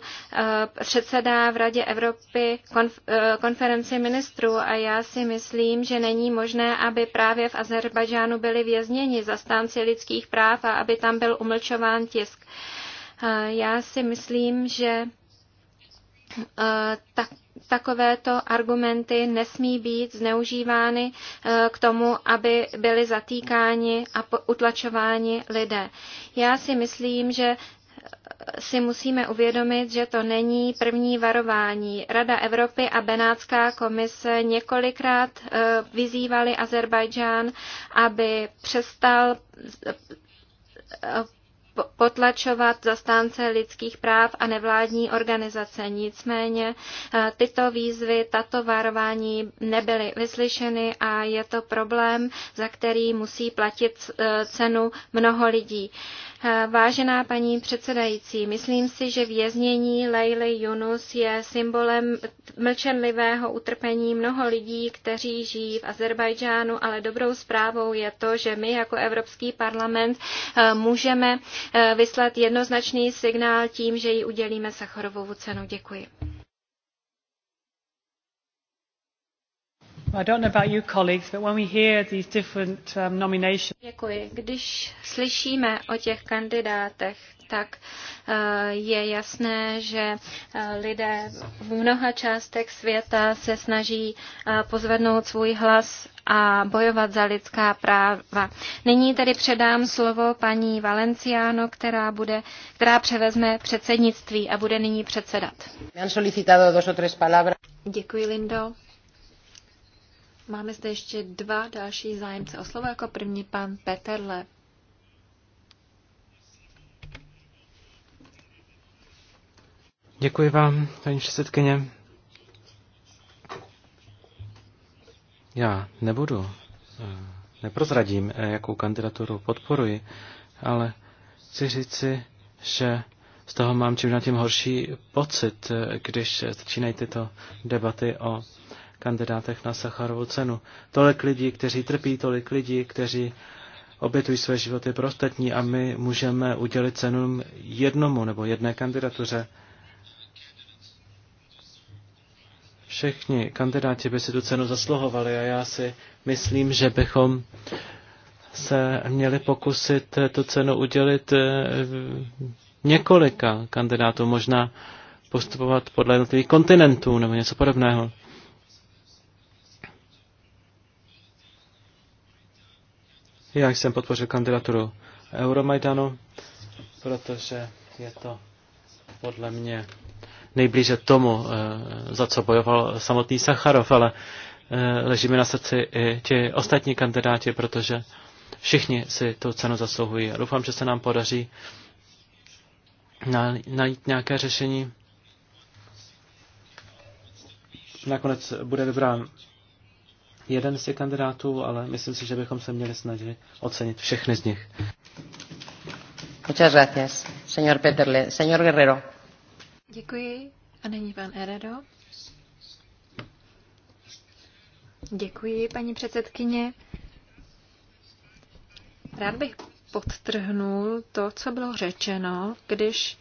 předsedá v Radě Evropy eh, konferenci ministrů a já si myslím, že není možné, aby právě v Azerbajdžánu byli vězněni zastánci lidských práv a aby tam byl umlčován tisk. Eh, já si myslím, že tak, takovéto argumenty nesmí být zneužívány e, k tomu, aby byly zatýkáni a utlačováni lidé. Já si myslím, že e, si musíme uvědomit, že to není první varování. Rada Evropy a Benátská komise několikrát e, vyzývali Azerbajdžán, aby přestal potlačovat zastánce lidských práv a nevládní organizace. Nicméně eh, tyto výzvy, tato varování nebyly vyslyšeny a je to problém, za který musí platit eh, cenu mnoho lidí. Eh, vážená paní předsedající, myslím si, že věznění Leily Yunus je symbolem mlčenlivého utrpení mnoho lidí, kteří žijí v Azerbajdžánu, ale dobrou zprávou je to, že my jako Evropský parlament eh, můžeme eh, vyslat jednoznačný signál tím, že ji udělíme Sacharovovu cenu. Děkuji. Děkuji. Když slyšíme o těch kandidátech, tak eh, je jasné, že eh, lidé v mnoha částech světa se snaží eh, pozvednout svůj hlas a bojovat za lidská práva. Nyní tedy předám slovo paní Valenciano, která, bude, která převezme předsednictví a bude nyní předsedat. Děkuji, Lindo. Máme zde ještě dva další zájemce o slovo, jako první pan Peterle. Děkuji vám, paní předsedkyně. Já nebudu, eh, neprozradím, eh, jakou kandidaturu podporuji, ale chci říci, že z toho mám čím na tím horší pocit, eh, když začínají tyto debaty o kandidátech na Sacharovu cenu. Tolik lidí, kteří trpí, tolik lidí, kteří obětují své životy pro ostatní a my můžeme udělit cenu jednomu nebo jedné kandidatuře. Všichni kandidáti by si tu cenu zasluhovali a já si myslím, že bychom se měli pokusit tu cenu udělit eh, několika kandidátů, možná postupovat podle jednotlivých kontinentů nebo něco podobného. Já jsem podpořil kandidaturu Euromajdanu, protože je to podle mě nejblíže tomu, eh, za co bojoval samotný Sacharov, ale eh, leží mi na srdci i ti ostatní kandidáti, protože všichni si tu cenu zasluhují. A doufám, že se nám podaří najít nějaké řešení. Nakonec bude vybrán jeden z těch kandidátů, ale myslím si, že bychom se měli snažit ocenit všechny z nich. Muchas gracias, señor Peterle. Señor Guerrero. Děkuji. A nyní pan Herrero. Děkuji, paní předsedkyně. Rád bych podtrhnul to, co bylo řečeno, když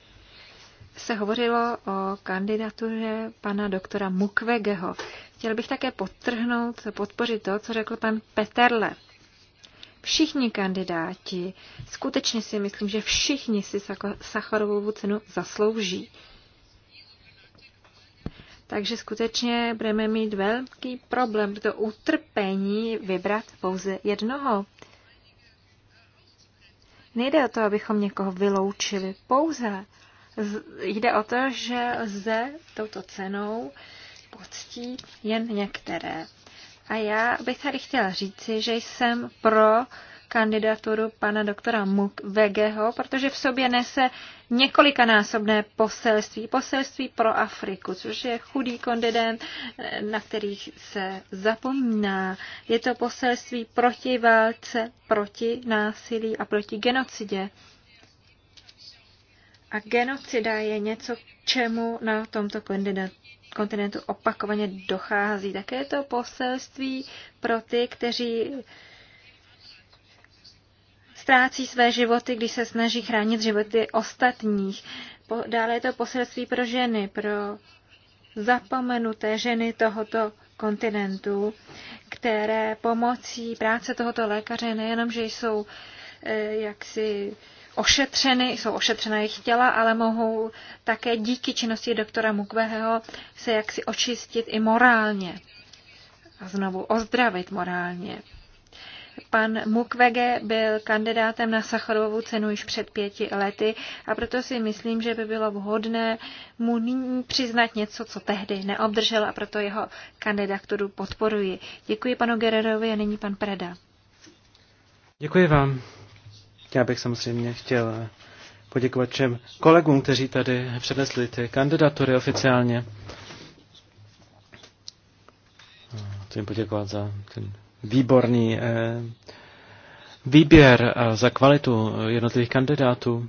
se hovořilo o kandidatuře pana doktora Mukwegeho. Chtěl bych také podtrhnout, podpořit to, co řekl pan Peterle. Všichni kandidáti, skutečně si myslím, že všichni si sacharovou cenu zaslouží. Takže skutečně budeme mít velký problém to utrpení vybrat pouze jednoho. Nejde o to, abychom někoho vyloučili pouze. Jde o to, že lze touto cenou poctí jen některé. A já bych tady chtěla říci, že jsem pro kandidaturu pana doktora Mukwegeho, protože v sobě nese několikanásobné poselství. Poselství pro Afriku, což je chudý kontinent, eh, na kterých se zapomíná. Je to poselství proti válce, proti násilí a proti genocidě. A genocida je něco, čemu na tomto kandidatu kontinentu opakovaně dochází. Také to poselství pro ty, kteří ztrácí své životy, když se snaží chránit životy ostatních. Dále je to poselství pro ženy, pro zapomenuté ženy tohoto kontinentu, které pomocí práce tohoto lékaře nejenom, že jsou eh, jaksi ošetřeny, jsou ošetřena jejich těla, ale mohou také díky činnosti doktora Mukweho se jaksi očistit i morálně. A znovu ozdravit morálně. Pan Mukwege byl kandidátem na Sacharovou cenu již před pěti lety a proto si myslím, že by bylo vhodné mu nyní přiznat něco, co tehdy neobdržel a proto jeho kandidaturu podporuji. Děkuji panu Gererovi a nyní pan Preda. Děkuji vám. Já bych samozřejmě chtěl poděkovat všem kolegům, kteří tady přednesli ty kandidatury oficiálně. Chci jim poděkovat za ten výborný eh, výběr a za kvalitu jednotlivých kandidátů.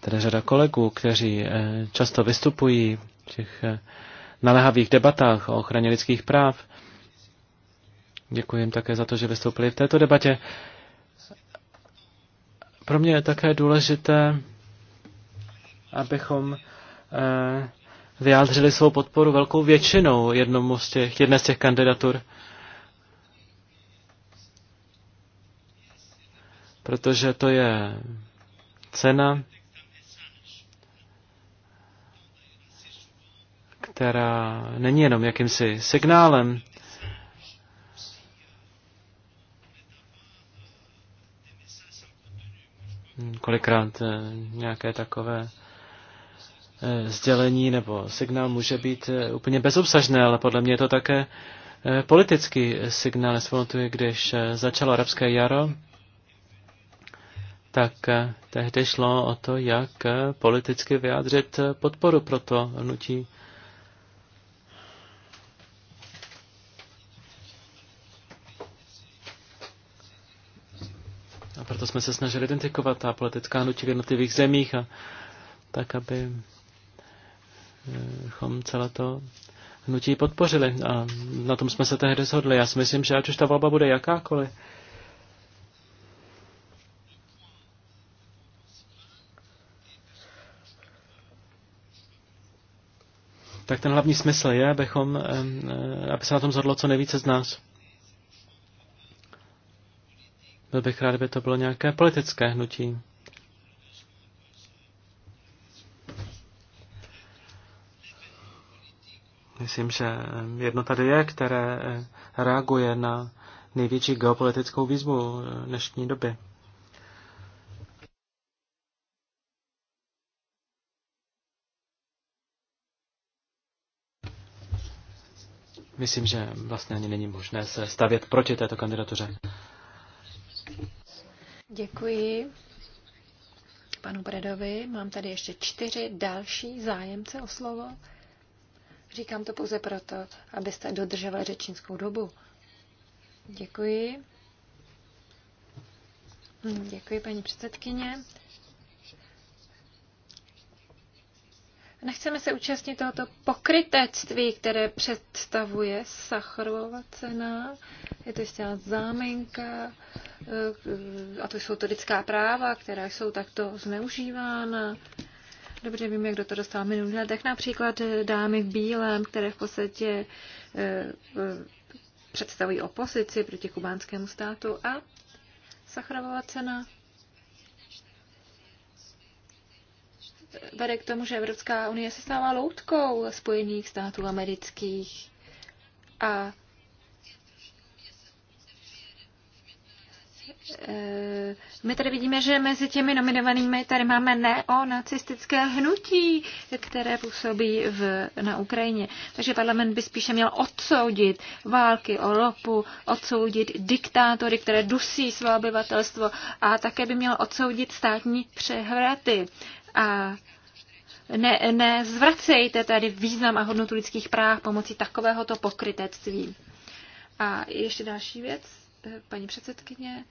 Tady řada kolegů, kteří eh, často vystupují v těch eh, naléhavých debatách o ochraně lidských práv. Děkuji jim také za to, že vystoupili v této debatě. Pro mě je také důležité, abychom eh, vyjádřili svou podporu velkou většinou jednomu z těch, jedné z těch kandidatur. Protože to je cena, která není jenom jakýmsi signálem, kolikrát eh, nějaké takové eh, sdělení nebo signál může být eh, úplně bezobsažné, ale podle mě je to také politický signál. Svontuji, když začalo arabské jaro, tak tehdy šlo o to, jak politicky vyjádřit podporu pro to hnutí Proto jsme se snažili identifikovat ta politická hnutí v jednotlivých zemích a tak, aby bychom eh, celé to hnutí podpořili. A na tom jsme se tehdy shodli. Já si myslím, že ať už ta volba bude jakákoliv, tak ten hlavní smysl je, abychom, eh, eh, aby se na tom zhodlo co nejvíce z nás. Byl bych rád, kdyby to bylo nějaké politické hnutí. Myslím, že jedno tady je, které reaguje na největší geopolitickou výzvu dnešní doby. Myslím, že vlastně ani není možné se stavět proti této kandidatuře. Děkuji panu Bredovi. Mám tady ještě čtyři další zájemce o slovo. Říkám to pouze proto, abyste dodržovali řečnickou dobu. Děkuji. Děkuji, paní předsedkyně. Nechceme se účastnit tohoto pokrytectví, které představuje sachrová cena. Je to jistá záminka eh, a to jsou to lidská práva, která jsou takto zneužívána. Dobře vím, jak do to dostal minulý let. Například eh, dámy v bílém, které v podstatě eh, představují opozici proti kubánskému státu a Sacharová cena vede k tomu, že Evropská unie se stává loutkou Spojených států amerických. A e, my tady vidíme, že mezi těmi nominovanými tady máme neonacistické hnutí, které působí v, na Ukrajině. Takže parlament by spíše měl odsoudit války o lopu, odsoudit diktátory, které dusí své obyvatelstvo a také by měl odsoudit státní přehraty. A ne, zvracejte tady význam a hodnotu lidských práv pomocí takovéhoto pokrytectví. A ještě další věc, eh, paní předsedkyně.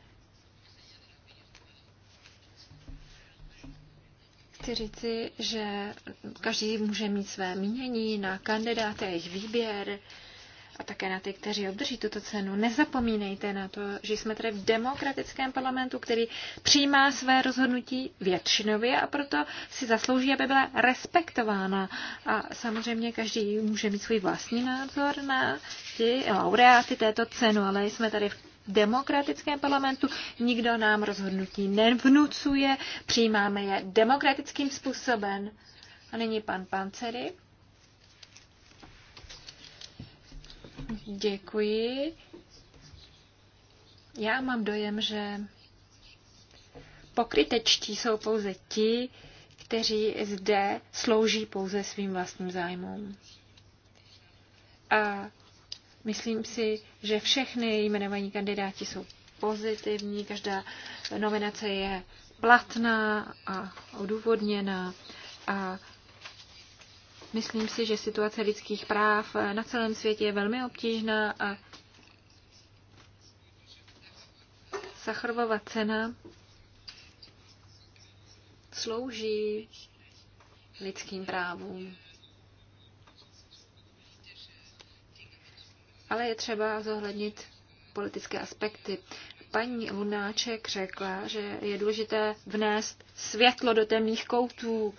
Chci říci, že každý může mít své mínění na kandidáty a jejich výběr a také na ty, kteří obdrží tuto cenu. Nezapomínejte na to, že jsme tady v demokratickém parlamentu, který přijímá své rozhodnutí většinově a proto si zaslouží, aby byla respektována. A samozřejmě každý může mít svůj vlastní názor na ty laureáty této cenu, ale jsme tady v demokratickém parlamentu, nikdo nám rozhodnutí nevnucuje, přijímáme je demokratickým způsobem. A nyní pan Pancery. Děkuji. Já mám dojem, že pokrytečtí jsou pouze ti, kteří zde slouží pouze svým vlastním zájmům. A myslím si, že všechny jmenovaní kandidáti jsou pozitivní, každá nominace je platná a odůvodněná a Myslím si, že situace lidských práv eh, na celém světě je velmi obtížná a Sacharovova cena slouží lidským právům. Ale je třeba zohlednit politické aspekty. Paní Lunáček řekla, že je důležité vnést světlo do temných koutů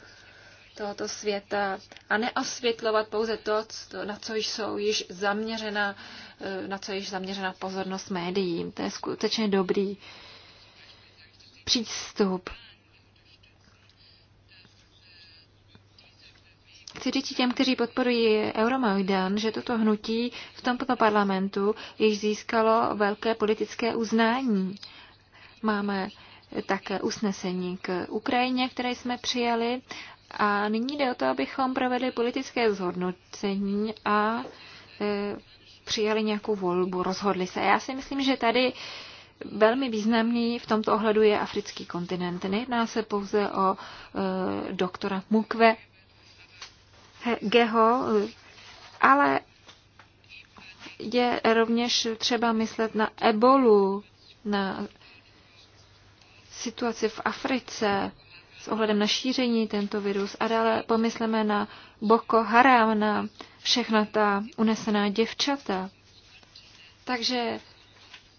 tohoto světa a neosvětlovat pouze to, na co jsou již zaměřena, eh, na co již zaměřena pozornost médiím. To je skutečně dobrý přístup. Chci říct těm, kteří podporují Euromaidan, že toto hnutí v tomto parlamentu již získalo velké politické uznání. Máme také usnesení k Ukrajině, které jsme přijali a nyní jde o to, abychom provedli politické zhodnocení a e, přijali nějakou volbu, rozhodli se. Já si myslím, že tady velmi významný v tomto ohledu je africký kontinent. Nejedná se pouze o e, doktora Mukwe Geho, ale je rovněž třeba myslet na ebolu, na situaci v Africe, s ohledem na šíření tento virus. A dále pomysleme na Boko Haram, na všechna ta unesená děvčata. Takže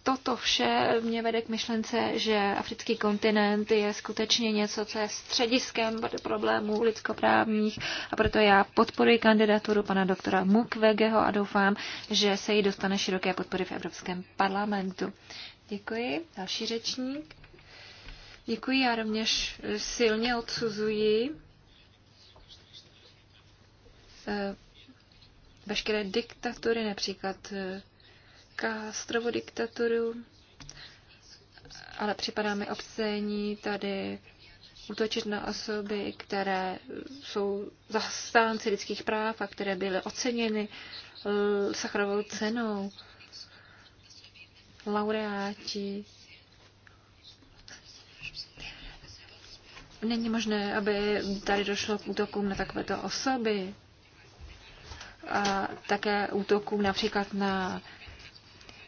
toto vše mě vede k myšlence, že africký kontinent je skutečně něco, co je střediskem problémů lidskoprávních a proto já podporuji kandidaturu pana doktora Mukwegeho a doufám, že se jí dostane široké podpory v Evropském parlamentu. Děkuji. Další řečník. Děkuji, já rovněž silně odsuzuji eh, veškeré diktatury, například Castrovu eh, diktaturu, ale připadá mi obscénní tady útočit na osoby, které jsou zastánci lidských práv a které byly oceněny eh, Sacharovou cenou, laureáti Není možné, aby tady došlo k útokům na takovéto osoby a také útokům například na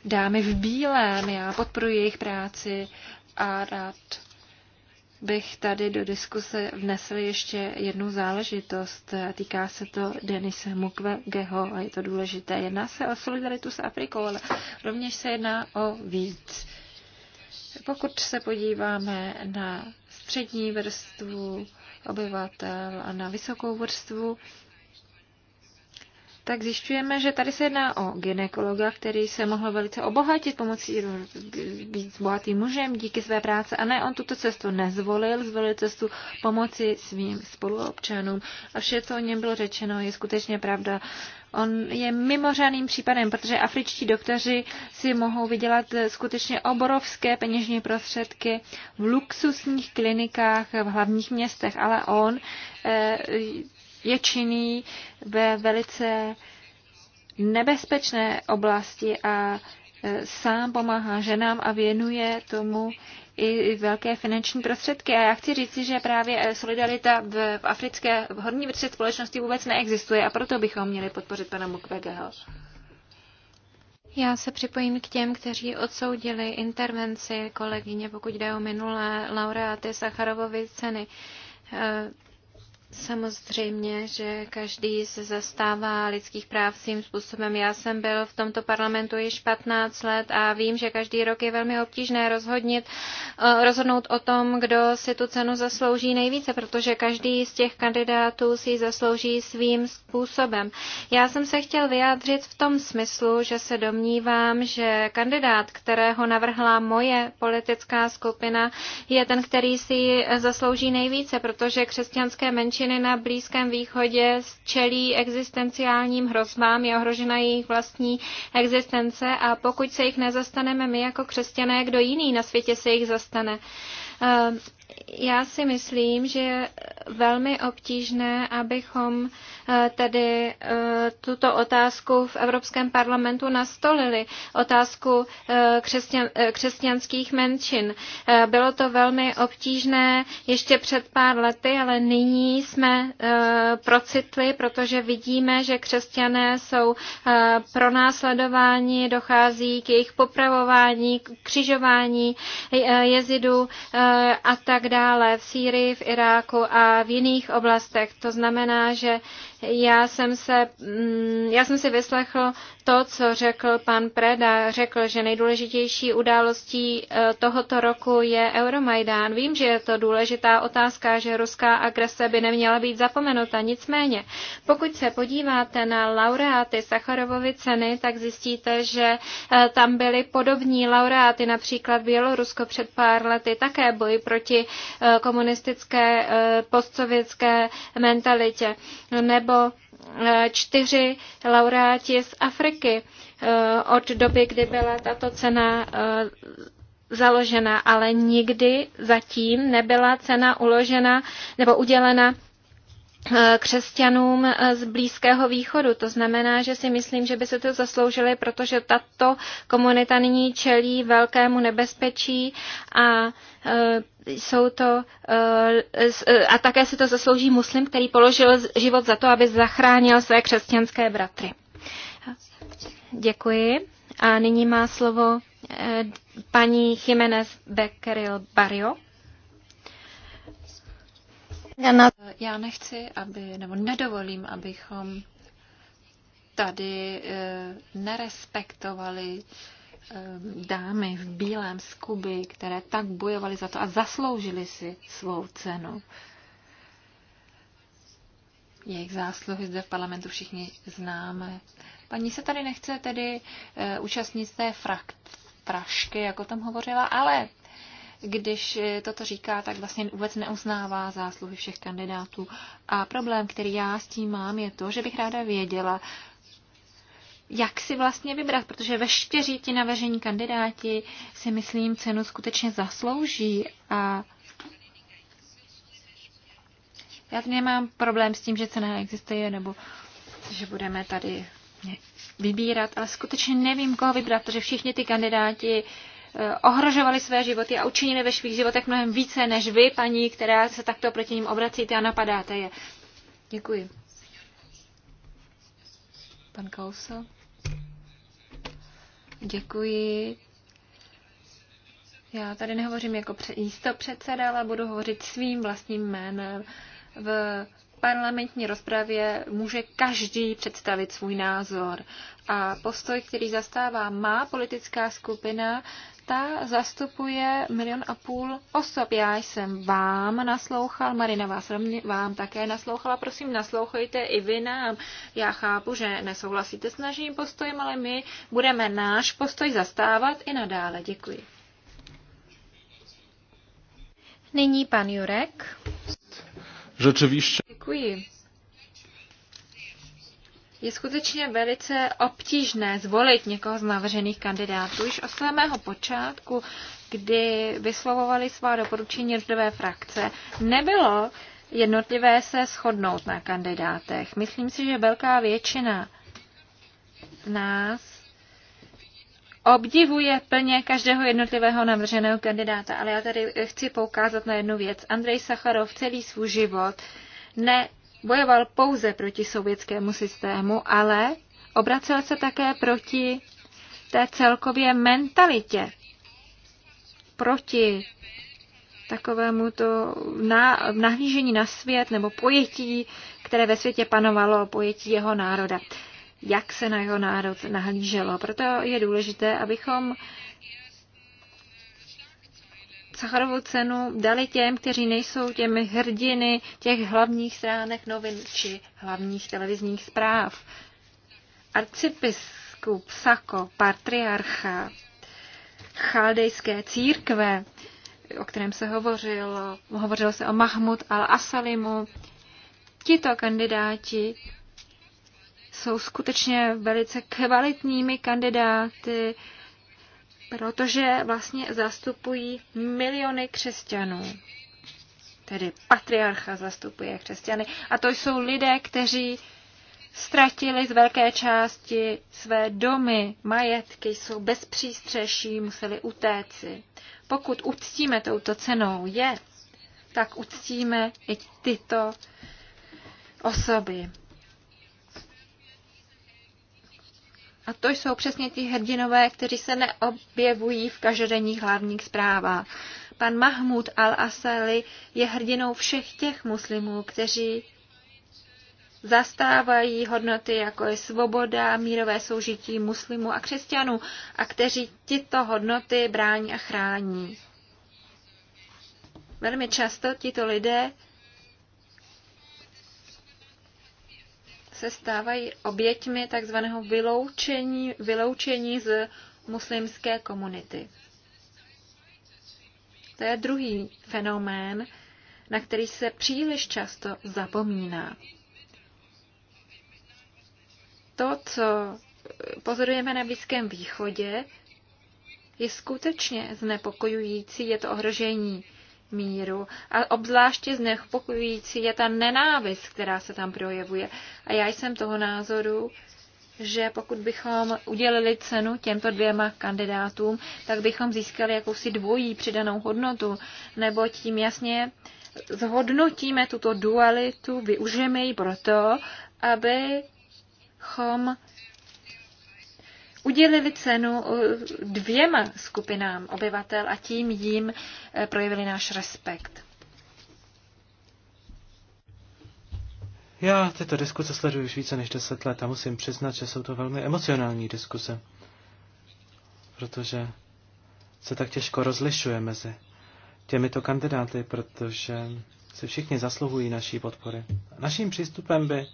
dámy v bílém. Já podporuji jejich práci a rád bych tady do diskuse vnesl ještě jednu záležitost. Týká se to Denise Mukwegeho a je to důležité. Jedná se o solidaritu s Afrikou, ale rovněž se jedná o víc. Pokud se podíváme na střední vrstvu obyvatel a na vysokou vrstvu tak zjišťujeme, že tady se jedná o ginekologa, který se mohl velice obohatit pomocí být bohatým mužem díky své práce. A ne, on tuto cestu nezvolil, zvolil cestu pomoci svým spoluobčanům. A vše, co o něm bylo řečeno, je skutečně pravda. On je mimořádným případem, protože afričtí doktoři si mohou vydělat skutečně obrovské peněžní prostředky v luxusních klinikách v hlavních městech, ale on eh, je činný ve velice nebezpečné oblasti a e, sám pomáhá ženám a věnuje tomu i velké finanční prostředky. A já chci říci, že právě e, solidarita v, africké v horní vrstvě společnosti vůbec neexistuje a proto bychom měli podpořit pana Mukwegeho. Já se připojím k těm, kteří odsoudili intervenci kolegyně, pokud jde o minulé laureáty Sacharovovy ceny. E, Samozřejmě, že každý se zastává lidských práv svým způsobem. Já jsem byl v tomto parlamentu již 15 let a vím, že každý rok je velmi obtížné rozhodnit, eh, rozhodnout o tom, kdo si tu cenu zaslouží nejvíce, protože každý z těch kandidátů si ji zaslouží svým způsobem. Já jsem se chtěl vyjádřit v tom smyslu, že se domnívám, že kandidát, kterého navrhla moje politická skupina, je ten, který si ji zaslouží nejvíce, protože křesťanské menšiny menšiny na Blízkém východě čelí existenciálním hrozbám, je ohrožena jejich vlastní existence a pokud se jich nezastaneme my jako křesťané, kdo jiný na světě se jich zastane já si myslím, že je velmi obtížné, abychom eh, tedy eh, tuto otázku v Evropském parlamentu nastolili, otázku eh, křesťan, křesťanských menšin. Bylo to velmi obtížné ještě před pár lety, ale nyní jsme procitli, protože vidíme, že křesťané jsou pronásledováni, dochází k jejich popravování, křižování jezidu a tak tak dále v Sýrii, v Iráku a v jiných oblastech. To znamená, že já jsem, se, mm, já jsem si vyslechl to, co řekl pan Preda. Řekl, že nejdůležitější událostí eh, tohoto roku je Euromajdán. Vím, že je to důležitá otázka, že ruská agrese by neměla být zapomenuta. Nicméně, pokud se podíváte na laureáty Sacharovovy ceny, tak zjistíte, že eh, tam byly podobní laureáty, například Bělorusko před pár lety, také boj proti eh, komunistické postsovětské mentalitě, nebo jako čtyři laureáti z Afriky e, od doby, kdy byla tato cena e, založena, ale nikdy zatím nebyla cena uložena nebo udělena křesťanům z Blízkého východu. To znamená, že si myslím, že by se to zasloužili, protože tato komunita nyní čelí velkému nebezpečí a jsou to, eh, eh, a také si to zaslouží muslim, který položil život za to, aby zachránil své křesťanské bratry. Děkuji. A nyní má slovo eh, paní Jiménez Becquerel Barrio. Já nechci, aby, nebo nedovolím, abychom tady nerespektovali Eh, dámy v bílém z Kuby, které tak bojovaly za to a zasloužily si svou cenu. Jejich zásluhy zde v parlamentu všichni známe. Paní se tady nechce tedy eh, účastnit té frakt prašky, jako tam hovořila, ale když eh, toto říká, tak vlastně vůbec neuznává zásluhy všech kandidátů. A problém, který já s tím mám, je to, že bych ráda věděla, jak si vlastně vybrat, protože veškeří ti navržení kandidáti si myslím cenu skutečně zaslouží a já nemám problém s tím, že cena existuje nebo že budeme tady vybírat, ale skutečně nevím, koho vybrat, protože všichni ty kandidáti eh, ohrožovali své životy a učinili ve svých životech mnohem více než vy, paní, která se takto proti ním obracíte a napadáte je. Děkuji. Pan Kausa. Děkuji. Já tady nehovořím jako jisto předseda, ale budu hovořit svým vlastním jménem. V parlamentní rozpravě může každý představit svůj názor. A postoj, který zastává má politická skupina, Krista zastupuje milion a půl osob. Já jsem vám naslouchal, Marina vás rovně, vám také naslouchala. Prosím, naslouchejte i vy nám. Já chápu, že nesouhlasíte s naším postojem, ale my budeme náš postoj zastávat i nadále. Děkuji. Nyní pan Jurek. Rzeczywiście. Děkuji je skutečně velice obtížné zvolit někoho z navržených kandidátů. Už od samého počátku, kdy vyslovovali svá doporučení jednotlivé frakce, nebylo jednotlivé se shodnout na kandidátech. Myslím si, že velká většina nás obdivuje plně každého jednotlivého navrženého kandidáta, ale já tady chci poukázat na jednu věc. Andrej Sacharov celý svůj život ne bojoval pouze proti sovětskému systému, ale obracel se také proti té celkově mentalitě, proti takovému to na, nahlížení na svět nebo pojetí, které ve světě panovalo, pojetí jeho národa. Jak se na jeho národ nahlíželo. Proto je důležité, abychom Sacharovou cenu dali těm, kteří nejsou těmi hrdiny těch hlavních stránek novin či hlavních televizních zpráv. Arcibiskup Sako, patriarcha chaldejské církve, o kterém se hovořilo, hovořilo se o Mahmud al-Asalimu, tito kandidáti jsou skutečně velice kvalitními kandidáty, protože vlastně zastupují miliony křesťanů. Tedy patriarcha zastupuje křesťany. A to jsou lidé, kteří ztratili z velké části své domy, majetky, jsou bez přístřeší, museli utéci. Pokud uctíme touto cenou je, tak uctíme i tyto osoby. A to jsou přesně ti hrdinové, kteří se neobjevují v každodenních hlavních zprávách. Pan Mahmud al-Asali je hrdinou všech těch muslimů, kteří zastávají hodnoty, jako je svoboda, mírové soužití muslimů a křesťanů, a kteří tyto hodnoty brání a chrání. Velmi často tito lidé se stávají oběťmi takzvaného vyloučení, vyloučení z muslimské komunity. To je druhý fenomén, na který se příliš často zapomíná. To, co pozorujeme na Blízkém východě, je skutečně znepokojující, je to ohrožení míru. A obzvláště znepokojující je ta nenávist, která se tam projevuje. A já jsem toho názoru, že pokud bychom udělili cenu těmto dvěma kandidátům, tak bychom získali jakousi dvojí přidanou hodnotu, nebo tím jasně zhodnotíme tuto dualitu, využijeme ji proto, abychom udělili cenu uh, dvěma skupinám obyvatel a tím jim uh, projevili náš respekt. Já tyto diskuse sleduji už více než deset let a musím přiznat, že jsou to velmi emocionální diskuse, protože se tak těžko rozlišuje mezi těmito kandidáty, protože se všichni zasluhují naší podpory. Naším přístupem by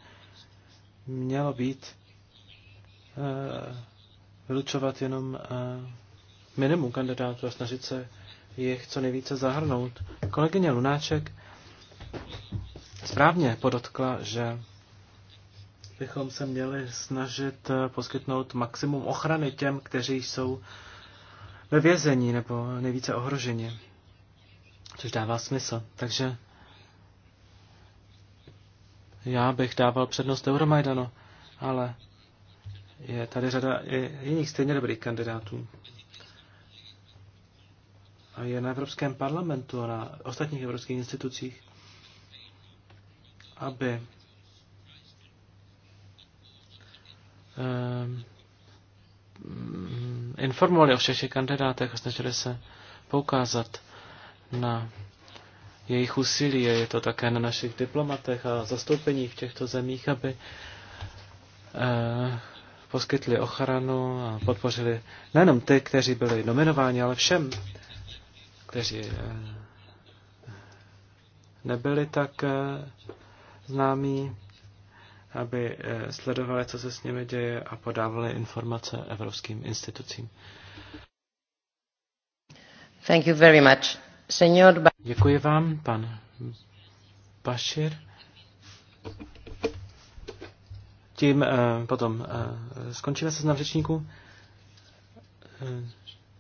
mělo být eh, vylučovat jenom eh, minimum kandidátů a snažit se jich co nejvíce zahrnout. Kolegyně Lunáček správně podotkla, že bychom se měli snažit eh, poskytnout maximum ochrany těm, kteří jsou ve vězení nebo nejvíce ohroženi. Což dává smysl. Takže já bych dával přednost Euromajdanu, ale je tady řada jiných stejně dobrých kandidátů. A je na Evropském parlamentu a na ostatních evropských institucích, aby ehm, mm, informovali o všech těch kandidátech a snažili se poukázat na jejich úsilí. Je to také na našich diplomatech a zastoupení v těchto zemích, aby eh, poskytli ochranu a podpořili nejenom ty, kteří byli nominováni, ale všem, kteří eh, nebyli tak eh, známí, aby eh, sledovali, co se s nimi děje a podávali informace evropským institucím. Thank you very much. Senor ba- Děkuji vám, pan Bashir. Tím eh, potom eh, skončíme s řečníků. Eh,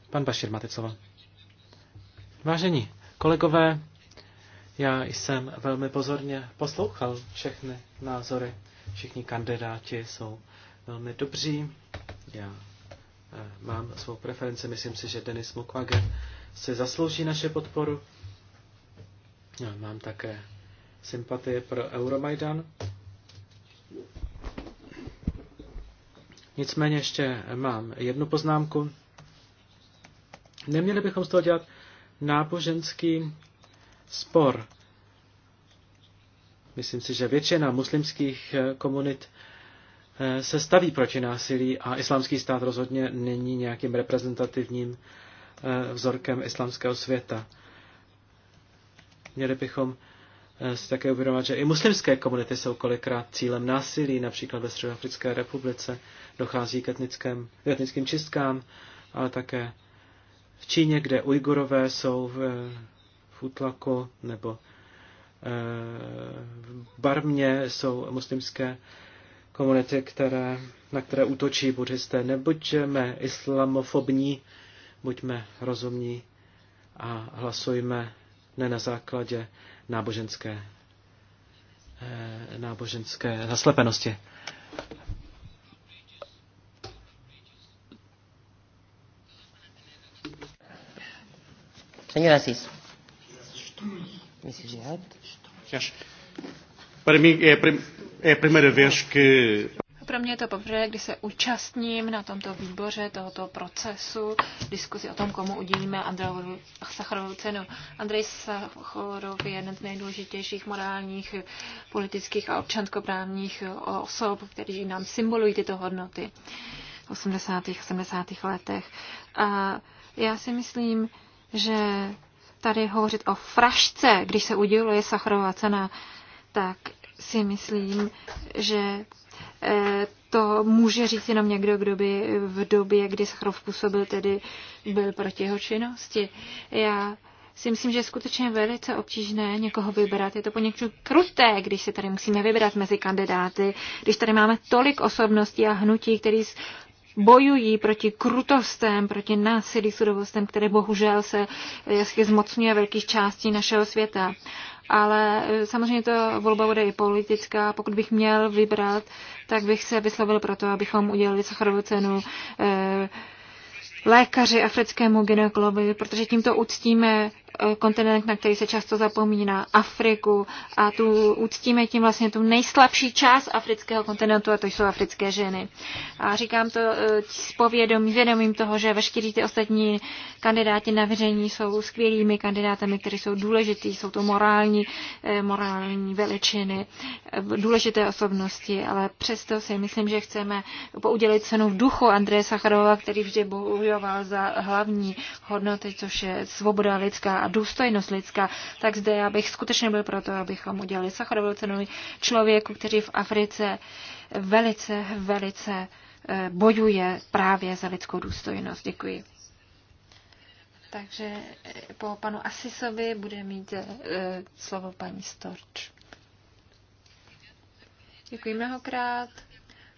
pan Bašir, máte slovo. Vážení kolegové, já jsem velmi pozorně poslouchal všechny názory. Všichni kandidáti jsou velmi dobří. Já mám svou preferenci. Myslím si, že Denis Mukwege si zaslouží naše podporu. Já mám také sympatie pro Euromaidan. Nicméně ještě mám jednu poznámku. Neměli bychom z toho dělat náboženský spor. Myslím si, že většina muslimských eh, komunit eh, se staví proti násilí a islámský stát rozhodně není nějakým reprezentativním eh, vzorkem islámského světa. Měli bychom Eh, si také uvědomovat, že i muslimské komunity jsou kolikrát cílem násilí, například ve Středoafrické republice dochází k etnickém, etnickým čistkám, ale také v Číně, kde Ujgurové jsou v, eh, v útlaku, nebo e, v Barmě jsou muslimské komunity, které, na které útočí buddhisté. Nebuďme islamofobní, buďme rozumní a hlasujme ne na základě náboženské, eh, náboženské zaslepenosti. Señor Asís. Para mí es la primera vez que pro mě je to poprvé, kdy se účastním na tomto výboře, tohoto procesu, diskuzi o tom, komu udělíme Andrejovu Sacharovou cenu. Andrej Sacharov je jeden z nejdůležitějších morálních, politických a občanskoprávních osob, kteří nám symbolují tyto hodnoty v 80. a 70. letech. A já si myslím, že tady hovořit o frašce, když se uděluje Sacharová cena, tak si myslím, že Eh, to může říct jenom někdo, kdo by v době, kdy Sachrov působil, tedy byl proti jeho činnosti. Já si myslím, že je skutečně velice obtížné někoho vybrat. Je to poněkud kruté, když se tady musíme vybrat mezi kandidáty, když tady máme tolik osobností a hnutí, který bojují proti krutostem, proti násilí, sudovostem, které bohužel se eh, zmocňuje velkých částí našeho světa ale e, samozřejmě to volba bude i politická. Pokud bych měl vybrat, tak bych se vyslovil pro to, abychom udělali Sacharovu cenu e, lékaři africkému gynekologovi, protože tímto uctíme Eh, kontinent, na který se často zapomíná, Afriku a tu uctíme tím vlastně tu nejslabší část afrického kontinentu a to jsou africké ženy. A říkám to eh, s povědomím, vědomím toho, že veškerý ty ostatní kandidáti na věření jsou skvělými kandidátami, kteří jsou důležitý, jsou to morální, eh, morální veličiny, důležité osobnosti, ale přesto si myslím, že chceme poudělit cenu v duchu Andreje Sacharova, který vždy bojoval za hlavní hodnoty, což je svoboda lidská a důstojnost lidská, tak zde já bych skutečně byl to, abychom udělali Sacharovou cenu člověku, který v Africe velice, velice eh, bojuje právě za lidskou důstojnost. Děkuji. Takže eh, po panu Asisovi bude mít eh, slovo paní Storč. Děkuji mnohokrát.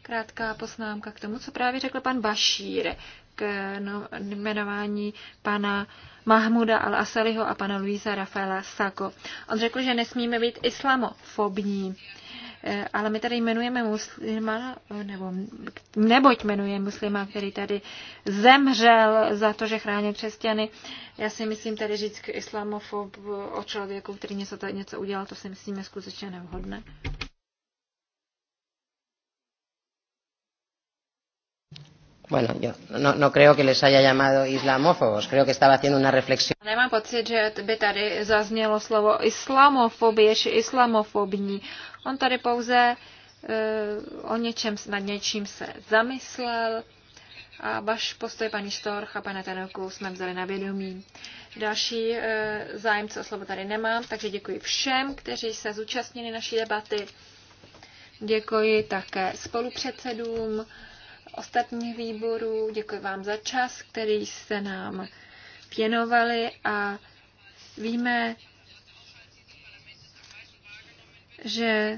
Krátká poznámka k tomu, co právě řekl pan Bašír k no, jmenování pana Mahmuda al-Asaliho a pana Luisa Rafaela Sako. On řekl, že nesmíme být islamofobní eh, ale my tady jmenujeme muslima, nebo neboť jmenuje muslima, který tady zemřel za to, že chránil křesťany. Já si myslím tady říct k islamofob o člověku, který něco, něco udělal, to si myslím je skutečně nevhodné. Bueno, yo no, no creo que les haya llamado islamófobos, creo que estaba haciendo una reflexión. Nemám pocit, že by tady zaznělo slovo islamofobie či islamofobní. On tady pouze uh, o něčem, nad něčím se zamyslel a vaš postoj paní Storch a pane Tenoku jsme vzali na vědomí. Další uh, zájemce o slovo tady nemám, takže děkuji všem, kteří se zúčastnili naší debaty. Děkuji také spolupředsedům ostatních výborů. Děkuji vám za čas, který jste nám věnovali a víme, že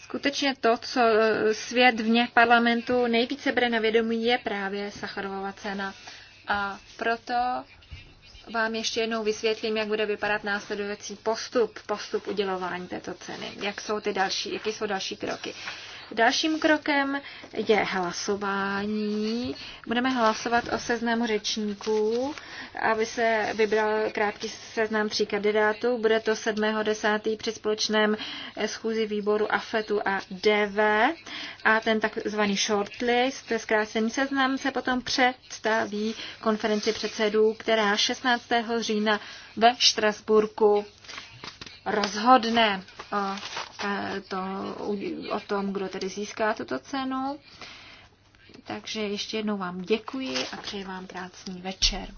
skutečně to, co eh, svět vně parlamentu nejvíce bere na vědomí, je právě Sacharovova cena. A proto vám ještě jednou vysvětlím, jak bude vypadat následující postup, postup udělování této ceny, jak jsou ty další, jaké jsou další kroky. Dalším krokem je hlasování. Budeme hlasovat o seznamu řečníků, aby se vybral krátký seznam tří kandidátů. Bude to 7.10. při společném eh, schůzi výboru AFETu a DV. A ten takzvaný shortlist, zkrácený seznam, se potom představí konferenci předsedů, která 16. října ve Štrasburku rozhodne o, to, o tom, kdo tedy získá tuto cenu. Takže ještě jednou vám děkuji a přeji vám krásný večer.